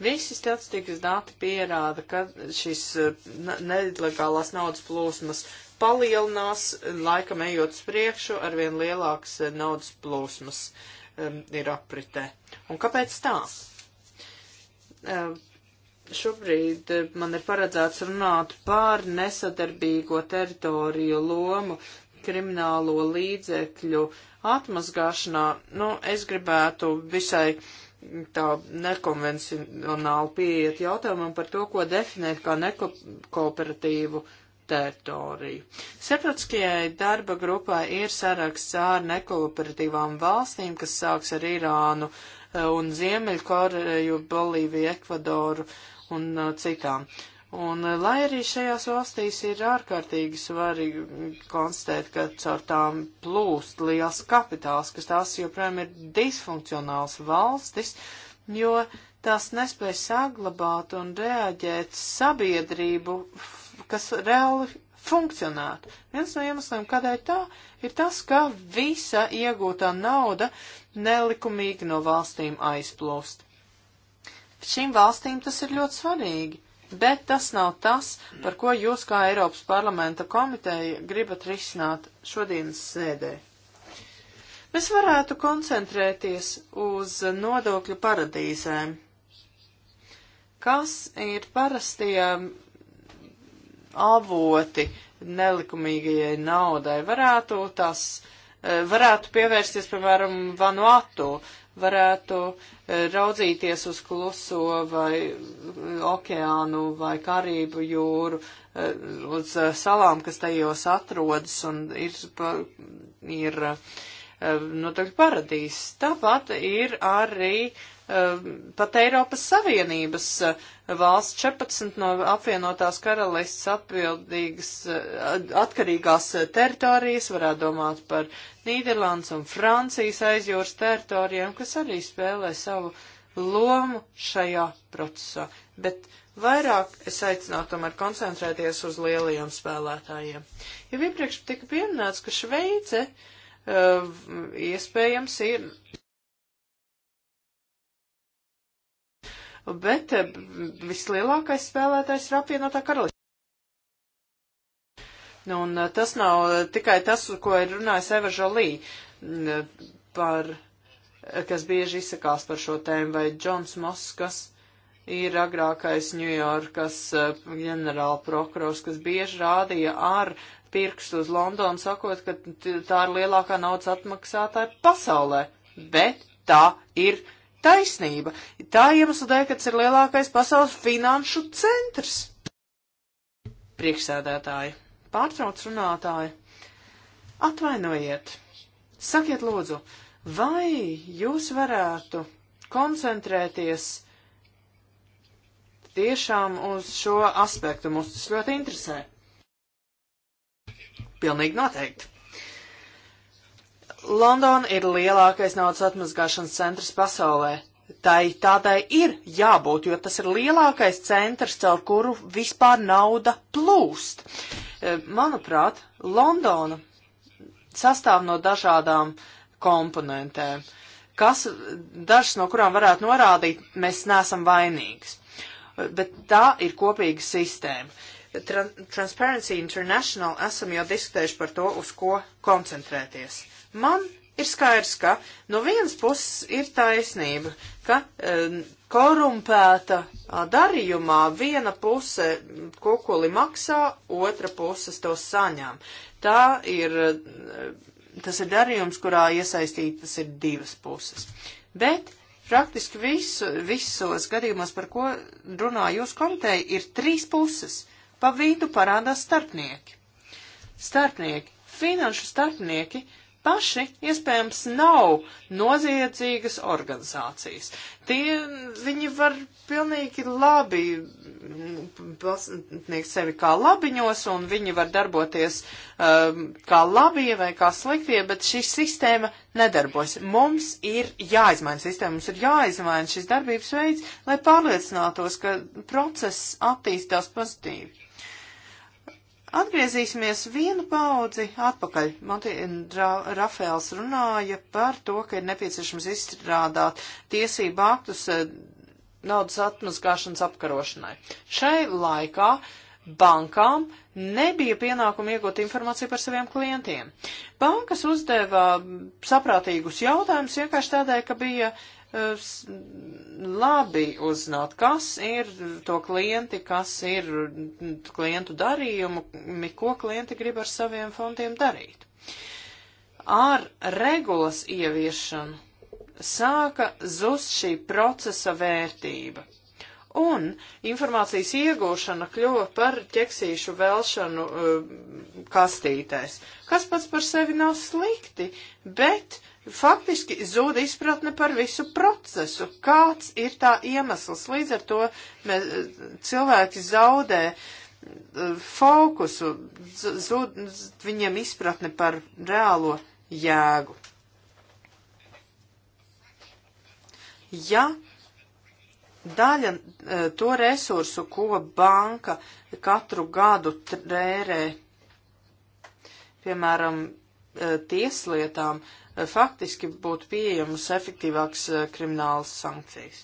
Visi statistikas dati pierāda, ka šis eh, nelegālās naudas plūsmas palielinās, laikam ejot uz priekšu, arvien lielāks eh, naudas plūsmas um, ir apritē. Un kāpēc tā? Um, šobrīd eh, man ir paredzēts runāt par nesadarbīgo teritoriju lomu kriminālo līdzekļu atmazgāšanā, nu, es gribētu visai tā nekonvencionāli pieiet jautājumam par to, ko definēt kā nekooperatīvu teritoriju. Starptautiskajai darba grupai ir saraksts ar nekooperatīvām valstīm, kas sāks ar Irānu eh, un Ziemeļkoreju, Bolīviju, Ekvadoru un eh, citām. Uh, Un eh, lai arī šajās valstīs ir ārkārtīgi svarīgi konstatēt, ka caur tām plūst liels kapitāls, kas tās joprojām ir disfunkcionāls valstis, jo tās nespēja saglabāt un reaģēt sabiedrību, kas reāli funkcionētu. Viens no iemesliem, kādēļ tā, ir tas, ka visa iegūtā nauda nelikumīgi no valstīm aizplūst. Šīm valstīm tas ir ļoti svarīgi bet tas nav tas, par ko jūs kā Eiropas parlamenta komiteja gribat risināt šodienas sēdē. Mēs varētu koncentrēties uz nodokļu paradīzēm. Kas ir parastie avoti nelikumīgajai naudai? Varētu tās eh, varētu pievērsties, piemēram, Vanuatu varētu eh, raudzīties uz kluso vai mm, okeānu vai Karību jūru, eh, uz eh, salām, kas tajos atrodas un ir, ir nodokļu paradīzes. Tāpat ir arī uh, Ehm, pat Eiropas Savienības eh, valsts 14 no apvienotās karalists atbildīgas eh, atkarīgās eh, teritorijas, varētu domāt par Nīderlandes un Francijas aizjūras teritorijām, kas arī spēlē savu lomu šajā procesā. Bet vairāk es aicinātu tomēr koncentrēties uz lielajiem spēlētājiem. Jau iepriekš tika pieminēts, ka Šveice uh, iespējams ir bet eh, vislielākais spēlētājs ir apvienotā karalīte. Nu, un eh, tas nav eh, tikai tas, ko ir runājis Eva Žalī par, kas bieži izsakās par šo tēmu, vai Džons Moss, kas ir agrākais Ņujorkas ģenerāla prokurors, kas bieži rādīja ar pirkstu uz Londonu, sakot, ka tā ir lielākā naudas atmaksātāja pasaulē. Bet tā ir taisnība. Tā iemesla dēļ, ka tas ir lielākais pasaules finanšu centrs. Priekšsēdētāji, pārtrauc runātāji, atvainojiet, sakiet lūdzu, vai jūs varētu koncentrēties tiešām uz šo aspektu, mums tas ļoti interesē. Pilnīgi noteikti. Londona ir lielākais naudas atmazgāšanas centrs pasaulē. Tai tādai ir jābūt, jo tas ir lielākais centrs, caur kuru vispār nauda plūst. E, manuprāt, Londona sastāv no dažādām komponentēm, kas dažas no kurām varētu norādīt, mēs neesam vainīgs. Bet tā ir kopīga sistēma. Transparency International esam jau diskutējuši par to, uz ko koncentrēties. Man ir skaidrs, ka no vienas puses ir taisnība, ka e, korumpēta darījumā viena puse kukuli maksā, otra puses to saņem. Tā ir, e, tas ir darījums, kurā iesaistītas ir divas puses. Bet praktiski visu, visos gadījumos, par ko runā jūs komiteja, ir trīs puses. Pa vidu parādās starpnieki. Starpnieki, finanšu starpnieki, uh, paši iespējams nav noziedzīgas organizācijas. Tie, viņi var pilnīgi labi mm, pasniegt sevi kā labiņos un viņi var darboties um, kā labie vai kā sliktie, bet šī sistēma nedarbojas. Mums ir jāizmaina sistēma, mums ir jāizmaina šis darbības veids, lai pārliecinātos, ka process attīstās pozitīvi. Atgriezīsimies vienu paudzi atpakaļ. Ra Rafēls runāja par to, ka ir nepieciešams izstrādāt tiesību aktus eh, naudas atmazgāšanas apkarošanai. Šai laikā bankām nebija pienākuma iegūt informāciju par saviem klientiem. Bankas uzdeva saprātīgus jautājumus vienkārši tādēļ, ka bija uh, Eh, labi uzzināt, kas ir to klienti, kas ir klientu darījumi, ko klienti grib ar saviem fondiem darīt. Ar regulas ieviešanu sāka zust šī procesa vērtība. Un informācijas iegūšana kļuva par ķeksīšu velšanu uh, kastītēs, kas pats par sevi nav slikti, bet uh, faktiski zūd izpratne par visu procesu, kāds ir tā iemesls. Līdz ar to mēs, cilvēki zaudē e, fokusu, zūd viņiem izpratne par reālo jēgu. Ja daļa e, to resursu, ko banka katru gadu trērē, piemēram, e, tieslietām, uh, faktiski būtu pieejamas efektīvāks eh, krimināls sankcijas.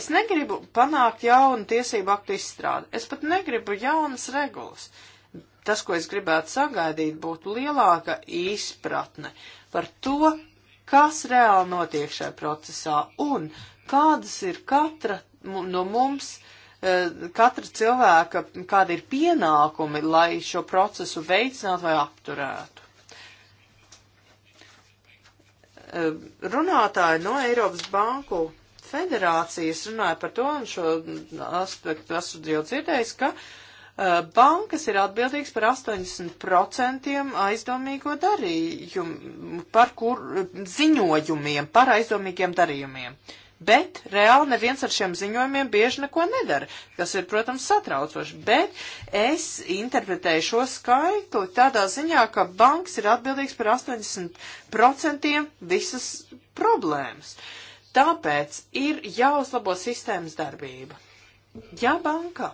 Es negribu panākt jaunu tiesību aktu izstrādi, es pat negribu jaunas regulas. Tas, ko es gribētu sagaidīt, būtu lielāka izpratne par to, kas reāli notiek šajā procesā un kādas ir katra no mums uh, katra cilvēka, kāda ir pienākumi, lai šo procesu veicinātu vai apturētu. Eh, runātāji no Eiropas Banku federācijas runāja par to, un šo aspektu esmu jau dzirdējis, ka uh, bankas ir atbildīgas par 80% aizdomīgo darījumu, par kur ziņojumiem, par aizdomīgiem darījumiem. Uh, bet reāli neviens ar šiem ziņojumiem bieži neko nedara, kas ir, protams, satraucoši. Bet es interpretēju šo skaitli tādā ziņā, ka banks ir atbildīgs par 80% visas problēmas. Tāpēc ir jāuzlabo sistēmas darbība. Ja bankā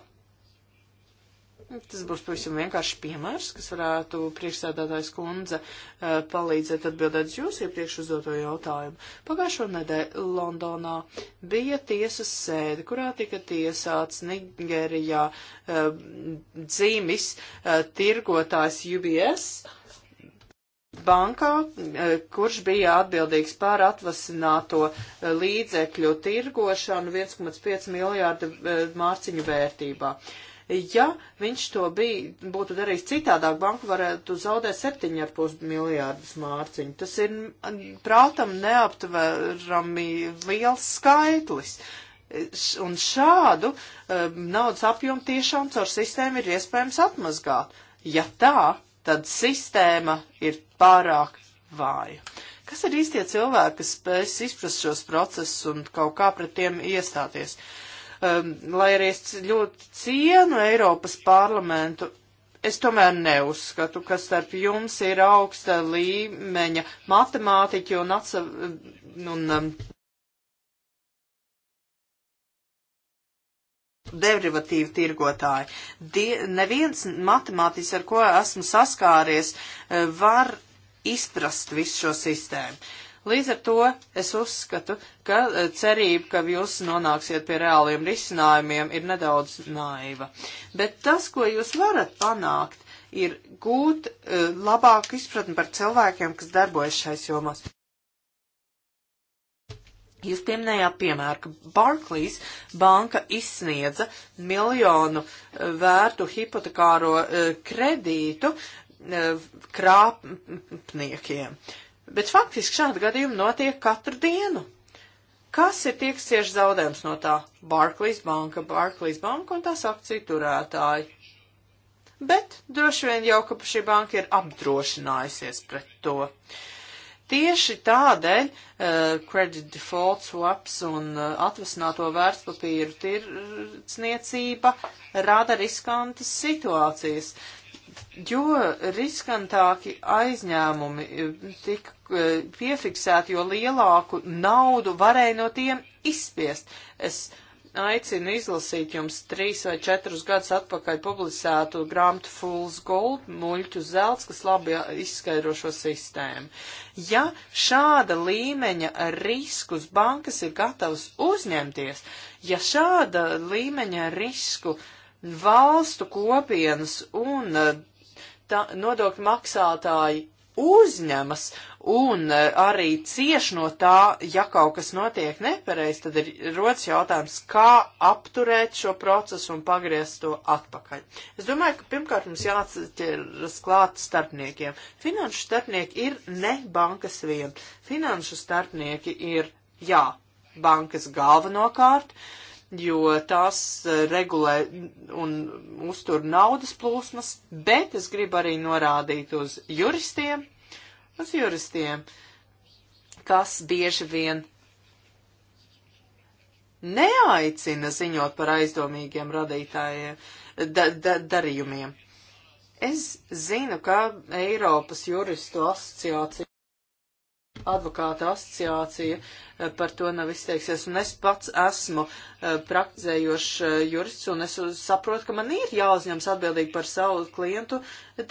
Tas būs pavisam vienkārši piemērs, kas varētu priekšsēdētājs kundze eh, palīdzēt atbildēt uz jūsu iepriekš uzdoto jautājumu. Pagājušo nedēļu Londonā bija tiesas sēde, kurā tika tiesāts Nigerijā eh, dzīmis eh, tirgotājs UBS bankā, kurš bija atbildīgs par atvasināto līdzekļu tirgošanu 1,5 miljārdu mārciņu vērtībā. Uh, Ja viņš to bija, būtu darījis citādāk, banka varētu zaudēt 7,5 miljārdus mārciņu. Tas ir prātam neaptverami liels skaitlis. Un šādu um, naudas apjomu tiešām caur sistēmu ir iespējams atmazgāt. Ja tā, tad sistēma ir pārāk vāja. Kas ir īstie cilvēki, kas spēs izprast šos procesus un kaut kā pret tiem iestāties? Uh, um, lai arī es ļoti cienu Eiropas parlamentu, es tomēr neuzskatu, ka starp jums ir augsta līmeņa matemātiķi un, atsa, un um, derivatīvu tirgotāji. Die, neviens matemātiķis, ar ko esmu saskāries, uh, var izprast visu šo sistēmu. Līdz ar to es uzskatu, ka e, cerība, ka jūs nonāksiet pie reāliem risinājumiem, ir nedaudz naiva. Bet tas, ko jūs varat panākt, ir gūt uh, labāku izpratni par cilvēkiem, kas darbojas šais jomās. Jūs pieminējāt piemēru, ka Barclays banka izsniedza miljonu uh, vērtu hipotekāro uh, kredītu krāpniekiem. Bet faktiski šādi gadījumi notiek katru dienu. Kas ir tie, kas cieši zaudējums no tā? Barclays banka, Barclays banka un tās akciju turētāji. Bet droši vien jau, ka šī banka ir apdrošinājusies pret to. Tieši tādēļ uh, credit default swaps un uh, atvasināto vērtspapīru tirdzniecība rada riskantas situācijas. Uh, jo riskantāki aizņēmumi eh, tika eh, piefiksēti, jo lielāku naudu varēja no tiem izspiest. Es aicinu izlasīt jums trīs vai četrus gadus atpakaļ publicētu grāmatu Fool's Gold, muļķu zelts, kas labi izskaidro šo sistēmu. Ja šāda līmeņa riskus bankas ir gatavas uzņemties, ja šāda līmeņa risku uh, valstu kopienas un eh, tā, nodokļu maksātāji uzņemas un eh, arī cieš no tā, ja kaut kas notiek nepareizi, tad ir rodas jautājums, kā apturēt šo procesu un pagriezt to atpakaļ. Es domāju, ka pirmkārt mums jāatceras klāt starpniekiem. Finanšu starpnieki ir ne bankas vien. Finanšu starpnieki ir, jā, bankas galvenokārt. Uh, jo tās eh, regulē un uztur naudas plūsmas, bet es gribu arī norādīt uz juristiem, uz juristiem, kas bieži vien neaicina ziņot par aizdomīgiem radītājiem, da, da, darījumiem. Es zinu, ka Eiropas juristu asociācija advokāta asociācija eh, par to nav izteiksies, un es pats esmu eh, praktizējošs eh, jurists, un es saprotu, ka man ir jāuzņems atbildīgi par savu klientu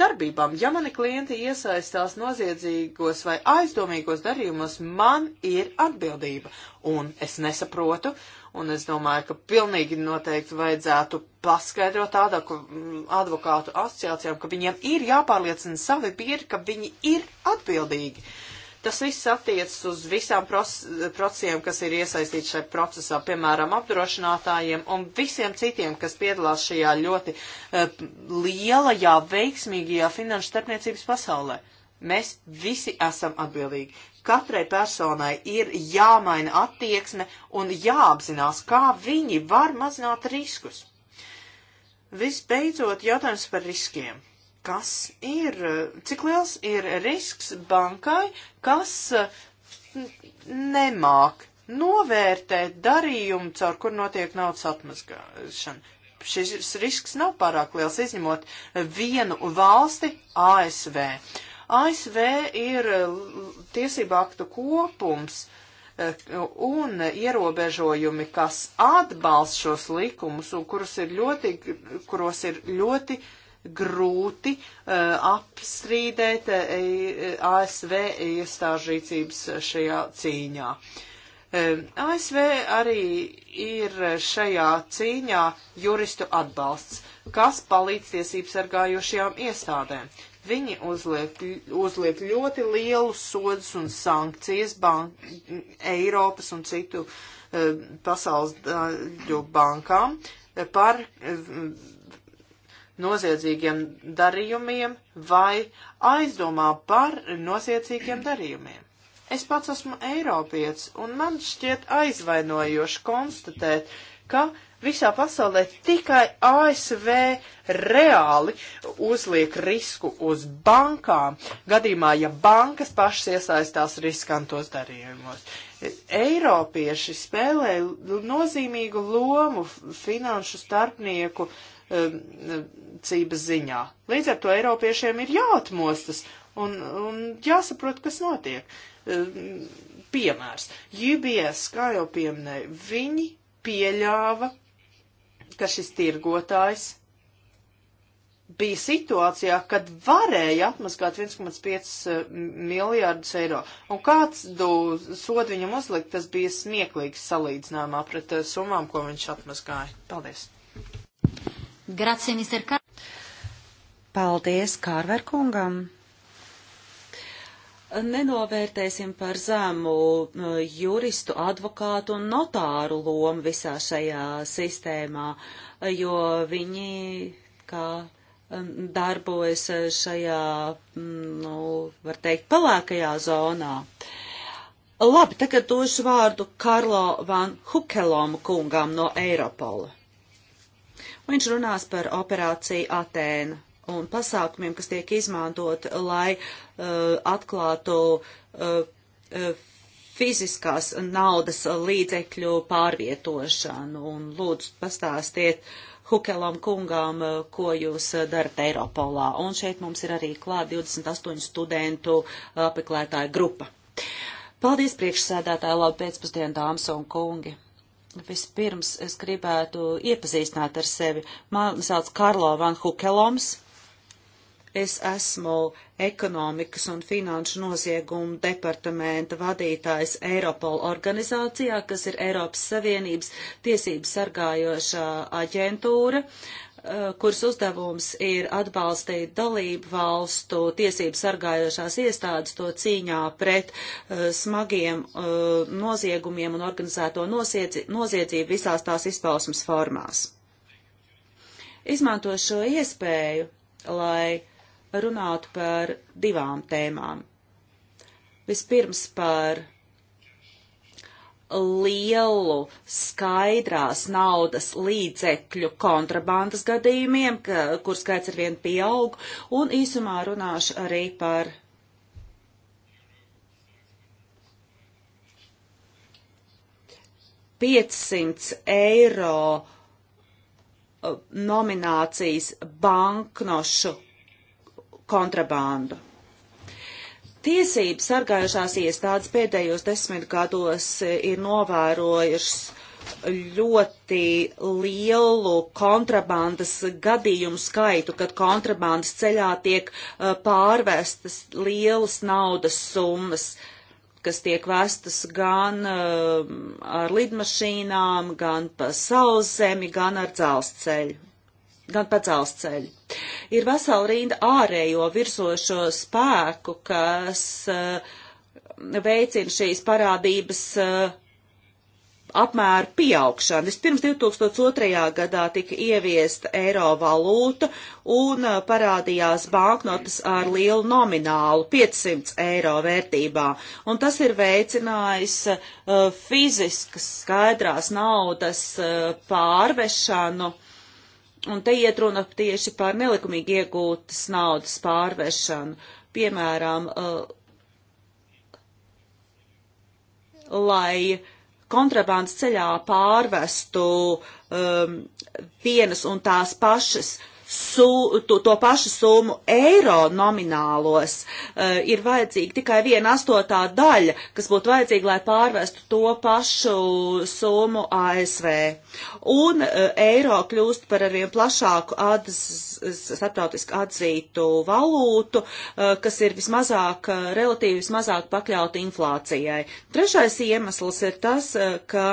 darbībām. Ja mani klienti iesaistās noziedzīgos vai aizdomīgos darījumos, man ir atbildība, un es nesaprotu, un es domāju, ka pilnīgi noteikti vajadzētu paskaidrot tādā, ka mm, advokātu asociācijām, ka viņiem ir jāpārliecina savi biedri, ka viņi ir atbildīgi. Uh, Tas viss attiecas uz visām procesiem, kas ir iesaistīti šajā procesā, piemēram, apdrošinātājiem un visiem citiem, kas piedalās šajā ļoti uh, lielajā, veiksmīgajā finanšu starpniecības pasaulē. Mēs visi esam atbildīgi. Katrai personai ir jāmaina attieksme un jāapzinās, kā viņi var mazināt riskus. Visbeidzot, jautājums par riskiem kas ir, cik liels ir risks bankai, kas nemāk novērtēt darījumu, caur kur notiek naudas atmazgāšana. Šis risks nav pārāk liels, izņemot vienu valsti ASV. ASV ir tiesību aktu kopums un ierobežojumi, kas atbalst šos likumus un kurus ir ļoti, kuros ir ļoti uh, grūti uh, apstrīdēt uh, eh, eh, ASV iestāžu rīcības šajā cīņā. Uh, ASV arī ir šajā cīņā juristu atbalsts, kas palīdz tiesību sargājošajām iestādēm. Viņi uzliek, uzliek ļoti lielu sodus un sankcijas bank, Eiropas un citu uh, pasaules daļu bankām par uh, noziedzīgiem darījumiem vai aizdomā par noziedzīgiem darījumiem. Es pats esmu Eiropietis, un man šķiet aizvainojoši konstatēt, ka visā pasaulē tikai ASV reāli uzliek risku uz bankām, gadījumā, ja bankas pašas iesaistās riskantos darījumos. Eiropieši spēlē nozīmīgu lomu finanšu starpnieku um, cības ziņā. Līdz ar to Eiropiešiem ir jāatmostas un, un jāsaprot, kas notiek. Um, piemērs. UBS, kā jau pieminēju, viņi pieļāva, ka šis tirgotājs bija situācijā, kad varēja atmaskāt 1,5 eh, miljārdus eiro. Un kādu sodu viņam uzlikt, tas bija smieklīgs salīdzinājumā pret eh, summām, ko viņš atmaskāja. Paldies! Grazie, Mr. Kar. Paldies Kārverkungam! Nenovērtēsim par zemu eh, juristu, advokātu un notāru lomu visā šajā sistēmā, jo viņi kā Um, darbojas uh, šajā, mm, nu, var teikt, palākajā zonā. Labi, tagad došu vārdu Karlo Van Hukelom kungām no Eiropola. Viņš runās par operāciju Atēna un pasākumiem, kas tiek izmantot, lai uh, atklātu uh, uh, fiziskās naudas līdzekļu pārvietošanu. Un lūdzu, pastāstiet uh, Hukelam kungām, eh, ko jūs eh, darat Eiropolā. Un šeit mums ir arī klāt 28 studentu eh, apmeklētāju grupa. Paldies priekšsēdētāji, labi pēcpusdienu, dāmas un kungi! Vispirms es gribētu iepazīstināt ar sevi. Mani sauc Karlo Van Hukeloms. Es esmu ekonomikas un finanšu noziegumu departamenta vadītājs Eiropol organizācijā, kas ir Eiropas Savienības tiesības sargājošā aģentūra eh, kuras uzdevums ir atbalstīt dalību valstu tiesību sargājošās iestādes to cīņā pret uh, smagiem uh, noziegumiem un organizēto nosiedzi, noziedzību visās tās izpausmas formās. Izmanto šo iespēju, lai runātu par divām tēmām. Vispirms par lielu skaidrās naudas līdzekļu kontrabandas gadījumiem, ka, kur skaits ar vienu pieaug, un īsumā runāšu arī par piecsimts eiro uh, nominācijas banknošu kontrabandu. Tiesības sargājušās iestādes pēdējos desmit gados e, ir novērojušas ļoti lielu kontrabandas gadījumu skaitu, kad kontrabandas ceļā tiek e, pārvestas lielas naudas summas, kas tiek vestas gan e, ar lidmašīnām, gan pa sauszemi, gan ar dzelzceļu gan pa dzelzceļu. Ir vesela rinda ārējo virsošo spēku, kas eh, veicina šīs parādības eh, apmēru pieaugšanu. Vispirms 2002. gadā tika ieviesta eiro valūta un eh, parādījās banknotas ar lielu nominālu 500 eiro vērtībā. Un tas ir veicinājis uh, fiziskas skaidrās naudas uh, pārvešanu Un te iet runa tieši par nelikumīgi iegūtas naudas pārvešanu. Piemēram, uh, lai kontrabandas ceļā pārvestu um, vienas un tās pašas uh, su, to, to pašu summu eiro nominālos uh, ir vajadzīga tikai viena astotā daļa, kas būtu vajadzīga, lai pārvestu to pašu summu ASV. Un uh, eiro kļūst par arvien plašāku atz, starptautiski atzītu valūtu, uh, kas ir vismazāk, uh, relatīvi vismazāk pakļauta inflācijai. Trešais iemesls ir tas, uh, ka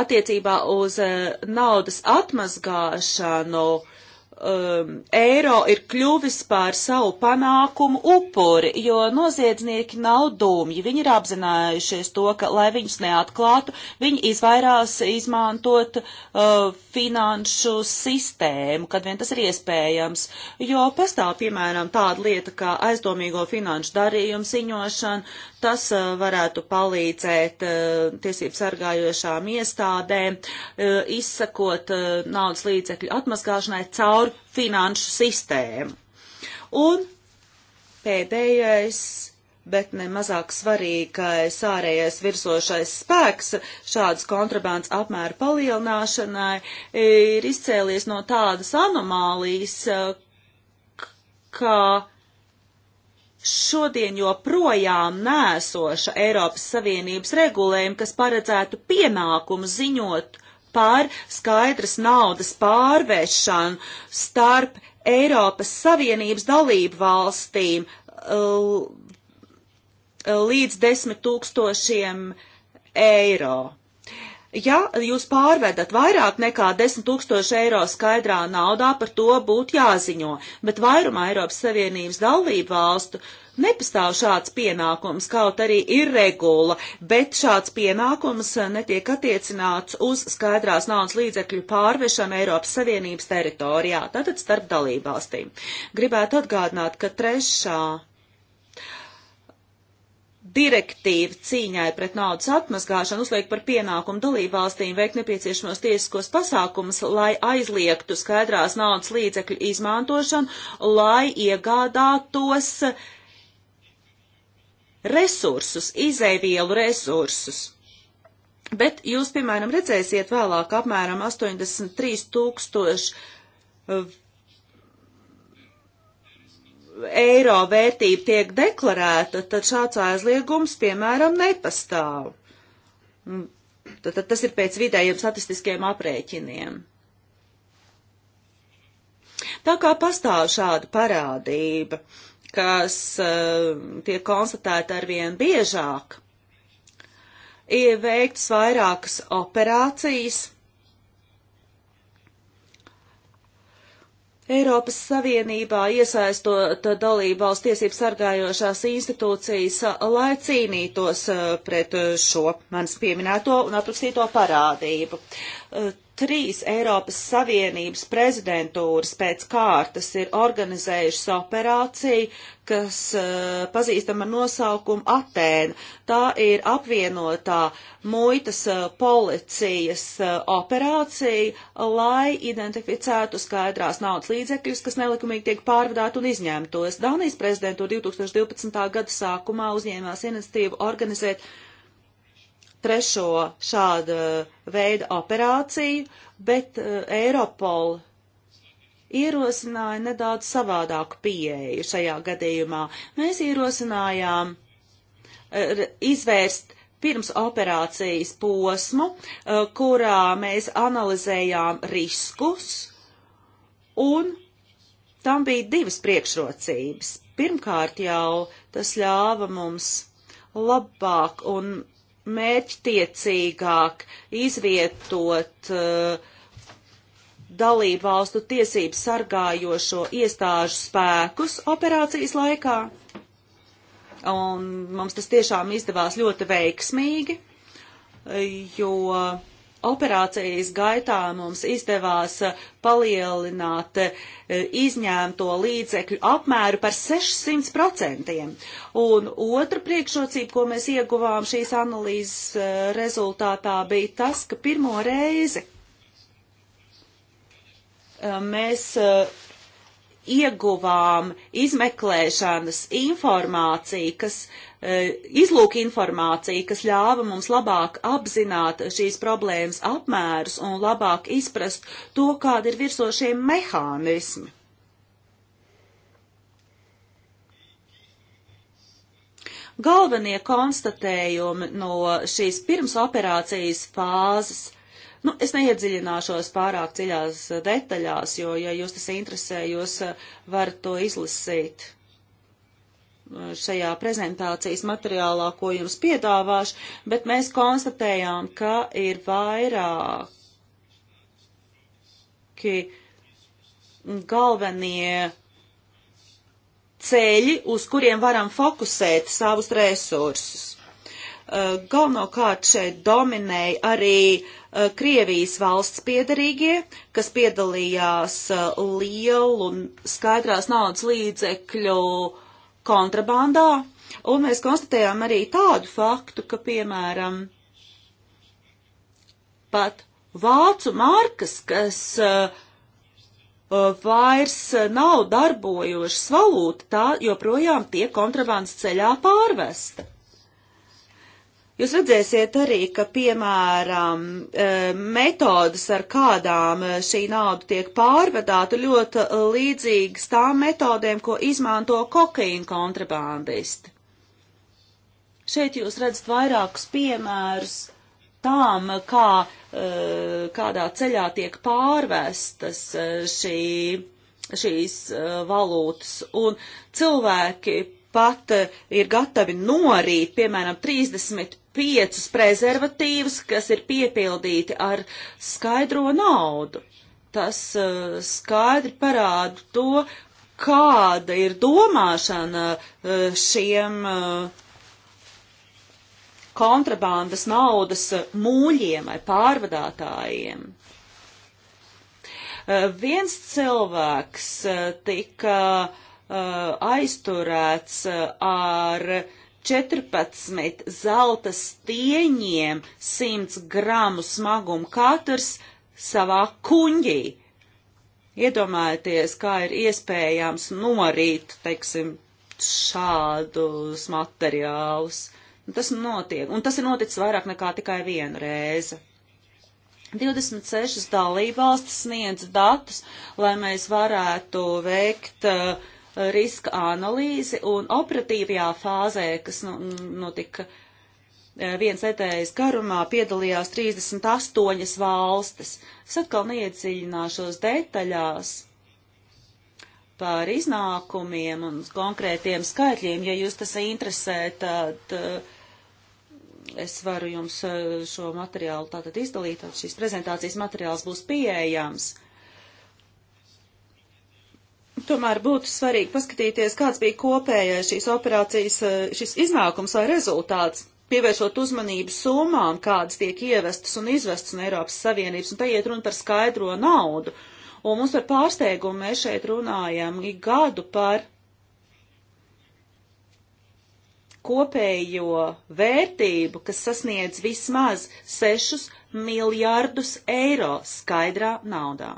attiecībā uz eh, naudas atmazgāšanu um, eiro ir kļuvis par savu panākumu upuri, jo noziedznieki nav dūmji. Viņi ir apzinājušies to, ka, lai viņus neatklātu, viņi izvairās izmantot uh, finanšu sistēmu, kad vien tas ir iespējams. Jo pastāv, piemēram, tāda lieta kā aizdomīgo finanšu darījumu ziņošana, tas uh, varētu palīdzēt uh, tiesību sargājošām iestādēm uh, izsakot uh, naudas līdzekļu atmaskāšanai caur finanšu sistēmu. Un pēdējais, bet nemazāk svarīgais ārējais virsošais spēks šādas kontrabandas apmēra palielināšanai e, ir izcēlies no tādas anomālijas, e, ka šodien joprojām nēsoša Eiropas Savienības regulējuma, kas paredzētu pienākumu ziņot par skaidras naudas pārvēršanu starp Eiropas Savienības dalību valstīm līdz desmit tūkstošiem eiro. Ja jūs pārvedat vairāk nekā 10 tūkstoši eiro skaidrā naudā, par to būtu jāziņo, bet vairumā Eiropas Savienības dalību valstu uh, nepastāv šāds pienākums, kaut arī ir regula, bet šāds pienākums eh, netiek attiecināts uz skaidrās naudas līdzekļu pārvešanu Eiropas Savienības teritorijā, tātad starp dalībvalstīm. Gribētu atgādināt, ka trešā direktīva cīņai pret naudas atmazgāšanu uzliek par pienākumu dalībvalstīm veikt nepieciešamos tiesiskos pasākumus, lai aizliegtu skaidrās naudas līdzekļu izmantošanu, lai iegādātos uh, resursus, izēvielu resursus. Bet jūs, piemēram, redzēsiet vēlāk apmēram 83 tūkstoši eh, eiro vērtība tiek deklarēta, tad šāds aizliegums, piemēram, nepastāv. Tad, tad tas ir pēc vidējiem statistiskiem aprēķiniem. Tā kā pastāv šāda parādība, kas eh, tiek konstatēta arvien biežāk, ir veikts vairākas operācijas. Eiropas Savienībā iesaistot dalību valsts tiesību sargājošās institūcijas, eh, lai cīnītos eh, pret šo manis pieminēto un aprakstīto parādību trīs Eiropas Savienības prezidentūras pēc kārtas ir organizējušas operāciju, kas uh, pazīstama nosaukumu Atēna. Tā ir apvienotā muitas uh, policijas uh, operācija, lai identificētu skaidrās naudas līdzekļus, kas nelikumīgi tiek pārvadāti un izņemtos. Danijas prezidentūra 2012. gada sākumā uzņēmās iniciatīvu organizēt trešo šāda veida operāciju, bet uh, Eiropol ierosināja nedaudz savādāku pieeju šajā gadījumā. Mēs ierosinājām uh, izvērst pirms operācijas posmu, uh, kurā mēs analizējām riskus, un tam bija divas priekšrocības. Pirmkārt jau tas ļāva mums labāk un mērķtiecīgāk izvietot uh, dalību valstu tiesību sargājošo iestāžu spēkus operācijas laikā. Un mums tas tiešām izdevās ļoti veiksmīgi, jo uh, operācijas gaitā mums izdevās eh, palielināt eh, izņēmto līdzekļu apmēru par 600%. Un otra priekšrocība, ko mēs ieguvām šīs analīzes eh, rezultātā, bija tas, ka pirmo reizi mēs ieguvām izmeklēšanas informāciju, kas eh, izlūk informāciju, kas ļāva mums labāk apzināt šīs problēmas apmērus un labāk izprast to, kāda ir virsošie mehānismi. Galvenie konstatējumi no šīs pirms operācijas fāzes Nu, es neiedziļināšos pārāk dziļās eh, detaļās, jo, ja jūs tas interesē, jūs eh, varat to izlasīt eh, šajā prezentācijas materiālā, ko jums piedāvāšu, bet mēs konstatējām, ka ir vairāki galvenie ceļi, uz kuriem varam fokusēt savus resursus. Eh, galvenokārt šeit dominēja arī eh, Krievijas valsts piedarīgie, kas piedalījās eh, lielu un skaidrās naudas līdzekļu kontrabandā. Un mēs konstatējām arī tādu faktu, ka, piemēram, pat vācu markas, kas uh, vairs nav darbojošas valūta, tā joprojām tiek kontrabandas ceļā pārvesta. Jūs redzēsiet arī, ka, piemēram, e, metodas, ar kādām e, šī nauda tiek pārvedāta, ļoti līdzīgas tām metodēm, ko izmanto kokaīna kontrabandisti. Šeit jūs redzat vairākus piemērus tām, kā, e, kādā ceļā tiek pārvestas šī, šīs valūtas, un cilvēki pat ir gatavi norīt, piemēram, 30 piecus prezervatīvus, kas ir piepildīti ar skaidro naudu. Tas uh, skaidri parāda to, kāda ir domāšana uh, šiem uh, kontrabandas naudas mūļiem vai pārvadātājiem. Viens cilvēks tika aizturēts ar uh, 14 zelta stieņiem 100 gramu smagumu katrs savā kuņģī. Iedomājieties, kā ir iespējams norīt, teiksim, šādus materiālus. Un tas notiek, un tas ir noticis vairāk nekā tikai vienu reizi. 26 dalībvalstis sniedz datus, lai mēs varētu veikt uh, riska analīzi un operatīvajā fāzē, kas nu, notika e, viens etējas garumā, piedalījās 38 valstis. Es atkal neiedziļināšos detaļās par iznākumiem un konkrētiem skaitļiem. Ja jūs tas interesē, tad e, es varu jums e, šo materiālu tātad izdalīt, tad šīs prezentācijas materiāls būs pieejams tomēr būtu svarīgi paskatīties, kāds bija kopējais šīs operācijas, eh, šis iznākums vai rezultāts, pievēršot uzmanību summām, kādas tiek ievestas un izvestas no Eiropas Savienības, un te iet runa par skaidro naudu. Un mums par pārsteigumu mēs šeit runājam gadu par kopējo vērtību, kas sasniedz vismaz 6 miljārdus eiro skaidrā naudā.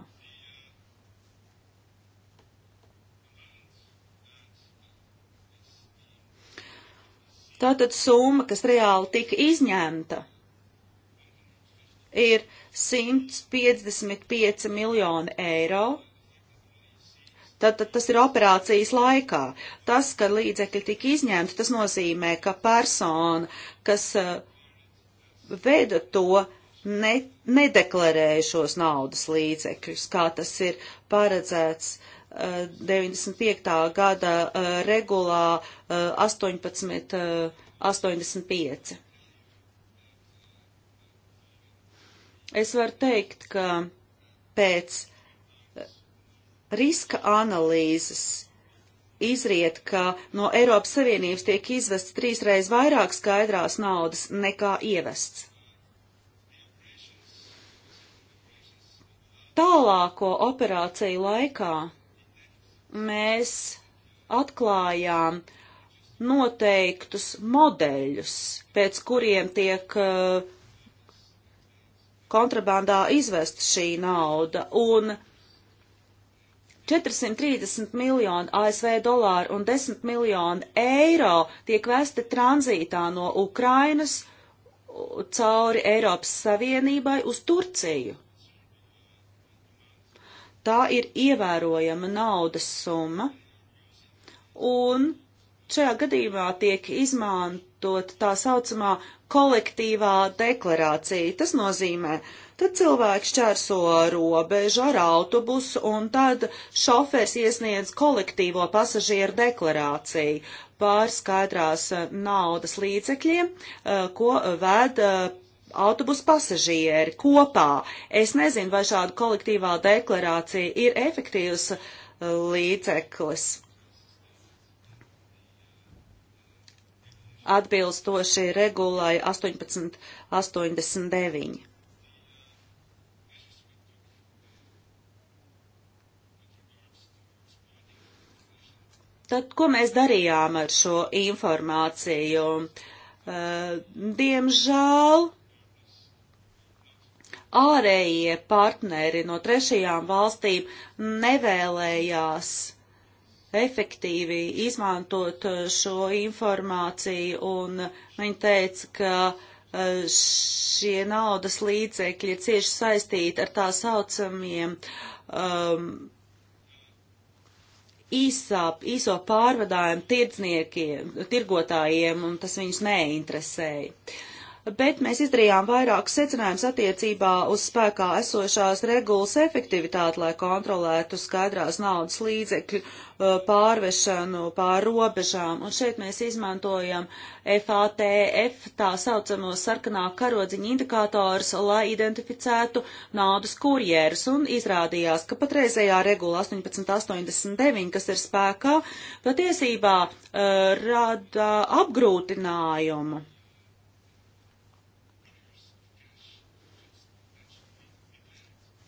Tātad summa, kas reāli tika izņemta, ir 155 miljoni eiro. Tātad tas ir operācijas laikā. Tas, ka līdzekļi tika izņemti, tas nozīmē, ka persona, kas uh, veda to, ne, nedeklarēja šos naudas līdzekļus, kā tas ir paredzēts uh, 95. gada eh, regulā 1885. Eh, eh, es varu teikt, ka pēc riska analīzes izriet, ka no Eiropas Savienības tiek izvests trīsreiz vairāk skaidrās naudas nekā ievests. Tālāko operāciju laikā mēs atklājām noteiktus modeļus, pēc kuriem tiek uh, kontrabandā izvest šī nauda, un 430 miljoni ASV dolāru un 10 miljoni eiro tiek vesti tranzītā no Ukrainas cauri Eiropas Savienībai uz Turciju. Tā ir ievērojama naudas summa, un šajā gadījumā tiek izmantot tā saucamā kolektīvā deklarācija. Tas nozīmē, tad cilvēks čērso robežu ar autobusu, un tad šofers iesniedz kolektīvo pasažieru deklarāciju pār skaidrās naudas līdzekļiem, eh, ko ved autobusu pasažieri kopā. Es nezinu, vai šāda kolektīvā deklarācija ir efektīvs uh, līdzeklis. Atbilstoši regulai 1889. Tad, ko mēs darījām ar šo informāciju? Uh, diemžēl uh, ārējie partneri no trešajām valstīm nevēlējās efektīvi izmantot uh, šo informāciju, un uh, viņi teica, ka uh, šie naudas līdzekļi cieši saistīti ar tā saucamiem um, īsā, īso pārvadājumu tirdzniekiem, tirgotājiem, un tas viņus neinteresēja. Uh, bet mēs izdarījām vairāk secinājums attiecībā uz spēkā esošās regulas efektivitāti, lai kontrolētu skaidrās naudas līdzekļu uh, pārvešanu pār robežām. Un šeit mēs izmantojam FATF, tā saucamo sarkanā karodziņa indikātors, lai identificētu naudas kurjerus. Un izrādījās, ka patreizējā regula 1889, kas ir spēkā, patiesībā uh, rada apgrūtinājumu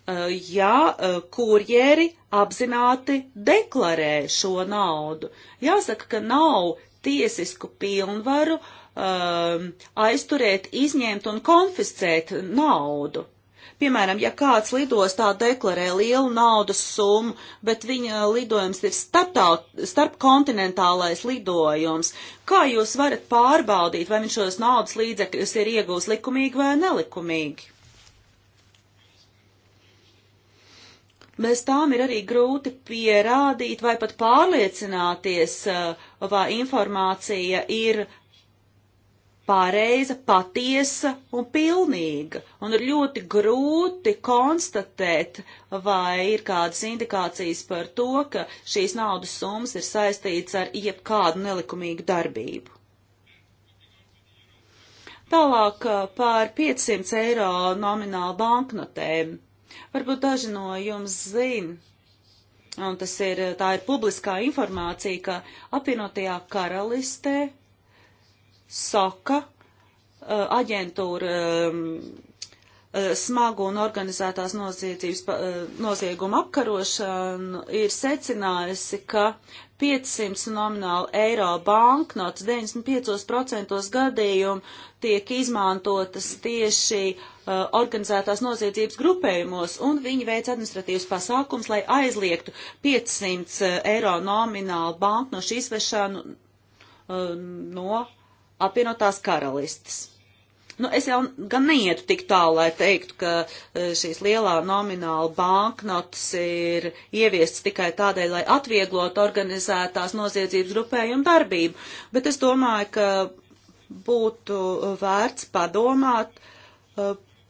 Eh, ja eh, kurjeri apzināti deklarē šo naudu. Jāsaka, ka nav tiesisku pilnvaru um, aizturēt, izņemt un konfiscēt naudu. Piemēram, ja kāds lidostā deklarē lielu naudas summu, bet viņa lidojums ir starpkontinentālais lidojums, kā jūs varat pārbaudīt, vai viņš šos naudas līdzekļus ir iegūs likumīgi vai nelikumīgi? bez tām ir arī grūti pierādīt vai pat pārliecināties, eh, vai informācija ir pareiza, patiesa un pilnīga, un ir ļoti grūti konstatēt, vai ir kādas indikācijas par to, ka šīs naudas summas ir saistīts ar jebkādu nelikumīgu darbību. Tālāk eh, par 500 eiro nominālu banknotēm. Varbūt daži no jums zina, un tas ir, tā ir publiskā informācija, ka apvienotajā karalistē soka aģentūra smagu un organizētās noziedzības noziegumu apkarošanu ir secinājusi, ka 500 nomināli eiro banknotes 95% gadījumu tiek izmantotas tieši uh, Uh, organizētās noziedzības grupējumos, un viņi veic administratīvas pasākums, lai aizliegtu 500 uh, eiro nominālu banknošu izvešanu uh, no apvienotās karalistes. Nu, es jau gan neietu tik tālu, lai teiktu, ka šīs lielā nomināla banknotes ir ieviests tikai tādēļ, lai atvieglotu organizētās noziedzības grupējumu darbību, bet es domāju, ka būtu vērts padomāt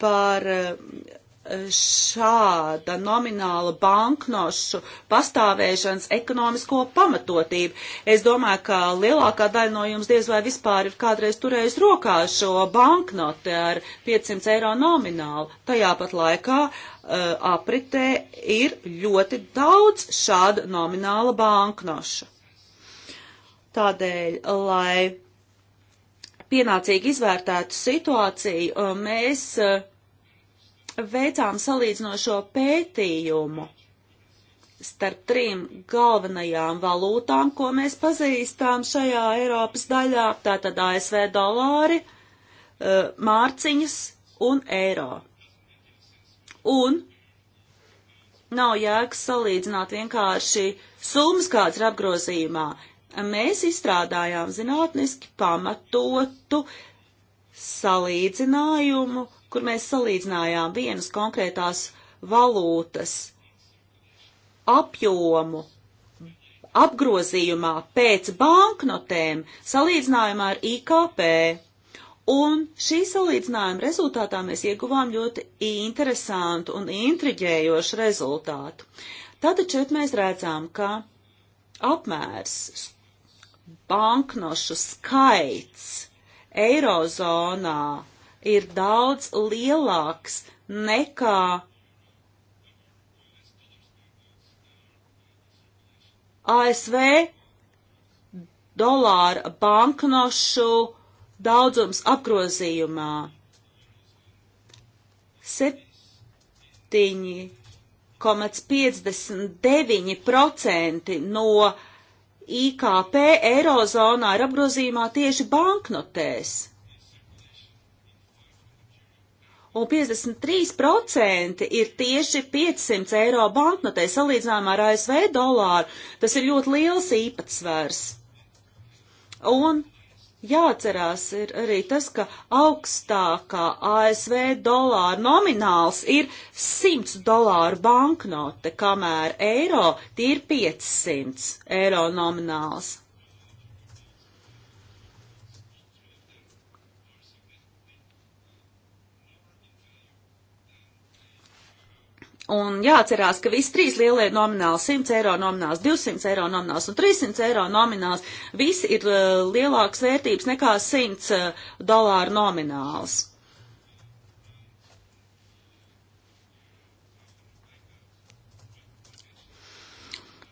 par eh, šāda nomināla banknošu pastāvēšanas ekonomisko pamatotību. Es domāju, ka lielākā daļa no jums diez vai vispār ir kādreiz turējis rokā šo banknoti ar 500 eiro nominālu. Tajā pat laikā uh, apritē ir ļoti daudz šāda nomināla banknoša. Tādēļ, lai pienācīgi izvērtētu situāciju, uh, mēs uh, veicām salīdzinošo pētījumu starp trim galvenajām valūtām, ko mēs pazīstām šajā Eiropas daļā, tātad ASV dolāri, uh, mārciņas un eiro. Un nav jēgas salīdzināt vienkārši summas, kāds ir apgrozījumā, mēs izstrādājām zinātniski pamatotu salīdzinājumu, kur mēs salīdzinājām vienas konkrētās valūtas apjomu apgrozījumā pēc banknotēm salīdzinājumā ar IKP. Un šī salīdzinājuma rezultātā mēs ieguvām ļoti interesantu un intriģējošu rezultātu. Tātad šeit mēs redzam, ka apmērs, banknošu skaits Eirozonā ir daudz lielāks nekā ASV dolāra banknošu daudzums apgrozījumā. 7,59% no IKP Eirozonā ir apgrozījumā tieši banknotēs. Un 53% ir tieši 500 eiro banknotē salīdzinājumā ar ASV dolāru. Tas ir ļoti liels īpatsvars. Un Jāatcerās ir arī tas, ka augstākā ASV dolāra nomināls ir 100 dolāru banknote, kamēr eiro tie ir 500 eiro nomināls. Un jāatcerās, ka visi trīs lielie nomināli, 100 eiro nomināls, 200 eiro nomināls un 300 eiro nomināls, visi ir uh, lielākas vērtības nekā 100 uh, dolāru nomināls.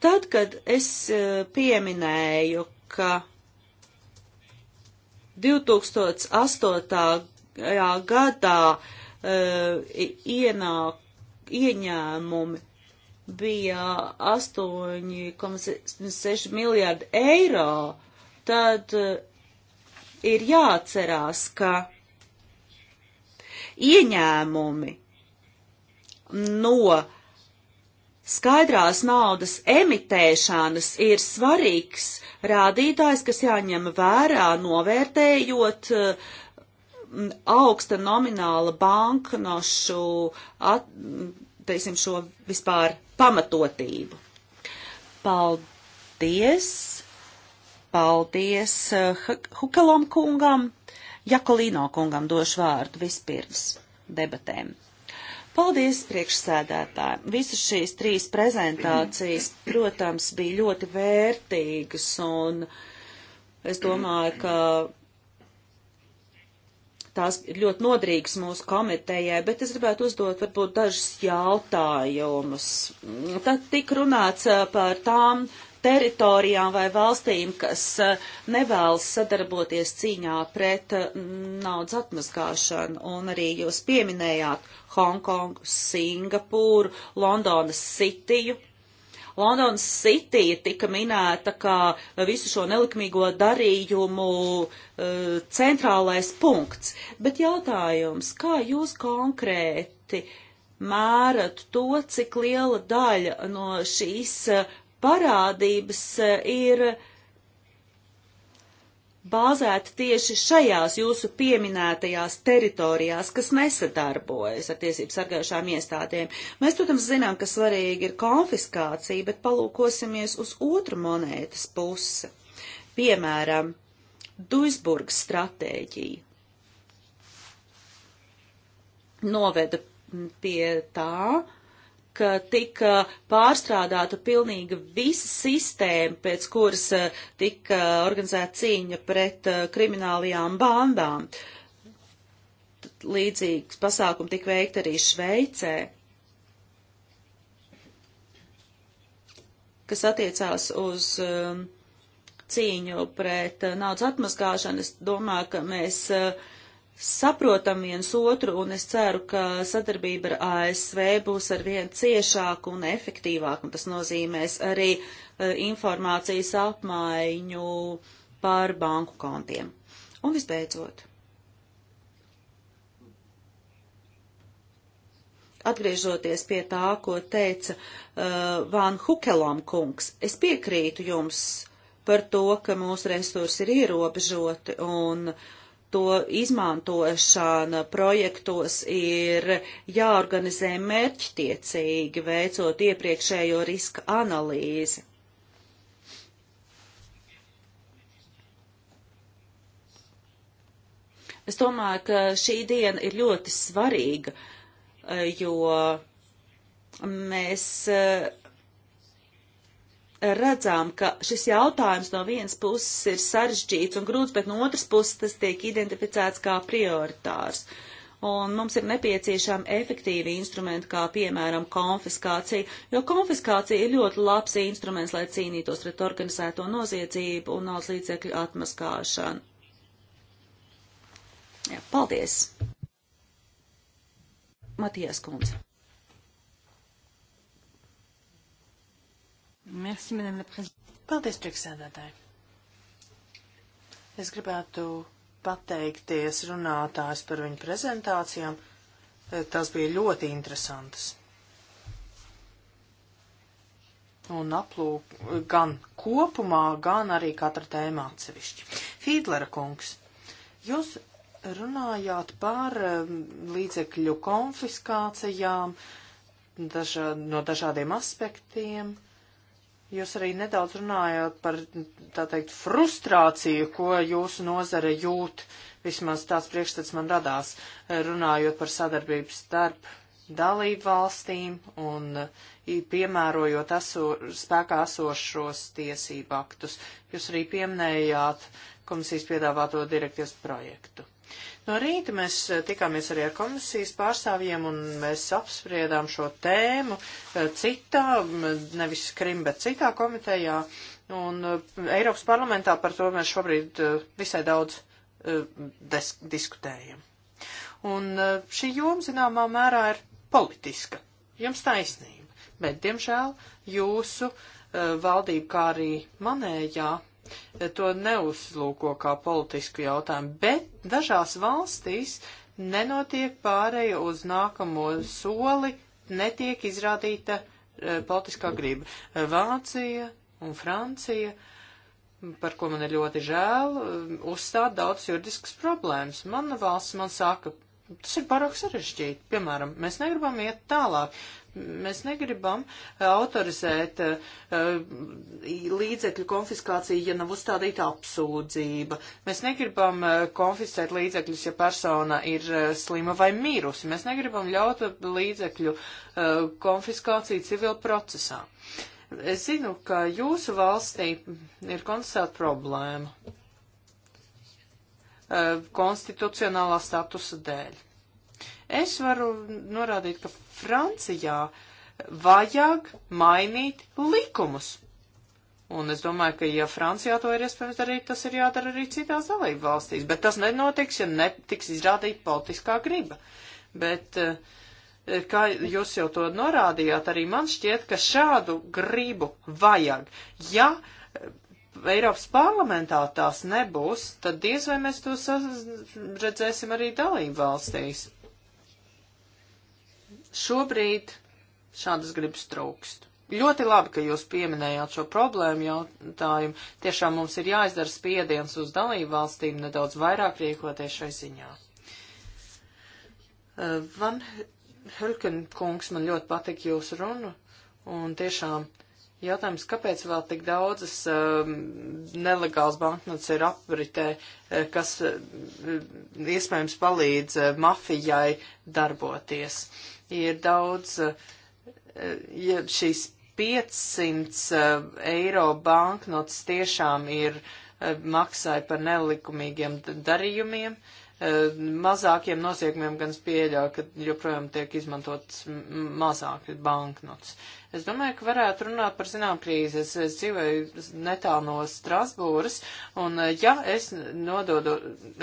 Tad, kad es uh, pieminēju, ka 2008. gadā uh, ienāk ieņēmumi bija 8,6 miljārdi eiro, tad eh, ir jāatcerās, ka ieņēmumi no skaidrās naudas emitēšanas ir svarīgs rādītājs, kas jāņem vērā novērtējot uh, augsta nomināla banknošu, at, teiksim, šo vispār pamatotību. Paldies! Paldies eh, Hukalom kungam! Jakolīno kungam došu vārdu vispirms debatēm. Paldies priekšsēdētāji. Visas šīs trīs prezentācijas, protams, bija ļoti vērtīgas un es domāju, ka tās ir ļoti noderīgas mūsu komitejai, bet es gribētu uzdot varbūt dažus jautājumus. Tad tik runāts par tām teritorijām vai valstīm, kas nevēlas sadarboties cīņā pret naudas atmazgāšanu. Un arī jūs pieminējāt Hongkongu, Singapūru, Londonas Sitiju. Londonas City tika minēta kā visu šo nelikumīgo darījumu eh, centrālais punkts. Bet jautājums, kā jūs konkrēti mērat to, cik liela daļa no šīs eh, parādības eh, ir bāzēti tieši šajās jūsu pieminētajās teritorijās, kas nesadarbojas ar tiesību sargājušām iestādēm. Mēs, protams, zinām, ka svarīgi ir konfiskācija, bet palūkosimies uz otru monētas pusi. Piemēram, Duisburgas stratēģija noveda pie tā, ka tika pārstrādāta pilnīga visa sistēma, pēc kuras eh, tika organizēta cīņa pret eh, kriminālajām bandām. Līdzīgs pasākums tika veikt arī Šveicē. kas attiecās uz um, cīņu pret naudas atmaskāšanu, es domāju, ka mēs uh, saprotam viens otru, un es ceru, ka sadarbība ar ASV būs arvien ciešāka un efektīvāka, un tas nozīmēs arī eh, informācijas apmaiņu par banku kontiem. Un visbeidzot. atgriežoties pie tā, ko teica uh, eh, Vān Hukelom kungs, es piekrītu jums par to, ka mūsu resursi ir ierobežoti un uh, to izmantošana projektos ir jāorganizē mērķtiecīgi, veicot iepriekšējo riska analīzi. Es domāju, ka šī diena ir ļoti svarīga, jo mēs redzam, ka šis jautājums no vienas puses ir sarežģīts un grūts, bet no otras puses tas tiek identificēts kā prioritārs. Un mums ir nepieciešami efektīvi instrumenti, kā piemēram konfiskācija, jo konfiskācija ir ļoti labs instruments, lai cīnītos pret organizēto noziedzību un naudas līdzekļu atmaskāšanu. Jā, paldies! Matijas kundze. Merci, madame la prezidente. Paldies, priekšsēdētāji. Es gribētu pateikties runātājs par viņu prezentācijām. Eh, tas bija ļoti interesants. Un aplūk gan kopumā, gan arī katra tēma atsevišķi. Fīdlera kungs, jūs runājāt par eh, līdzekļu konfiskācijām dažā, no dažādiem aspektiem Jūs arī nedaudz runājāt par, tā teikt, frustrāciju, ko jūsu nozare jūt, vismaz tāds priekšstats man radās, runājot par sadarbību starp dalību valstīm un piemērojot eso, spēkā esošos tiesību aktus. Jūs arī pieminējāt komisijas piedāvāto direktīvas projektu. No rīta mēs eh, tikāmies arī ar komisijas pārstāvjiem un mēs apspriedām šo tēmu eh, citā, nevis Krim, bet citā komitejā. Un eh, Eiropas parlamentā par to mēs šobrīd visai daudz diskutējam. Un šī joma zināmā mērā ir politiska. Jums taisnība. Bet, diemžēl, jūsu valdība, kā arī manējā, to neuzlūko kā politisku jautājumu, bet dažās valstīs nenotiek pārēja uz nākamo soli, netiek izrādīta e, politiskā griba. E, Vācija un Francija, par ko man ir ļoti žēl, e, uzstāt daudz juridiskas problēmas. Mana valsts man saka, Tas ir pārāk sarežģīti. Piemēram, mēs negribam iet tālāk. Mēs negribam eh, autorizēt uh, līdzekļu konfiskāciju, ja nav uzstādīta apsūdzība. Mēs negribam uh, konfiscēt līdzekļus, ja persona ir uh, slima vai mīrusi. Mēs negribam ļaut līdzekļu konfiskāciju civil procesā. Es zinu, ka jūsu valstī ir konstatēta problēma. E, konstitucionālā statusa dēļ. Es varu norādīt, ka Francijā vajag mainīt likumus. Un es domāju, ka, ja Francijā to ir iespējams darīt, tas ir jādara arī citās dalību valstīs. Bet tas nenotiks, ja netiks izrādīta politiskā griba. Bet, e, kā jūs jau to norādījāt, arī man šķiet, ka šādu gribu vajag. Ja Eiropas parlamentā tās nebūs, tad diez vai mēs to redzēsim arī dalību valstīs. Šobrīd šādas gribas trūkst. Ļoti labi, ka jūs pieminējāt šo problēmu jautājumu. Tiešām mums ir jāizdara spiediens uz dalību valstīm nedaudz vairāk rīkoties šai ziņā. Uh, Van Hulken kungs, man ļoti patika jūsu runu, un tiešām Jautājums, kāpēc vēl tik daudzas um, nelegālas banknotes ir apritē, eh, kas um, iespējams palīdz uh, mafijai darboties? Ir daudz, uh, ja šīs 500 uh, eiro banknotes tiešām ir uh, maksāja par nelikumīgiem darījumiem. Uh, Eh, mazākiem noziegumiem gan es pieļauju, ka joprojām tiek izmantotas mazāk banknotes. Es domāju, ka varētu runāt par zinām krīzi. Es, es dzīvoju netālu no Strasbūras, un eh, ja es, nododu,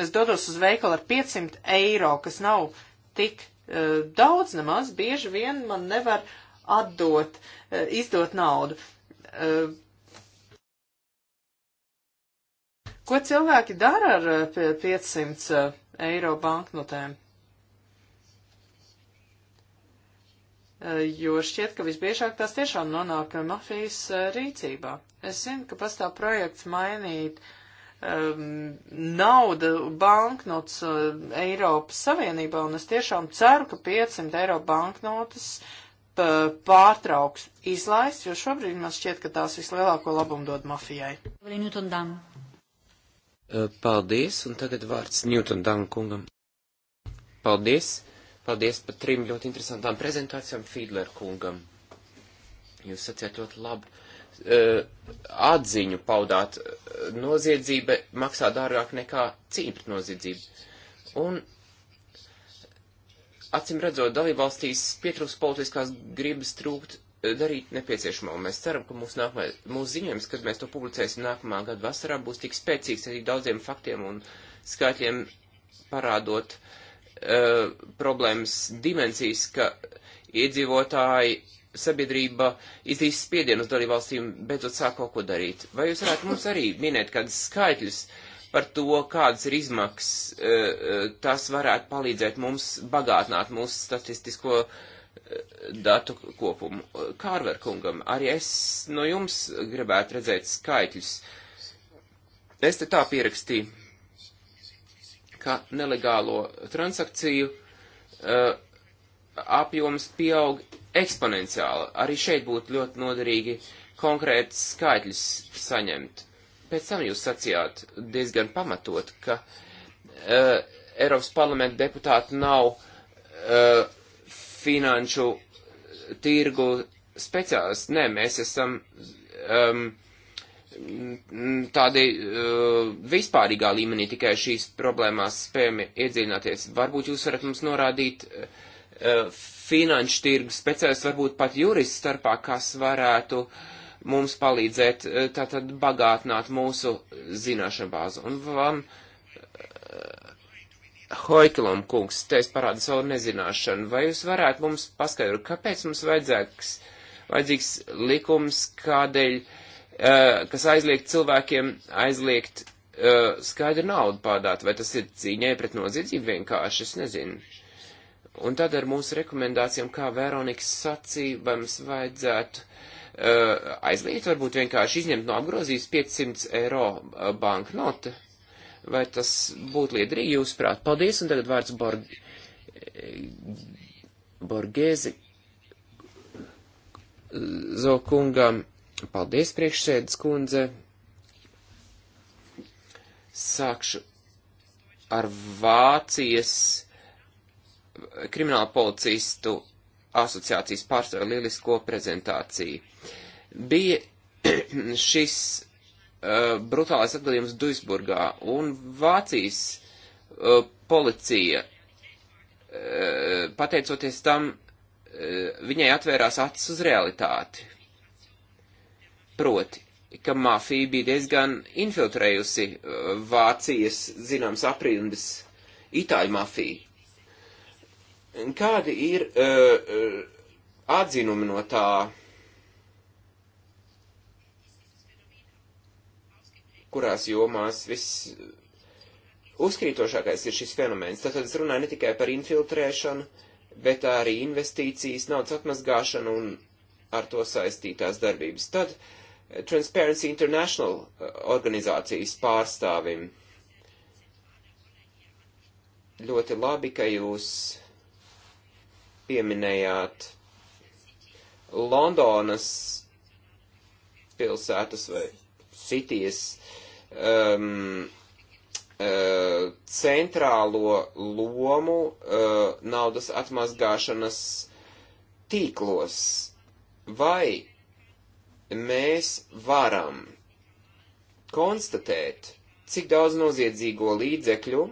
es dodos uz veikalu ar 500 eiro, kas nav tik uh, daudz nemaz, bieži vien man nevar atdot, uh, izdot naudu. Uh, ko cilvēki dara ar 500 eiro? eiro banknotēm. Eh, jo šķiet, ka visbiežāk tās tiešām nonāk eh, mafijas eh, rīcībā. Es zinu, ka pastāv projekts mainīt um, naudu banknotes Eiropas Savienībā, un es tiešām ceru, ka 500 eiro banknotes pārtrauks izlaist, jo šobrīd man šķiet, ka tās vislielāko labumu dod mafijai. Newton, Eh, paldies, un tagad vārds Newton Dankungam. Paldies, paldies par trim ļoti interesantām prezentācijām Fīdler kungam. Jūs sacījāt ļoti labu uh, atziņu paudāt. Noziedzība maksā dārgāk nekā cīņa pret noziedzību. Un acīm redzot, dalībvalstīs pietrūks politiskās gribas trūkt darīt nepieciešamo. Mēs ceram, ka mūsu, nākamā, mūsu ziņojums, kad mēs to publicēsim nākamā gada vasarā, būs tik spēcīgs ar tik daudziem faktiem un skaitļiem parādot uh, problēmas dimensijas, ka iedzīvotāji sabiedrība izdīs spiedienu uz dalībvalstīm, beidzot sāk kaut ko darīt. Vai jūs varētu mums arī minēt kādas skaitļus par to, kādas ir izmaksas, uh, tas varētu palīdzēt mums bagātināt mūsu statistisko uh, datu kopumu. Kārverkungam, arī es no jums gribētu redzēt skaitļus. Es te tā pierakstīju, ka nelegālo transakciju uh, apjoms pieaug eksponenciāli. Arī šeit būtu ļoti noderīgi konkrēts skaitļus saņemt. Pēc tam jūs sacījāt diezgan pamatot, ka uh, Eiropas parlamenta deputāti nav uh, finanšu tirgu speciālisti. Nē, mēs esam um, tādi uh, vispārīgā līmenī tikai šīs problēmās spējami iedzīvināties. Varbūt jūs varat mums norādīt uh, finanšu tirgu speciālisti, varbūt pat jurists starpā, kas varētu mums palīdzēt uh, tātad bagātināt mūsu zināšanu bāzu. Un vam, um, Hoiklom kungs, te es parādu savu nezināšanu, vai jūs varētu mums paskaidrot, kāpēc mums vajadzēks, vajadzīgs likums, kādēļ, uh, kas aizliegt cilvēkiem aizliegt uh, skaidru naudu pārdāt, vai tas ir cīņai pret noziedzību vienkārši, es nezinu. Un tad ar mūsu rekomendācijām, kā Veronikas sacīja, vai mums vajadzētu uh, aizliegt varbūt vienkārši izņemt no apgrozījus 500 eiro banknote. Uh, Vai tas būtu liederīgi jūsuprāt? Paldies, un tagad vārds Borg... Borgēzi Zokungam. Paldies, priekšsēdes kundze. Sākšu ar Vācijas krimināla policistu asociācijas pārstāvju lielisko prezentāciju. Bija šis uh, brutālais atgadījums Duisburgā un Vācijas uh, policija, uh, pateicoties tam, uh, viņai atvērās acis uz realitāti. Proti, ka mafija bija diezgan infiltrējusi uh, Vācijas, zināms, aprindas Itāļu mafiju. Kādi ir uh, uh, atzinumi no tā? kurās jomās viss eh, uzkrītošākais ir šis fenomens. Tātad es runāju ne tikai par infiltrēšanu, bet arī investīcijas, naudas atmazgāšanu un ar to saistītās darbības. Tad eh, Transparency International eh, organizācijas pārstāvim ļoti labi, ka jūs pieminējāt Londonas pilsētas vai citijas uh, um, uh, centrālo lomu uh, naudas atmazgāšanas tīklos. Vai mēs varam konstatēt, cik daudz noziedzīgo līdzekļu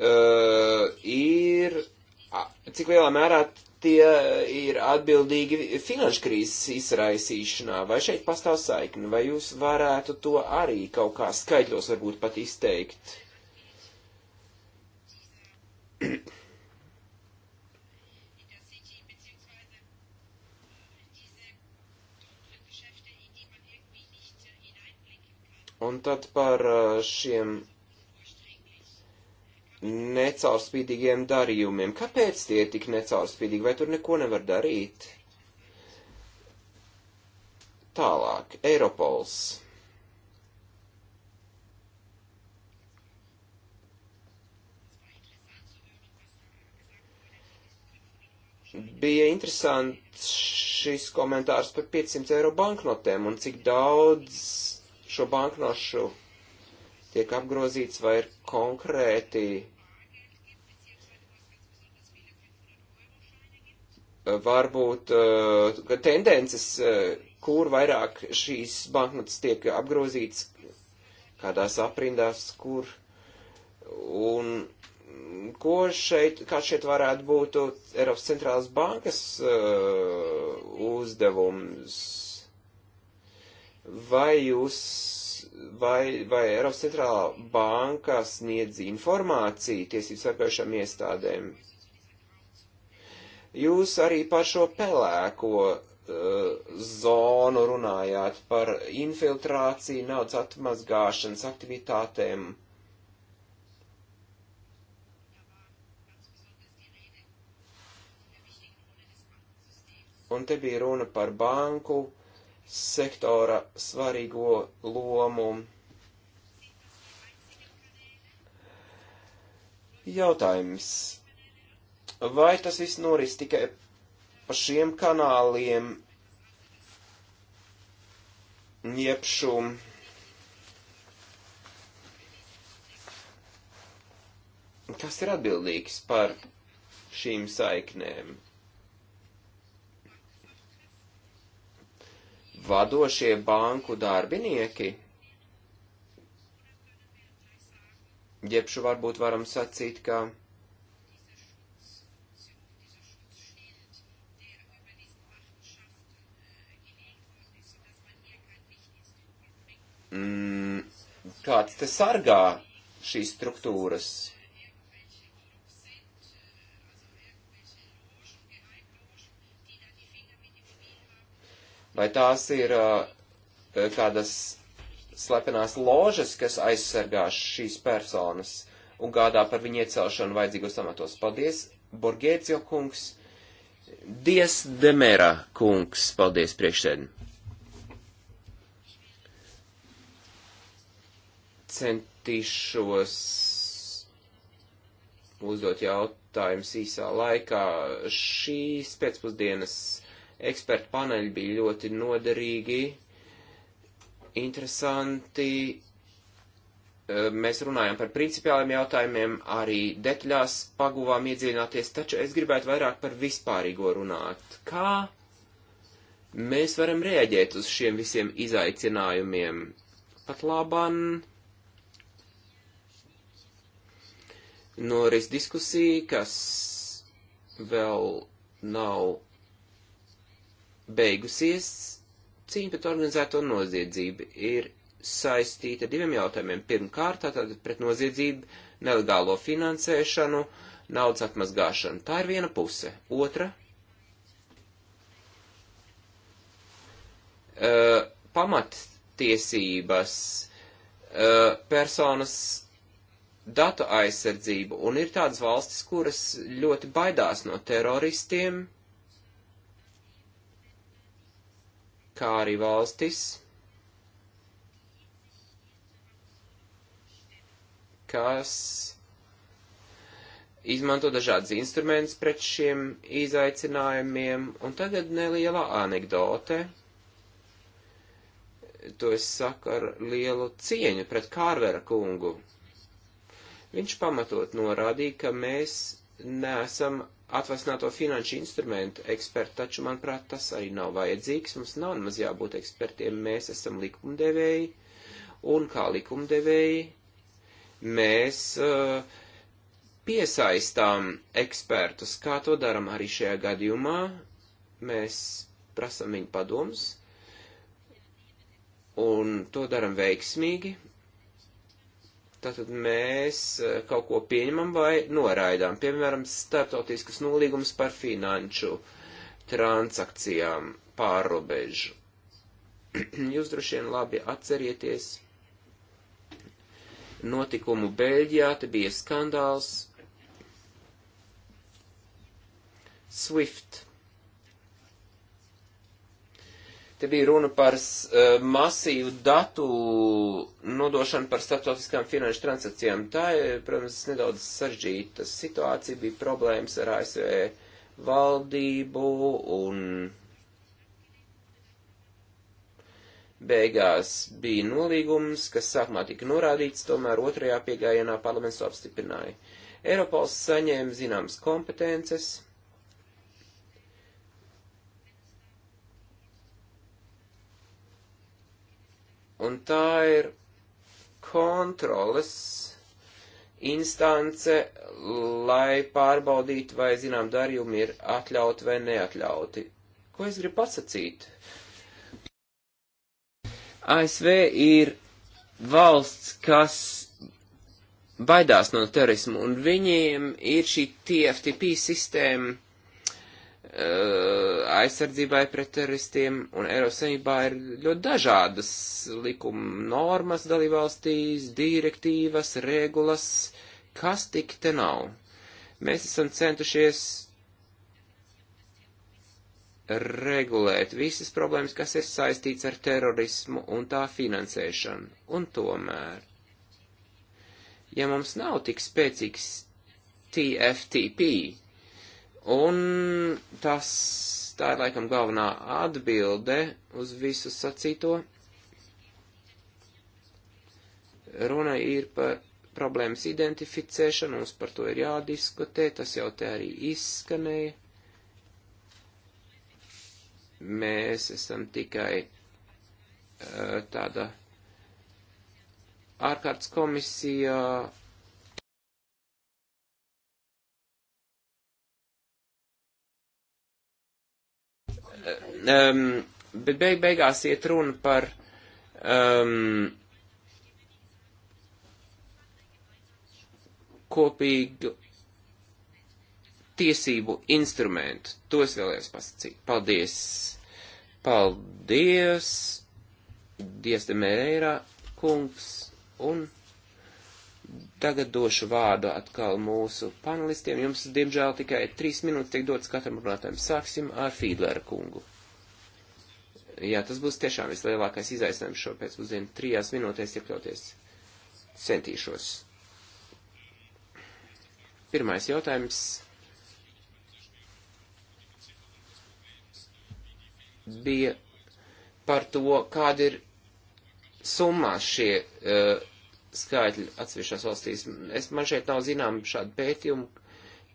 uh, ir cik lielā mērā tie ir atbildīgi finanšu krīzes izraisīšanā, vai šeit pastāv saikni, vai jūs varētu to arī kaut kā skaidros varbūt pat izteikt? Un tad par uh, šiem necaurspīdīgiem darījumiem. Kāpēc tie ir tik necaurspīdīgi? Vai tur neko nevar darīt? Tālāk, Eiropols. Bija interesants šis komentārs par 500 eiro banknotēm un cik daudz šo banknošu tiek apgrozīts vai ir konkrēti eh, varbūt eh, tendences, eh, kur vairāk šīs banknotes tiek apgrozīts, kādās aprindās, kur un ko šeit, kā šeit varētu būt Eiropas centrālas bankas uzdevums. Vai jūs vai, vai Eiropas centrālā banka sniedz informāciju tiesību sargājušām iestādēm? Jūs arī par šo pelēko uh, zonu runājāt, par infiltrāciju, naudas atmazgāšanas aktivitātēm. Un te bija runa par banku sektora svarīgo lomu. Jautājums. Vai tas viss noris tikai pa šiem kanāliem, jeb šum? Kas ir atbildīgs par šīm saiknēm? vadošie banku darbinieki, jebšu varbūt varam sacīt, ka mm, kāds te sargā šīs struktūras Vai tās ir kādas slepenās ložas, kas aizsargā šīs personas un gādā par viņu iecelšanu vajadzīgos amatos? Paldies, Borgēcio kungs! Dies Demera kungs, paldies priekšsēdēm! centīšos uzdot jautājumus īsā laikā. Šīs pēcpusdienas ekspertu paneļi bija ļoti noderīgi, interesanti. Mēs runājam par principiāliem jautājumiem, arī detaļās paguvām iedziļināties, taču es gribētu vairāk par vispārīgo runāt. Kā mēs varam rēģēt uz šiem visiem izaicinājumiem? Pat labam noris diskusija, kas vēl nav beigusies cīņa pret organizēto noziedzību ir saistīta ar diviem jautājumiem. Pirmkārt, tātad pret noziedzību, nelegālo finansēšanu, naudas atmazgāšanu. Tā ir viena puse. Otra. Uh, pamattiesības, uh, personas datu aizsardzību, un ir tādas valstis, kuras ļoti baidās no teroristiem, kā arī valstis, kas izmanto dažādas instrumentus pret šiem izaicinājumiem. Un tagad neliela anekdote. To es saku ar lielu cieņu pret Kārvera kungu. Viņš pamatot norādīja, ka mēs neesam atvasināto finanšu instrumentu eksperti, taču, manuprāt, tas arī nav vajadzīgs. Mums nav nemaz jābūt ekspertiem, mēs esam likumdevēji, un kā likumdevēji mēs uh, piesaistām ekspertus, kā to daram arī šajā gadījumā. Mēs prasam viņu padomus, un to daram veiksmīgi, Tātad mēs eh, kaut ko pieņemam vai noraidām, piemēram, starptautiskas nolīgumas par finanšu transakcijām pārrobežu. Jūs droši vien labi atcerieties notikumu Beļģijā, te bija skandāls Swift Te bija runa par uh, masīvu datu nodošanu par starptautiskām finanšu transakcijām. Tā ir, eh, protams, nedaudz saržģīta situācija, bija problēmas ar ASV valdību un beigās bija nolīgums, kas sākumā tika norādīts, tomēr otrajā piegājienā parlaments to apstiprināja. Eiropols saņēma zināmas kompetences un tā ir kontroles instance, lai pārbaudītu, vai zinām darījumi ir atļauti vai neatļauti. Ko es gribu pasakīt? ASV ir valsts, kas baidās no terorismu, un viņiem ir šī TFTP sistēma Uh, aizsardzībai pret teroristiem, un Eiropas Savienībā ir ļoti dažādas likuma normas dalībvalstīs, direktīvas, regulas, kas tik te nav. Mēs esam centušies regulēt visas problēmas, kas ir saistīts ar terorismu un tā finansēšanu. Un tomēr, ja mums nav tik spēcīgs TFTP, Un tas, tā ir laikam galvenā atbilde uz visu sacīto. Runa ir par problēmas identificēšanu, mums par to ir jādiskutē, tas jau te arī izskanēja. Mēs esam tikai uh, tāda ārkārtas komisijā, uh, um, bet beig beigās iet runa par um, kopīgu tiesību instrumentu. To es vēlējos pasakīt. Paldies! Paldies! Dievs te mērērā, kungs, un. Tagad došu vārdu atkal mūsu panelistiem. Jums, diemžēl, tikai trīs minūtes tiek dotas katram runātājam. Sāksim ar Fīdlera kungu. Jā, tas būs tiešām vislielākais izaicinājums šo pēcpusdienu. Trijās minūtēs iekļauties. Centīšos. Pirmais jautājums. Bija par to, kāda ir summā šie uh, skaitļi atsevišķās valstīs. Es, man šeit nav zinām šādu pētījumu,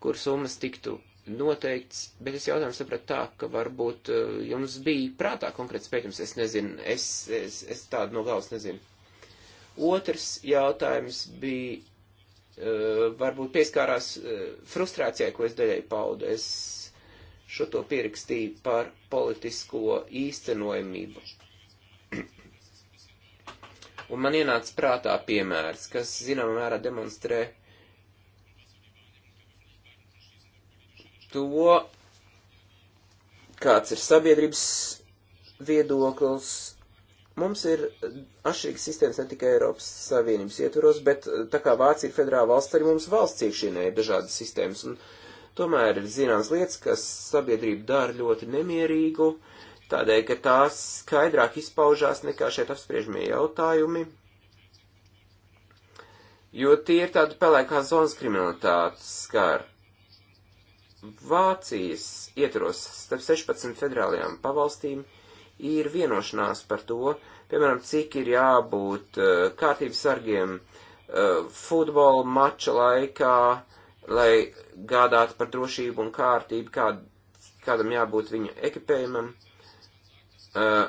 kur summas tiktu noteikts, bet es jautājumu sapratu tā, ka varbūt eh, jums bija prātā konkrēts pētījums, es nezinu, es, es, es tādu no galvas nezinu. Otrs jautājums bija, eh, varbūt pieskārās eh, frustrācijai, ko es daļai paudu. Es šo to pierakstīju par politisko īstenojamību. Un man ienāca prātā piemērs, kas zināmā mērā demonstrē to, kāds ir sabiedrības viedoklis. Mums ir atšķirīgas sistēmas ne tikai Eiropas Savienības ietvaros, bet eh, tā kā Vācija ir federāla valsts, arī mums valsts iekšienē ir dažādas sistēmas. Un tomēr ir zināmas lietas, kas sabiedrību dara ļoti nemierīgu. Uh, tādēļ, ka tās skaidrāk izpaužās nekā šeit apspriežamie jautājumi, jo tie ir tāda pelēkā zonas kriminalitātes skar. Vācijas ietros starp 16 federālajām pavalstīm ir vienošanās par to, piemēram, cik ir jābūt uh, kārtības sargiem uh, eh, futbola mača laikā, lai gādātu par drošību un kārtību, kād, kādam jābūt viņu ekipējumam. Uh, Eh,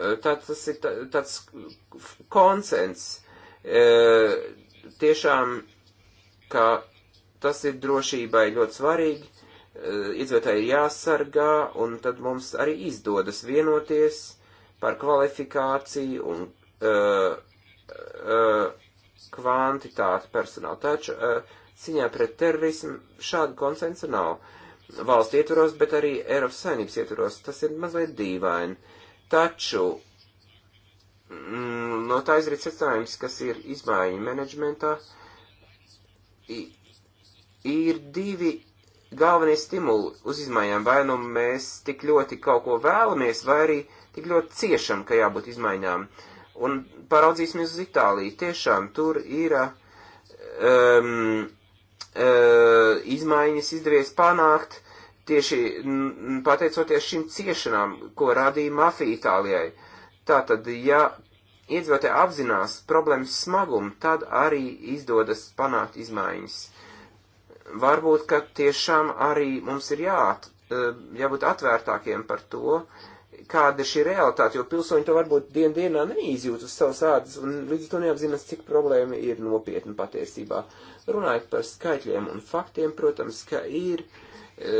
eh, tad tas ir tāds konsens. Eh, tiešām, ka tas ir drošībai ļoti svarīgi, iedzīvotāji ir jāsargā, un tad mums arī izdodas vienoties par kvalifikāciju un uh, uh, kvantitāti personāla. Taču uh, ciņā pret terorismu šāda konsensa nav. Uh, valsts ietvaros, bet arī Eiropas saimnības ietvaros. Tas ir mazliet dīvaini. Taču mm, no tā izriet secinājums, kas ir izmaiņu menedžmentā, ir divi galvenie stimuli uz izmaiņām. Vai nu mēs tik ļoti kaut ko vēlamies, vai arī tik ļoti ciešam, ka jābūt izmaiņām. Un paraudzīsimies uz Itāliju. Tiešām tur ir. Eh, um, E, izmaiņas izdevies panākt tieši pateicoties šīm ciešanām, ko radīja mafija Itālijai. Tātad, ja iedzīvotāji apzinās problēmas smagumu, tad arī izdodas panākt izmaiņas. Varbūt, ka tiešām arī mums ir jāat, e, jābūt atvērtākiem par to, kāda ir šī realitāte, jo pilsoņi to varbūt dien dienā neizjūt uz savas ādas un līdz to neapzinās, cik problēma ir nopietna patiesībā. Uh, Runājot par skaitļiem un faktiem, protams, ka ir e,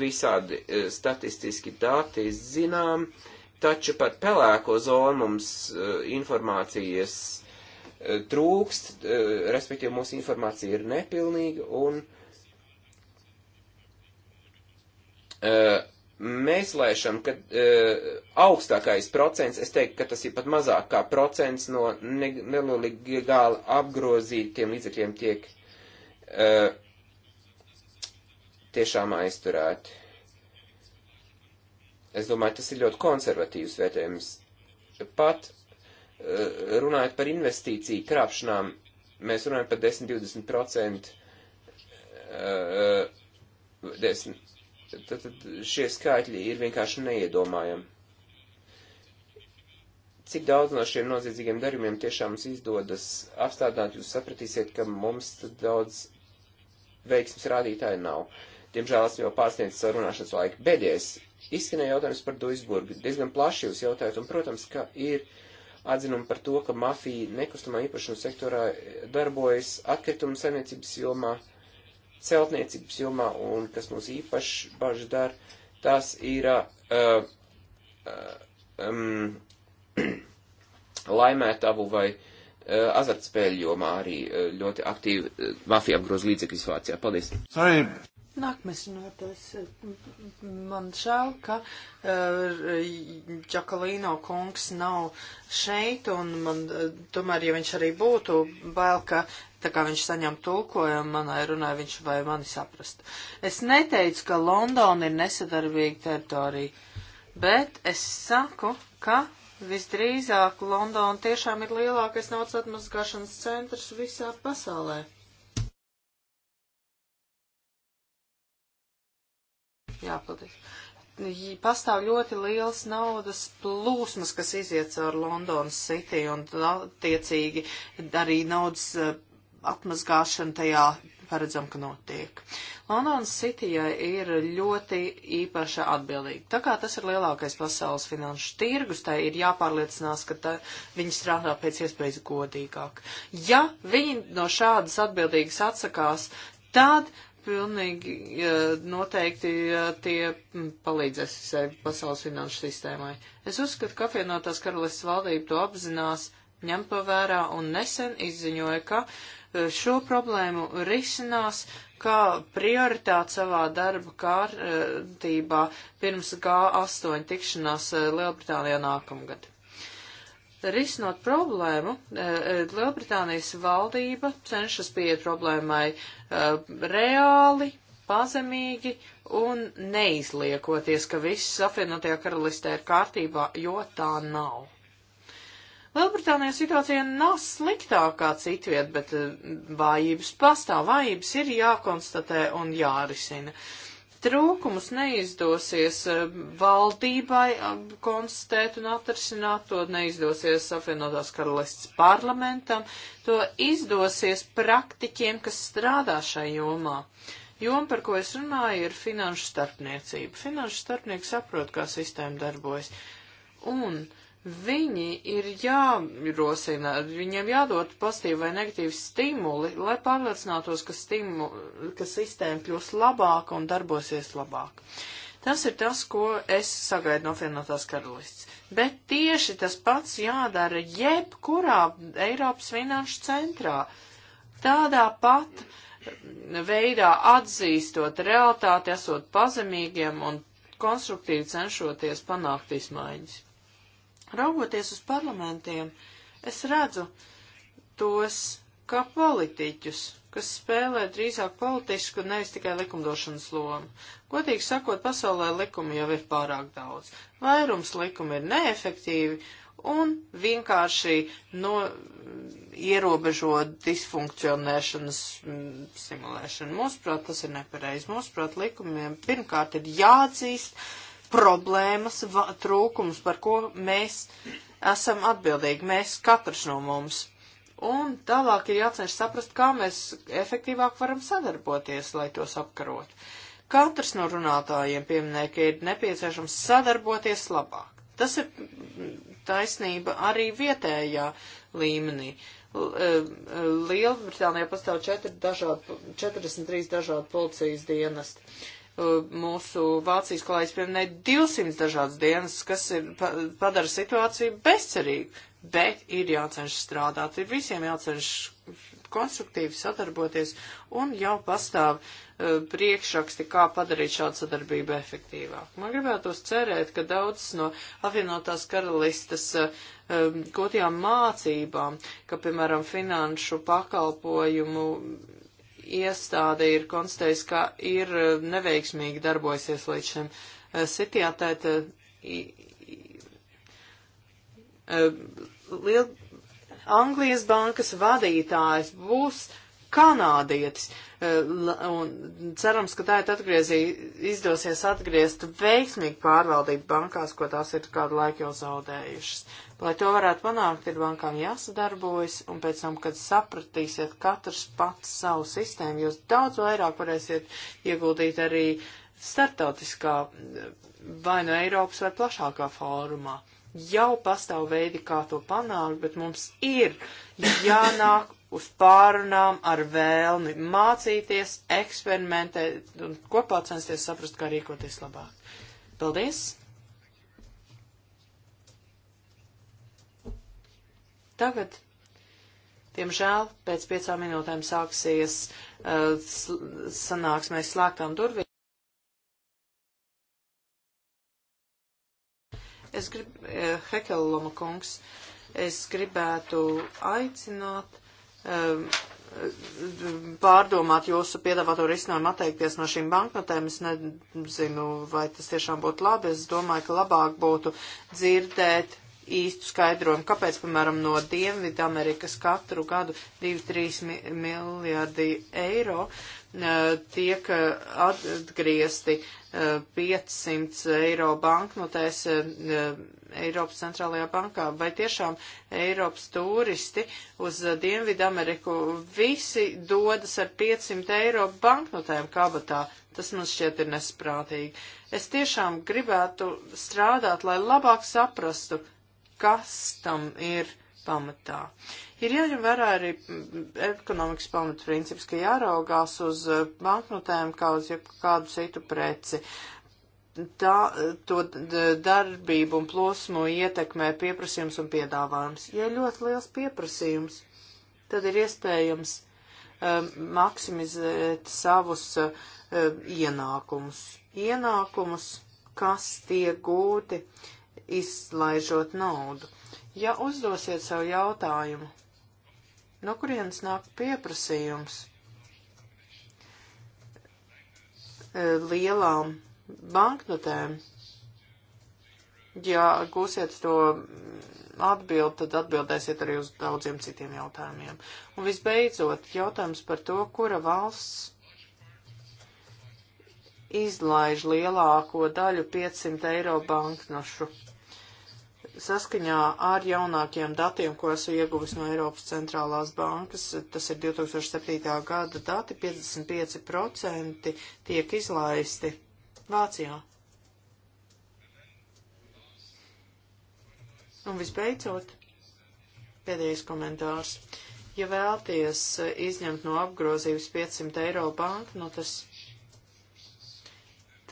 visādi e, statistiski dati zinām, taču par pelēko zonu mums e, informācijas trūkst, respektīvi mūsu informācija ir nepilnīga un Mēs lēšam, ka e, augstākais procents, es teiktu, ka tas ir pat mazāk kā procents no ne, nelegāli apgrozītiem līdzekļiem tiek e, tiešām aizturēti. Es domāju, tas ir ļoti konservatīvs vērtējums. Pat e, runājot par investīciju krāpšanām, mēs runājam par 10-20%, 10, Tad, tad šie skaitļi ir vienkārši neiedomājami. Cik daudz no šiem noziedzīgiem darījumiem tiešām mums izdodas apstādināt, jūs sapratīsiet, ka mums daudz veiksmes rādītāji nav. Diemžēl esmu jau pārsniedzis savu runāšanas laiku. Bēdējais izskanēja jautājums par Duisburgu. Diezgan plaši jūs jautājat, un, protams, ka ir atzinumi par to, ka mafija nekustamā īpašuma sektorā darbojas atkritumu saimniecības jomā. Uh, celtniecības jomā, un kas mums īpaši baži dara, tas ir uh, uh, um, laimētavu vai uh, azartspēļu jomā arī uh, ļoti aktīvi uh, mafija apgroz līdzekļus Vācijā. Paldies! Sorry. Nākamais runātājs. Man žēl, ka eh, Čakalīno uh, kungs nav šeit, un man uh, tomēr, ja viņš arī būtu, bail, ka tā kā viņš saņem tulkojumu manai runai, viņš vai mani saprast. Es neteicu, ka Londona ir nesadarbīga teritorija, bet es saku, ka visdrīzāk Londona tiešām ir lielākais naudas atmazgāšanas centrs visā pasaulē. jāpaldies. Pastāv ļoti liels naudas plūsmas, kas iziet caur Londonas City un attiecīgi arī naudas eh, atmazgāšana tajā paredzam, ka notiek. Londonas Cityjai ir ļoti īpaša atbildība. Tā kā tas ir lielākais pasaules finanšu tirgus, tai ir jāpārliecinās, ka tā, viņi strādā pēc iespējas godīgāk. Ja viņi no šādas atbildīgas atsakās, tad pilnīgi noteikti tie mm, palīdzēs visai pasaules finanšu sistēmai. Es uzskatu, ka apvienotās karalistas valdība to apzinās, ņem to vērā un nesen izziņoja, ka e, šo problēmu risinās kā prioritāti savā darba kārtībā pirms G8 tikšanās e, Lielbritānijā nākamgad risinot problēmu, e, e, Lielbritānijas valdība cenšas pieiet problēmai e, reāli, pazemīgi un neizliekoties, ka viss apvienotajā karalistē ir kārtībā, jo tā nav. Lielbritānijā situācija nav sliktākā citviet, bet vājības pastāv, vājības ir jākonstatē un jārisina. Uh, trūkumus neizdosies eh, valdībai um, konstatēt un atrasināt, to neizdosies apvienotās karalists parlamentam, to izdosies praktiķiem, kas strādā šai jomā. Joma, par ko es runāju, ir finanšu starpniecība. Finanšu starpnieks saprot, kā sistēma darbojas. Un Viņi ir jārosina, viņiem jādod pozitīvi vai negatīvi stimuli, lai pārliecinātos, ka, stimu, ka sistēma kļūs labāka un darbosies labāk. Tas ir tas, ko es sagaidu no vienotās karalists. Bet tieši tas pats jādara jebkurā Eiropas finanšu centrā. Tādā pat veidā atzīstot realitāti, esot pazemīgiem un konstruktīvi cenšoties panākt izmaiņas. Raugoties uz parlamentiem, es redzu tos kā politiķus, kas spēlē drīzāk politisku, nevis tikai likumdošanas lomu. Godīgi sakot, pasaulē likumi jau ir pārāk daudz. Vairums likumi ir neefektīvi un vienkārši no, ierobežo disfunkcionēšanas mm, simulēšanu. Mūsuprāt, tas ir nepareizi. Mūsuprāt, likumiem pirmkārt ir jāatzīst, problēmas, va, trūkums, par ko mēs esam atbildīgi, mēs katrs no mums. Un tālāk ir jācenš saprast, kā mēs efektīvāk varam sadarboties, lai tos apkarot. Katrs no runātājiem pieminēja, ka ir nepieciešams sadarboties labāk. Tas ir taisnība arī vietējā līmenī. E, Lielbritānijā pastāv 4 dažādi, 43 dažādi policijas dienesti mūsu Vācijas klājas pieminē 200 dažādas dienas, kas ir, padara situāciju bezcerīgu, bet ir jācenšas strādāt, ir visiem jācenšas konstruktīvi sadarboties un jau pastāv uh, priekšraksti, kā padarīt šādu sadarbību efektīvāku. Man gribētos cerēt, ka daudzas no apvienotās karalistas uh, eh, gotajām mācībām, ka, piemēram, finanšu pakalpojumu iestāde ir konstatējusi, ka ir eh, neveiksmīgi darbojusies līdz šim. Sitijā eh, tātad eh, Liel... Anglijas bankas vadītājs būs kanādietis. Uh, un cerams, ka tā ir atgriezī, izdosies atgriezt veiksmīgu pārvaldību bankās, ko tās ir kādu laiku jau zaudējušas. Lai to varētu panākt, ir bankām jāsadarbojas, un pēc tam, kad sapratīsiet katrs pats savu sistēmu, jūs daudz vairāk varēsiet ieguldīt arī startautiskā vai no nu Eiropas vai plašākā fórumā jau pastāv veidi, kā to panākt, bet mums ir jānāk uz pārunām ar vēlmi mācīties, eksperimentēt un kopā censties saprast, kā rīkoties labāk. Paldies! Tagad, diemžēl, pēc piecām minūtēm sāksies uh, sanāksmēs slēgtām durvīm. Es gribu, uh, eh, Hekeloma kungs, es gribētu aicināt Um, pārdomāt jūsu piedāvāto risinājumu atteikties no šīm banknotēm. Es nezinu, vai tas tiešām būtu labi. Es domāju, ka labāk būtu dzirdēt īstu skaidrojumu, kāpēc, piemēram, no Dienvidu Amerikas katru gadu 2-3 miljardi eiro uh, Eh, tiek eh, atgriezti 500 eh, eiro banknotēs Eiropas centrālajā bankā. Vai tiešām Eiropas turisti uz Dienvidu Ameriku visi dodas ar 500 eiro banknotēm kabatā? Tas man šķiet ir nesprātīgi. Es tiešām gribētu strādāt, lai labāk saprastu, kas tam ir pamatā. Uh, Ir jāņem vērā arī mm, ekonomikas pamatprincips, ka jāraugās uz eh, banknotēm kā uz jebkādu citu preci. Tā, eh, to darbību un plosmu ietekmē pieprasījums un piedāvājums. Ja ir ļoti liels pieprasījums, tad ir iespējams um, maksimizēt savus um, ienākumus. Ienākumus, kas tiek gūti, izlaižot naudu. Ja uzdosiet savu jautājumu, No kurienes nāk pieprasījums e, lielām banknotēm? Ja gūsiet to atbildi, tad atbildēsiet arī uz daudziem citiem jautājumiem. Un visbeidzot, jautājums par to, kura valsts izlaiž lielāko daļu 500 eiro banknošu Saskaņā ar jaunākiem datiem, ko esmu ieguvis no Eiropas centrālās bankas, tas ir 2007. gada dati, 55% tiek izlaisti Vācijā. Un visbeidzot, pēdējais komentārs. Ja vēlties izņemt no apgrozības 500 eiro banku, nu tas,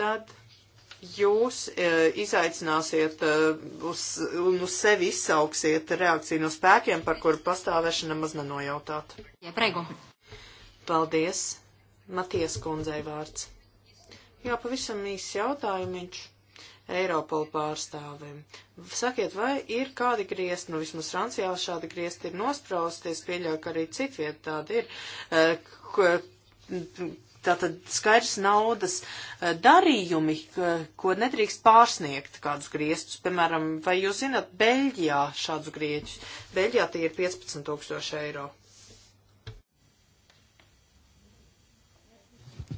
tad jūs e, izaicināsiet e, uz, un uz sevi izsauksiet reakciju no spēkiem, par kuru pastāvēšana maz nenojautāt. Jā, prego. Paldies. Maties kundzei vārds. Jā, pavisam īsts jautājumiņš. Eiropola pārstāvim. Sakiet, vai ir kādi griezti, nu vismaz Francijā šādi griezti ir nosprausties, pieļauju, ka arī citviet tādi ir, e, tātad skaidrs naudas eh, darījumi, eh, ko nedrīkst pārsniegt kādus griestus. Piemēram, vai jūs zinat Beļģijā šādus grieķus? Beļģijā tie ir 15 tūkstoši eiro.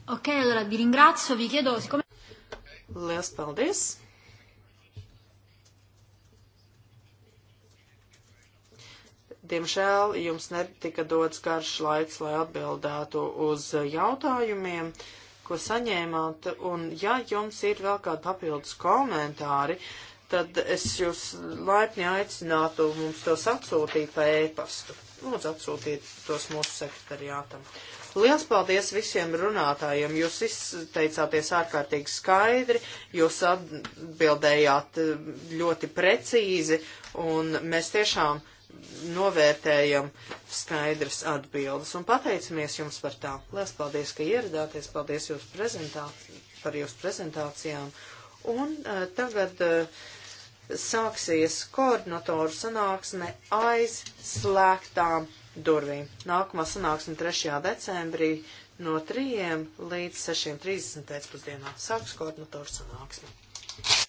Ok, allora vi ringrazio, vi chiedo, siccome... Lielas paldies! Diemžēl jums netika dots garš laiks, lai atbildētu uz jautājumiem, ko saņēmāt, un ja jums ir vēl kādi papildus komentāri, tad es jūs laipni aicinātu mums tos atsūtīt pa ēpastu. Lūdzu, atsūtiet tos mūsu sekretariātam. Liels paldies visiem runātājiem. Jūs izteicāties ārkārtīgi skaidri, jūs atbildējāt ļoti precīzi, un mēs tiešām novērtējam skaidras atbildes un pateicamies jums par tām. Lielas paldies, ka ieradāties, paldies jūs par jūsu prezentācijām. Un uh, tagad uh, sāksies koordinatoru sanāksme aiz slēgtām durvīm. Nākamā sanāksme 3. decembrī no 3 līdz 6.30 pēcpusdienā sāks koordinatoru sanāksmi.